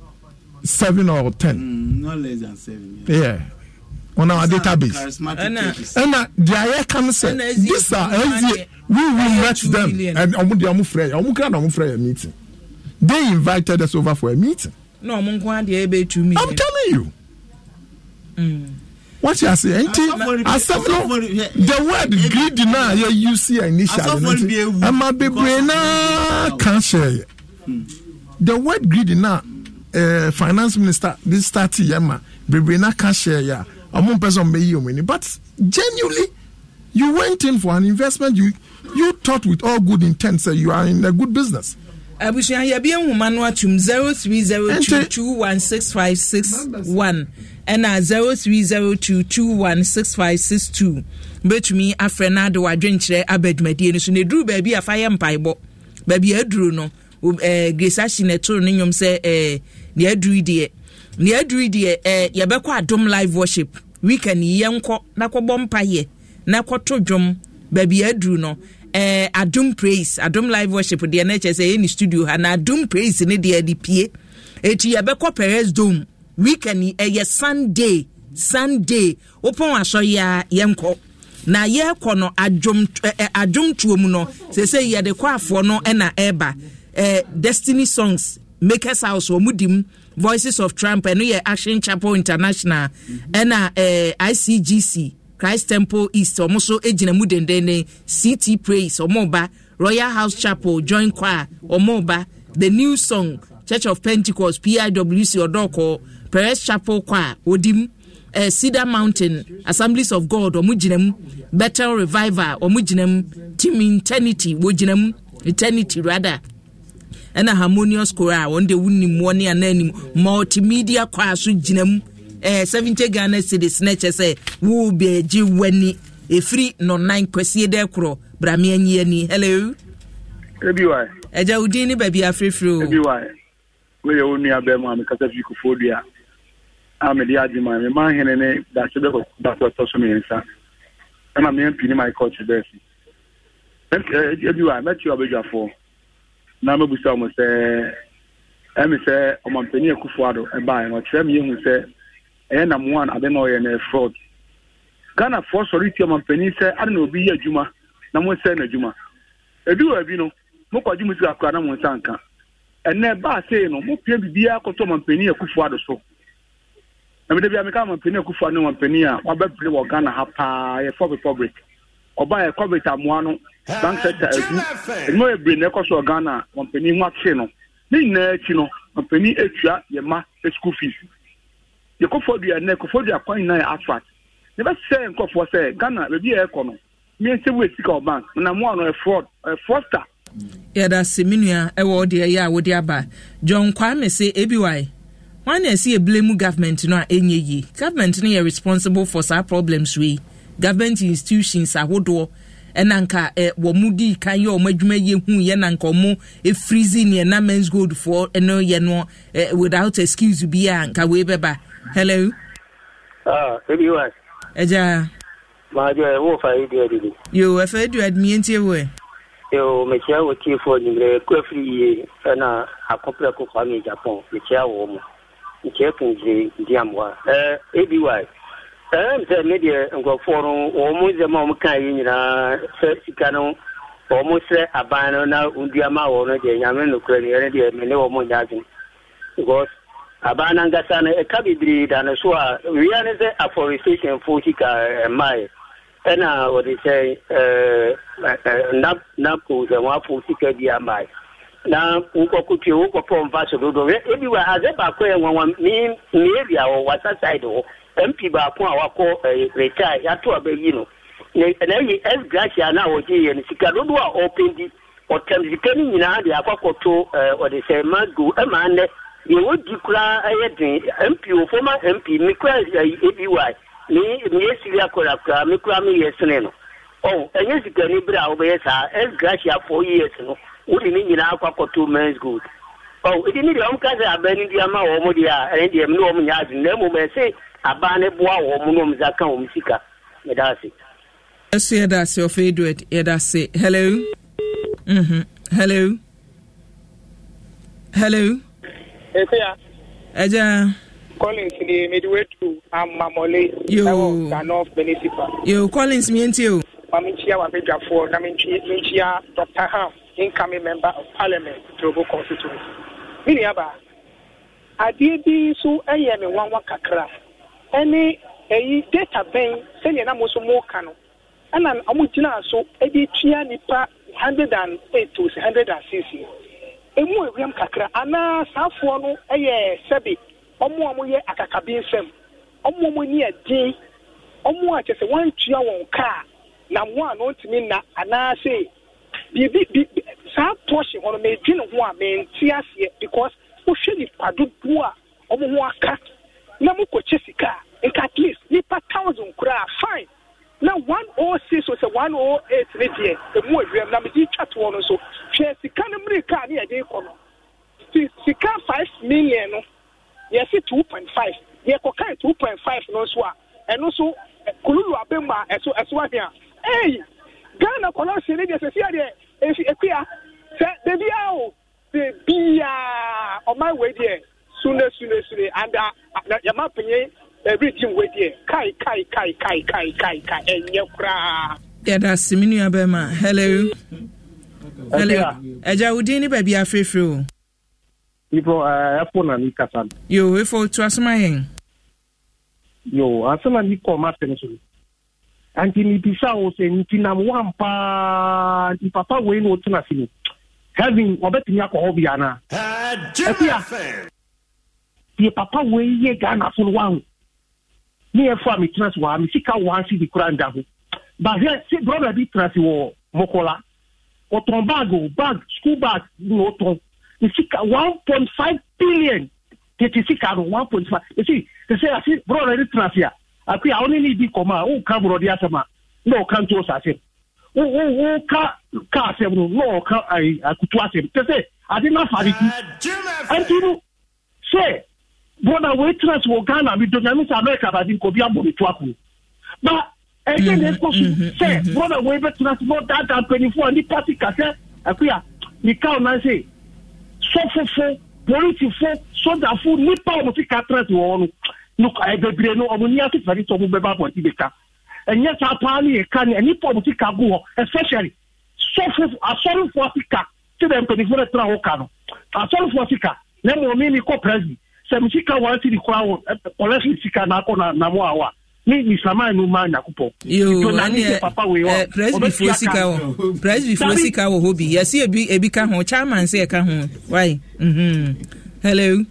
seven or ten. Mm, not less than seven. yeah. yeah on our database and deɛ ayɛka no sɛ this is we will match them and I'm deɛ ɔmo frɛ yɛ ɔmo kura na ɔmo frɛ yɛ meeting they invited us over for a meeting. na ɔmo nko adeɛ ebe two million. i'm telling you. Hmm. What you are saying? I asẹ́m no the word greed now. You see, yẹ initially I'm ẹ̀ ma bebree náà kàn ṣe the word greed now. finance minister this start yẹ ma bebree náà kàn ṣe yẹ ọmọ mpẹ sọ mbẹyi ọmọ ẹni but genuinely you went in for an investment you you thought with all good intent say you are in a good business. abusua yɛ bi nwoma no atum zero three zero two two one six five six one ɛna zero three zero two two one six five six two mbɛtumi afrɛ no ade wadwenkyerɛ aba dwumadie no so na ɛduru baabi afa yɛ mpaebɔ baabi aduru no ɛɛ eh, grace ahyi na ɛtoro no nnwom sɛ ɛɛ eh, aduru deɛ nea aduru deɛ ɛɛ eh, yɛbɛkɔ adum live worship weekend yi nkɔ na kɔbɔ mpaeɛ na kɔto dwom baabi aduru no ɛɛ eh, praise adum live worship deɛ na kyerɛ sɛ ɛyɛ ne studio ha na adum praise ne deɛ de pie eti yɛbɛkɔ perez dome weekend ɛyɛ sunday sunday wopɔn asɔre a yɛnkɔ na yɛrekɔ no adwom ɛɛ eh, adwomtuo mu no sese yɛde kɔ afoɔ no ɛna ɛreba destiny songs makers house wɔn di mu. voices of trump ɛno yɛ action chapel international ɛna mm icgc christ temple east ɔmo so gyina mu dendenden ct praise ɔmo ba royal house chapel joint choir ɔmo ba the new song church of pentecost piwc ɔdɔkɔ perez chapel choir odim cedar mountain assemblies of god ɔmo gyina mu bethel revival ɔmo gyina mu team eternity wɔ gyina mu eternity rather ɛna harmonious choral a wɔn de wunim wɔn ne anan multimedia kɔ so gyina mu ɛɛ eh, seventy ghana cities na kyɛ eh, sɛ wɔn bɛ gye wani efiri nɔnan kwasi dɛ korɔ brahmi anyi ani hello. ebi wa. ɛgya eh, o din ni baabi afirifiri o. ebi wa meyɛ wo nua bɛɛ mu a fi kofo dua a ma me ma hene ne daakye bɛ daakye ɔtɔ so mmiɛnsa ɛna bɛɛ ebi wa na mebisa mo sɛ ɛmi sɛ ɔmampanin akufo ado ɛbaeɛ no ɔkyerɛ mi yehu sɛ ɛyɛ nam one ade na ɔyɛ na fraud ghana foɔ sɔre ti ɔmampanin sɛ ade na obi yɛ adwuma na mo nsɛ n'adwuma ebi wɔ ebi no mo kɔ adwuma sika kora na mo nsa nka ɛnɛ baa sei no mo pie kɔtɔ ɔmampanin akufo ado so ɛmɛ dɛbi amika ɔmampanin akufo ado ɔmampanin a wabɛpere wɔ ghana ha paa yɛ fɔbrifɔbri ɔbaa yɛ kɔbrit amoa no bank sector ɛgu ɛnua ebire na ɛkɔ so ghana kɔmpani ho akye no ne nyinaa akyi no kɔmpani etua yɛ ma school fees yɛ dua nɛ dua kwan nyinaa yɛ asfalt ne bɛ sɛ nkɔfoɔ sɛ ghana yɛ esika wɔ bank na mu ano fraud yɛda se ɛwɔ ɛyɛ a aba john kwame wọn na ebile mu no a ɛna nka ɛ wɔn mu di kan yɛ wɔn adwuma yɛ hu yɛ na nka wɔn efirizi nea na men's gold foɔ ɛno yɛ no ɛ without excuse bi a nka wei bɛba hello. ah ebi wa. ɛgya. maa jɔ ɛwɔ fa yi diɛ didi. yoo ɛfɛ edu adumie ntie wo ɛ. yoo mekyia wɔ tie fo nyimire kó efiri yie ɛna akɔpere kó kwame japan mekyia wɔ mo mekyia diam wa. ɛɛ ebi wa. Eh, sɛ e ne deɛ nkurɔfoɔ no wɔn mu ndzɛmba a ka yi nyinaa sɛ sika no aba srɛ aban no na nduama ama no deɛ nyame nokura no yɛn deɛ mene wɔn mu nya adwene because aban no ankasa no ɛka bebree da no so a wia ne sɛ afɔrestation fo sika mmae ɛna wɔde sɛ napo sika bi amae na nkɔkotue wokɔpɔ mfa so ebi wɔ adze baako yɛ nwanwa mi wɔ wasa side hɔ. mp baako a wakɔ eh, retire yato a bɛyi no na ɛyi s gracia no a wɔgye yɛ no sika dodoɔ a ɔpɛndi ɔtɛm sika no nyinaa de akɔkɔto eh, ɔde sɛ ma do eh, ma nnɛ deɛ wɔdi koraa ɛyɛ den mp o former mp mekora abi me meyɛ siria korakora mekora meyɛ sene no ɔn ɛnyɛ sikani berɛ a wobɛyɛ saa s gracia four years no wode ne nyinaa akɔ akɔto gold ɔn ɛdi ne deɛ ɔmka sɛ abɛ no di ama wɔ mo deɛ a ɛne deɛ mene wɔ m nyɛ adwene na mmom ɛse abaa ne boa wɔ mu na ɔmo dza ka wɔn sika yɛda ase. ɛso yɛda ase ɔfɛ edward yɛda ase hello mm-hmm. hello hello. ɛsɛ ya. ɛgya. collins ni mediwetu amamole. yoo ɛwɔ ganov municipal. yoo collins mi n ti o. maame n kyia wabedwafoɔ na mi n kyia dr ham incoming member of parliament tobo constituency. mi ni aba adeɛ bi nso yɛ me nwanwa kakra. ɛne ɛyi data bɛn sɛnea na mo nso mo ka no ɛna ɔmo gyina so ɛde tua nipa hundred and eight to hundred and six emu ewiem kakra anaa saafoɔ no ɛyɛ sɛbi ɔmo a mo yɛ akakabi nsɛm ɔmo a mo ni ɛdin ɔmo a kyɛ sɛ wɔntua wɔn kaa na mo a no ntumi na anaa sɛ biribi bi saa pɔsi hɔ no mɛ di ne ho a mɛ nti aseɛ because wohwɛ nipa dodoɔ a ɔmo ho aka. na mokɔkyɛ sika nka at least nipa thousand koraa fine na one oh six o sɛ one oh eight ne deɛ emu ewiem na mede twa toɔ no nso hwɛ sika no mmiri kaa ne yɛde kɔ no sika five million no yɛsi two point five yɛkɔkae two point five no nso a ah. ɛno nso kululu abemu a ɛso ɛso ahe a ɛyi ghana kɔlɔ se ne deɛ sɛ si adeɛ efi ekuya sɛ beebi a o beebi a ɔman wei deɛ. sune sune sune and yɛma panyin ɛreti nwe deɛ kai kai kai kai kai kai kai ɛnyɛ koraa. yɛda ase mi nua bɛɛ ma hello hello ɛgya wo din ne afeefee o. ifo efo na ni kasa. yo efo tu asoma yɛn. yo asoma ni kɔ ma tɛn so nti ni bisa o sɛ nti na wan paa nti papa wei na o tena si ni heaven ɔbɛtumi akɔ hɔ bi ana. ɛkuya. deɛ papa wei yɛ ghana so no wahu ne yɛfo a metena se wɔ ha mesika wɔ ha se de kora nda ho bahwɛ se brɔda bi tena se wɔ mokola ɔtɔn bag o bag school bag na ɔtɔn ne sika one point five billion tete sika no one point five esi sese ase brɔda ne tena se a akui a ɔne ne di kɔma a ɔka borɔde asɛm a na ɔka nto o asɛm ɔka ka asɛm no na ɔka akutu asɛm sese ade na afa de ti ɛnti no sɛ Bona wẹ́tírà sí wọ ghana mi dọ̀nyà mi sọ amẹ́ríkà bàbí nkọ̀ bí abọ̀ mi tó àpò bá ẹ̀yẹ́ ní ẹ̀kọ́ so sẹ́ bọ́dà wẹ́ bẹ́tírà sí bọ́dà àdá mpanyinfo ní pati kàṣẹ ẹ̀kúyà nìka ọ̀nà ṣe sọ́fọ́fọ́ pọ́lísìfọ́ sọ́dàfọ́ nípa ọmọ sí kàtírà sí no ẹ̀bẹ̀bìrẹ̀ no ọmọ ní asífàdí sọ ọmọ bẹ́ẹ̀ bá bọ̀ ẹ̀ ti ɛnyɛ eh, saa paa ne yɛ ka ne nipa ɔmo ti ka gu hɔ especially sɔfo asɔrifoɔ ti ka ti dɛ mpanyinfoɔ de tena hɔ ka no asɔrifoɔ ti ka na mmɔmi mi kɔ prɛsi sɛ me sika waasiri koraa wo ɔlɛsne eh, sika na akɔ na mo awa me misama no ma nyankopɔn presbyfoɔ sika wɔ presbyfoɔ sika wɔ hɔ bi yasi e ebi ebi ka ho chairman sɛ ɛka e ho wai mm-hmm. hello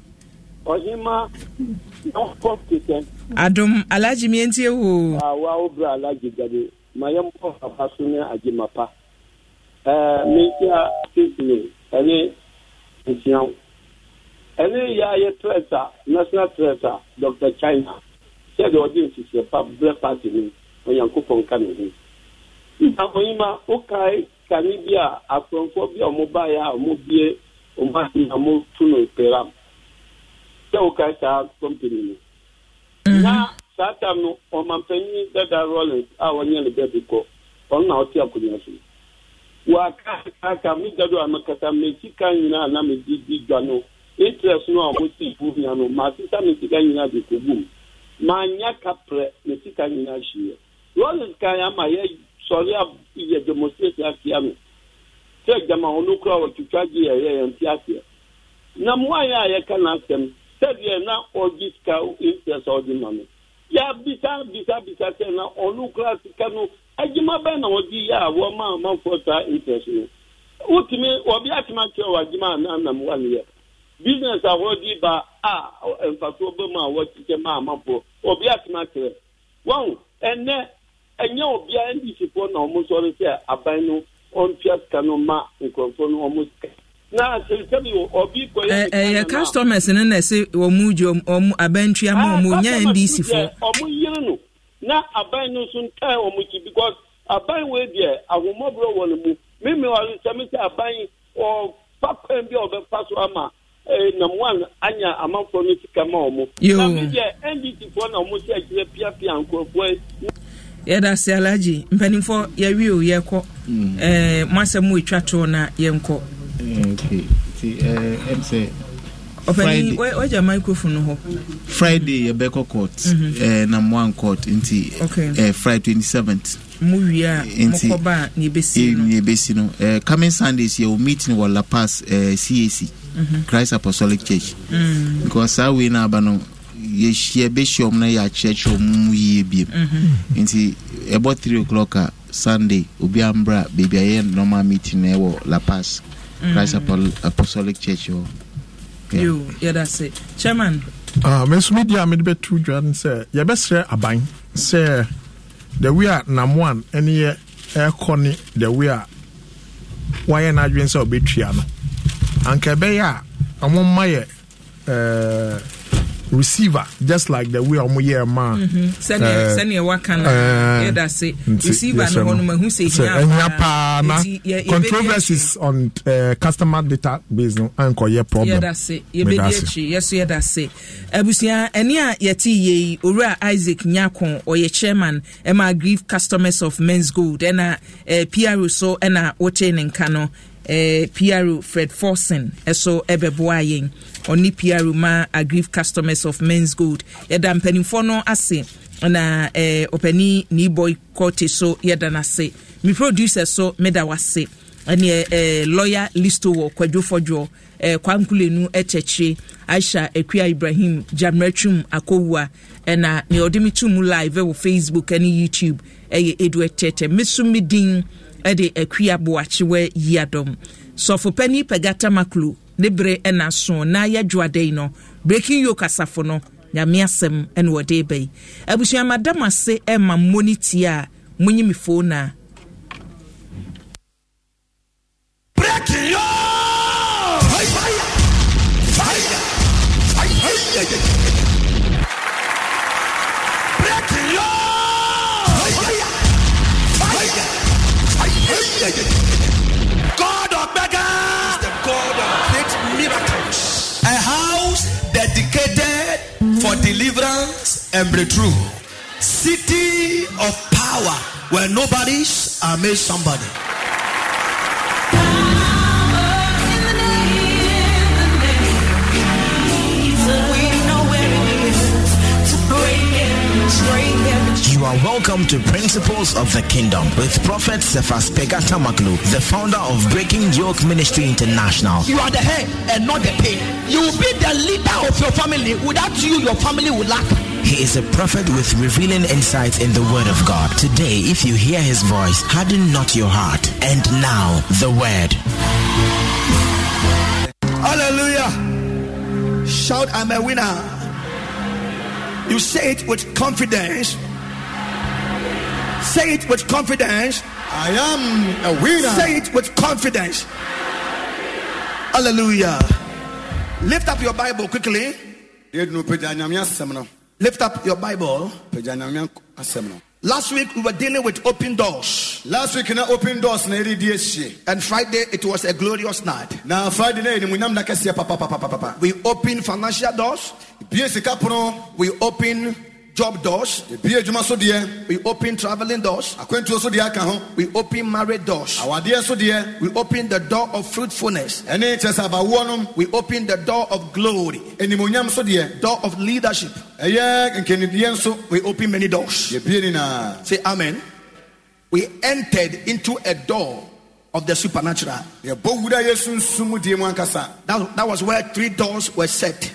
ɔhema adom e ah, ma papa ɛne yɛ a yɛ trɛsa national trɛsa dr china sɛdeɛ ɔde nsisiɛ pa brɛ party no onyankopɔn ka ne ho nta ɔyima wokae kane bi a akorɔmfoɔ bi a ɔmobaeɛ a ɔmobie ɔmoahyia motu no peram sɛ wokae saa company no mhm. na saa tam no ɔmampanin dada rollins a ɔnyɛ ne baabi kɔ ɔno na ɔte akonnwa so wɔakaakaaka megya do a mekasa mesika nyinaa na mede di interest no a wɔsi bu no sika de kaprɛ sika hyeɛ yɛ yɛ demonstrate sɛ gyama kora wɔtwitwa gye yɛyɛ aseɛ na mmoayɛ a yɛka n'asɛm sɛdeɛ na ɔgye sika a ɔde ma no yɛabisa bisabisa sɛ na ɔno kora sika no adwuma bɛn na wɔde yɛ a wɔma amanfoɔ saa atf no wotumi wɔbi atumi akyerɛ wɔ adwuma a na anam wa no business a wɔde ba a mfasoɔ bɛ mu a wɔkyekyɛ ma amafoɔ obi atena kyerɛ wɔn ɛnɛ ɛnyɛ obia ndc foɔ na wɔn sɔre sɛ aban no ɔmpia sika no ma nkurɔfoɔ no wɔn sika na sɛbi obi kɔyɛ. ɛyɛ customers ne na ɛsɛ wɔn dwa wɔn abantua ma wɔn nyɛ ndc foɔ. wɔn yiri no na aban no nso ntae wɔn akyi because aban wei deɛ ahomɔborɔ wɔ ne mu mímu ɔresɛm sɛ aban ɔfa kwan bi a ɔbɛfa so ama. Eh, nam one anya amanfoɔ no sika ma ɔmo na medeɛ ndc foɔ na ɔmo sɛ akyerɛ piapia nkurɔfoɔ yɛda se alagye mpanimfoɔ yɛwie o yɛkɔ mo asɛm mu ɛtwa toɔ na yɛnkɔ ɔpani friday yɛbɛkɔ court mm one court nti okay. Eh, friday 27th mu wie a mokɔba a ne yɛbɛsi no coming sundays yɛwɔ meeting wɔ la pass uh, cac -hmm. christ apostolic church mm. because saa wei no aba no yɛhyia bɛhyia ɔm no yɛ akyerɛkyerɛ ɔmo mu yie biem mm-hmm. nti ɛbɔ 3 o'clock a sunday obi ambra baabi a yɛ normal meeting na ɛwɔ la mm-hmm. christ apostolic church hɔ ah, me nso medeɛ a mede bɛto dwa no sɛ yɛbɛsrɛ aban sɛ the way a namoan ɛne yɛ ɛkɔ ne the way a wayɛ no adwene sɛ wobɛtua no anka ɛbɛyɛ a ɔmo mma yɛ uh, receiver just like the way ɔmo yɛ ma. sɛnea sɛnea waka na yɛda se receiver no hɔ nom ehu sɛ ehia paa na controversies on uh, customer data base no ankɔyɛ problem. yɛda se yɛbɛdi akyi yɛso yɛda se abusua ɛni a yɛte yie yi owura isaac nyako ɔyɛ chairman ɛma grief customers of men's gold ɛna uh, eh, pro so ɛna wote ne nka no. eh, PRO Fred Forsen ɛso eh, ɛbɛboa eh, yɛn ɔne PRO ma aggrieved customers of men's gold yɛda mpanimfoɔ no ase na eh, ni boy cote so yɛda no ase producer so meda wase ɛne eh, lawyer listo wɔ kwadwofɔdwoɔ eh, kwankulenu ɛkyɛkyire aisha akua ibrahim jamretwum akowua ɛna eh, nea ɔde me to mu live wɔ facebook ne youtube ɛyɛ eh, edu ɛtɛtɛ me so me din ɛde akua boakyewa yi adɔm sɔfo pani pɛgatamaklo ne bere ɛna so na yɛadwoada yi no breaking yoke asafo no nyame asɛm ɛne wɔde ba yi abusuamadam ase ɛma mmo no a monyimi foo no na. breaking God of mega. the God of great miracles. A house dedicated for deliverance and breakthrough. City of power where nobodies are made somebody. Welcome to Principles of the Kingdom with Prophet Cephas Pegatamaklu, the founder of Breaking Yoke Ministry International. You are the head and not the pain. You will be the leader of your family. Without you, your family will lack. He is a prophet with revealing insights in the Word of God. Today, if you hear his voice, harden not your heart. And now, the Word. Hallelujah. Shout, I'm a winner. You say it with confidence Say it with confidence. I am a winner. Say it with confidence. Hallelujah. Lift up your Bible quickly. Lift up your Bible. Last week we were dealing with open doors. Last week na open doors na And Friday it was a glorious night. Now Friday night We open financial doors. We open job doors. We open traveling doors. We open married doors. We open the door of fruitfulness. We open the door of glory. Door of leadership. We open many doors. Say amen. We entered into a door of the supernatural. That, that was where three doors were set.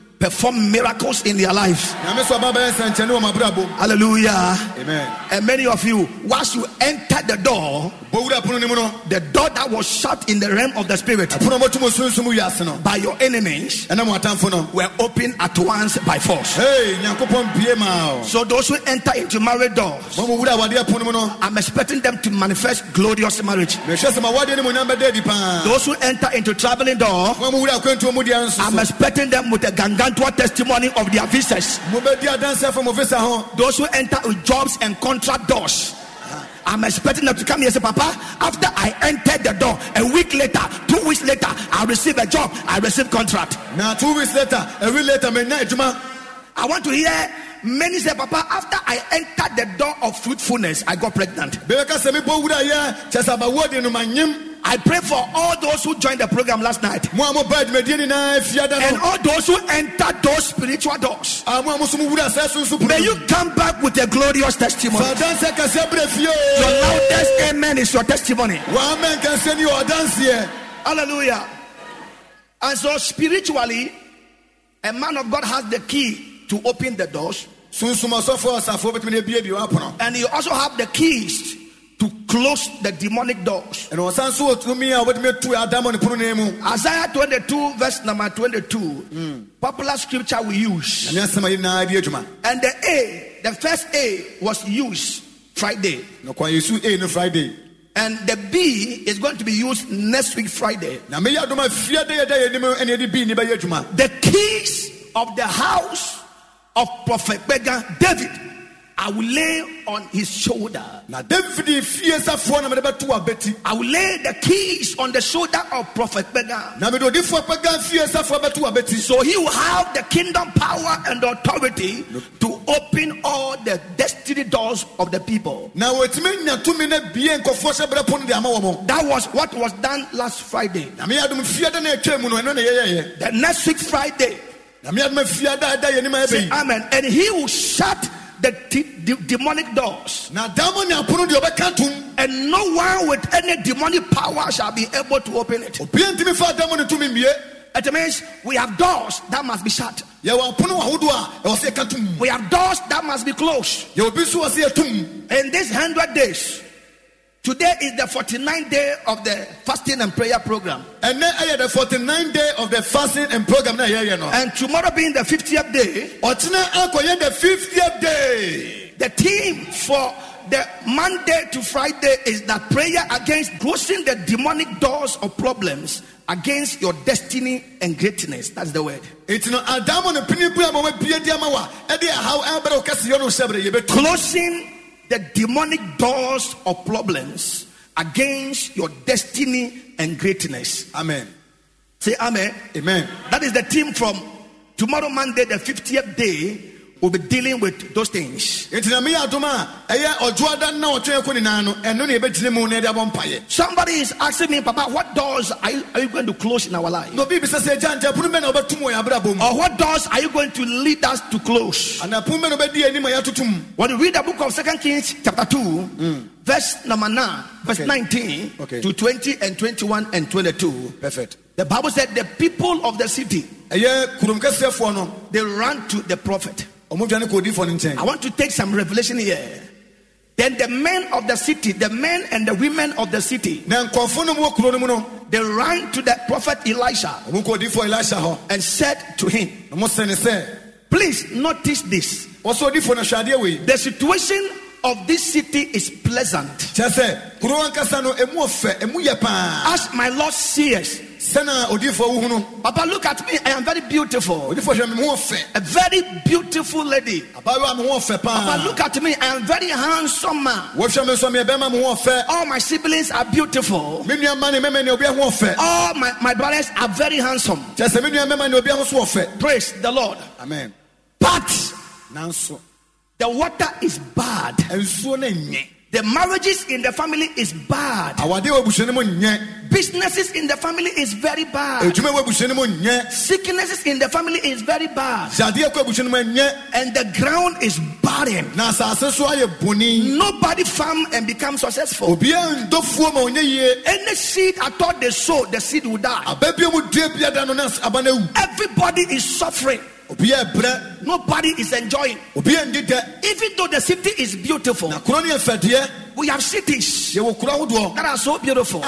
perform miracles in their life. Hallelujah. Amen. And many of you, once you enter the door, the door that was shut in the realm of the spirit by your enemies were opened at once by force. So those who enter into marriage doors, I'm expecting them to manifest glorious marriage. Those who enter into traveling doors, I'm expecting them with a gangan a testimony of their visas. Those who enter with jobs and contract doors. I'm expecting them to come here and say, Papa, after I entered the door, a week later, two weeks later, I receive a job, I receive contract. Now, two weeks later, a week later, I want to hear many say, Papa, after I entered the door of fruitfulness, I got pregnant. I pray for all those who joined the program last night and all those who entered those spiritual doors. May you come back with a glorious testimony. Your loudest amen is your testimony. Hallelujah. And so, spiritually, a man of God has the key to open the doors. And you also have the keys to close the demonic doors. Isaiah 22, verse number 22. Mm. Popular scripture we use. And the A, the first A was used Friday. Friday. And the B is going to be used next week, Friday. The keys of the house of prophet beggar David. I will lay on his shoulder. Now David fears that for number two abeti. I will lay the keys on the shoulder of prophet beggar. Now me do this for beggar fears that for two abeti. So he will have the kingdom power and authority to open all the destiny doors of the people. Now it means that two minutes be and confession brother pon the amawo. That was what was done last Friday. Now me adum fear that na etwa The next week Friday. Say amen. And he will shut the t- d- demonic doors. And no one with any demonic power shall be able to open it. It means we have doors that must be shut. We have doors that must be closed. In these hundred days, Today is the 49th day of the fasting and prayer program. And then I uh, the 49th day of the fasting and program. And tomorrow being the 50th day. Uh, the 50th day. The theme for the Monday to Friday is that prayer against closing the demonic doors of problems against your destiny and greatness. That's the word. It's not Closing the demonic doors of problems against your destiny and greatness. Amen. Say amen. Amen. That is the theme from tomorrow, Monday, the 50th day will be dealing with those things. Somebody is asking me, Papa, what doors are you, are you going to close in our life? Or what doors are you going to lead us to close? When you read the book of Second Kings, chapter 2, mm. verse number 9, verse okay. 19 okay. to 20 and 21 and 22. Perfect. The Bible said the people of the city they ran to the prophet. I want to take some revelation here. Then the men of the city, the men and the women of the city, they ran to the prophet Elisha and said to him, Please notice this. The situation of this city is pleasant. As my Lord sees Papa, look at me. I am very beautiful. A very beautiful lady. Papa, look at me. I am very handsome man. All my siblings are beautiful. All my, my brothers are very handsome. Praise the Lord. Amen. But the water is bad. The marriages in the family is bad. Businesses in the family is very bad. Sicknesses in the family is very bad. And the ground is barren. Nobody farm and become successful. Any seed I thought they sow, the seed will die. Everybody is suffering. Nobody is enjoying. Even though the city is beautiful, we have cities that are so beautiful.